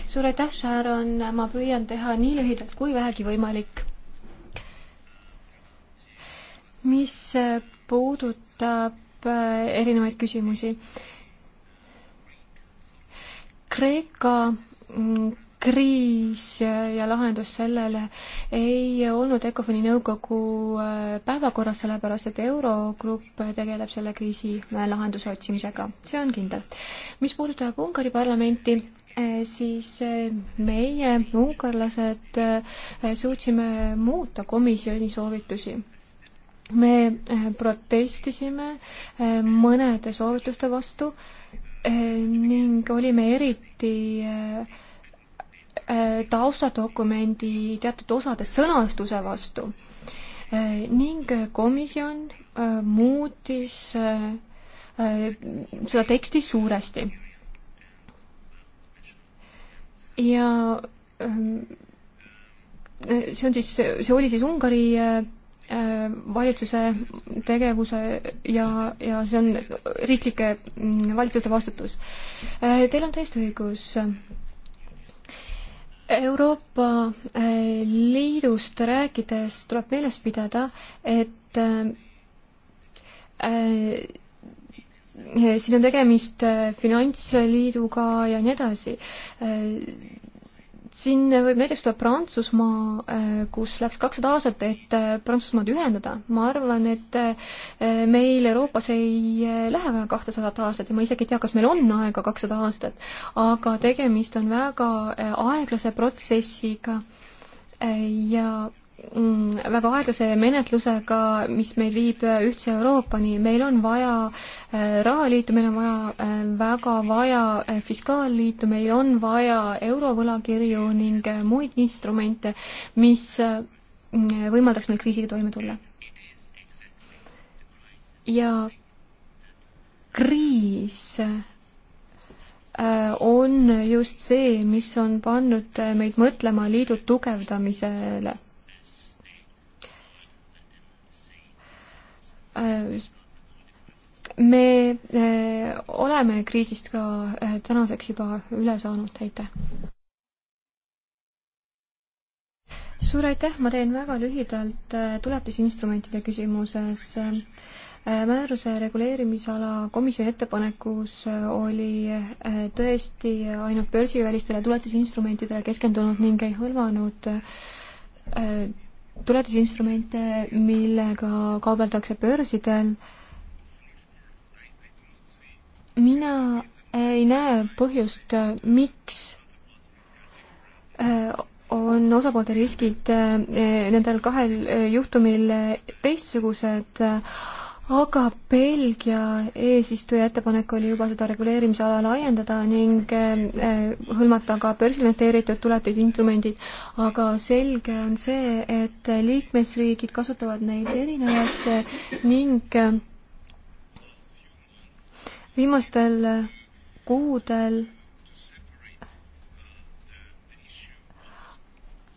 suur aitäh, Sharon, ma püüan teha nii lühidalt kui vähegi võimalik. mis äh, puudutab erinevaid küsimusi. Kreeka mm, kriis ja lahendus sellele ei olnud ECOFIN-i nõukogu äh, päevakorras, sellepärast et Eurogrupp tegeleb selle kriisi äh, lahenduse otsimisega, see on kindel. mis puudutab Ungari parlamenti, äh, siis meie, ungarlased, suutsime muuta komisjoni soovitusi me protestisime mõnede soovituste vastu ning olime eriti äh, äh, taustadokumendi teatud osade sõnastuse vastu äh, ning komisjon muutis seda teksti suuresti. ja ähm, see on siis, see oli siis Ungari Äh, valitsuse tegevuse ja, ja see on riiklike mm, valitsuste vastutus. Äh, teil on täiesti õigus. Euroopa äh, Liidust rääkides tuleb meeles pidada, et siin on tegemist finantsliiduga ja nii edasi siin võib näiteks tuua Prantsusmaa, äh, kus läks kakssada aastat, et äh, Prantsusmaad ühendada. ma arvan, et äh, meil Euroopas ei lähe vaja kahtesadat aastat ja ma isegi ei tea, kas meil on aega kakssada aastat, aga tegemist on väga aeglase protsessiga ja Mm, väga aeglase menetlusega, mis meil viib ühtse Euroopani, meil on vaja äh, rahaliitu, meil on vaja äh, väga vaja äh, fiskaalliitu, meil on vaja eurovõlakirju ning muid instrumente, mis võimaldaks meil kriisiga toime tulla. ja kriis on just see, mis on pannud meid mõtlema liidu tugevdamisele me eh, oleme kriisist ka eh, tänaseks juba üle saanud, aitäh! suur aitäh, ma teen väga lühidalt eh, tuletisinstrumentide küsimuses. määruse reguleerimisala komisjoni ettepanekus oli tõesti ainult börsivälistele tuletisinstrumentidele keskendunud ning ei hõlmanud tuletusinstrumente, millega kaubeldakse börsidel. mina ei näe põhjust, miks äh, on osapoolte riskid äh, nendel kahel juhtumil teistsugused aga Belgia eesistuja ettepanek oli juba seda reguleerimisala laiendada ning eh, hõlmata ka börsil noteeritud tuletud instrumendid, aga selge on see, et liikmesriigid kasutavad neid erinevalt ning eh, viimastel kuudel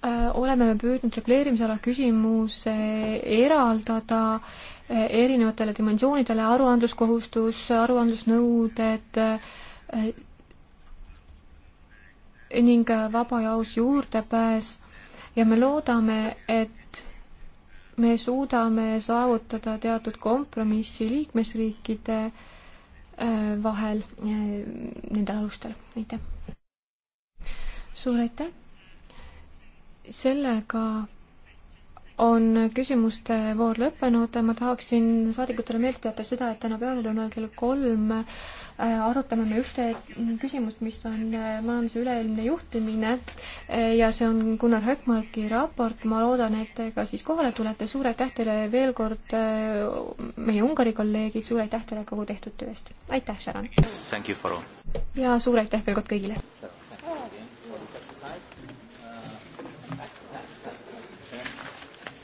Äh, oleme me püüdnud reguleerimisala küsimuse eraldada äh, erinevatele dimensioonidele, aruandluskohustus, aruandlusnõuded äh, ning vaba ja aus juurdepääs ja me loodame, et me suudame saavutada teatud kompromissi liikmesriikide vahel nendel alustel, aitäh! suur aitäh! sellega on küsimuste voor lõppenud, ma tahaksin saadikutele meelde teada seda, et täna pealelõunal kell kolm äh, arutame me ühte küsimust, mis on äh, majanduse üleilmne juhtimine äh, ja see on Gunnar Höckmarki raport, ma loodan, et te ka siis kohale tulete, suur aitäh teile veel kord, meie Ungari kolleegid, suur aitäh teile kogu tehtud töö eest, aitäh, Sharon! ja suur aitäh veel kord kõigile!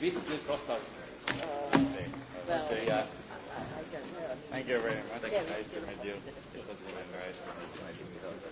Whistling Cossard. Uh, well, okay, yeah. I, I don't know. Thank you very much. Yeah, it's nice to meet you. It was very nice to meet you.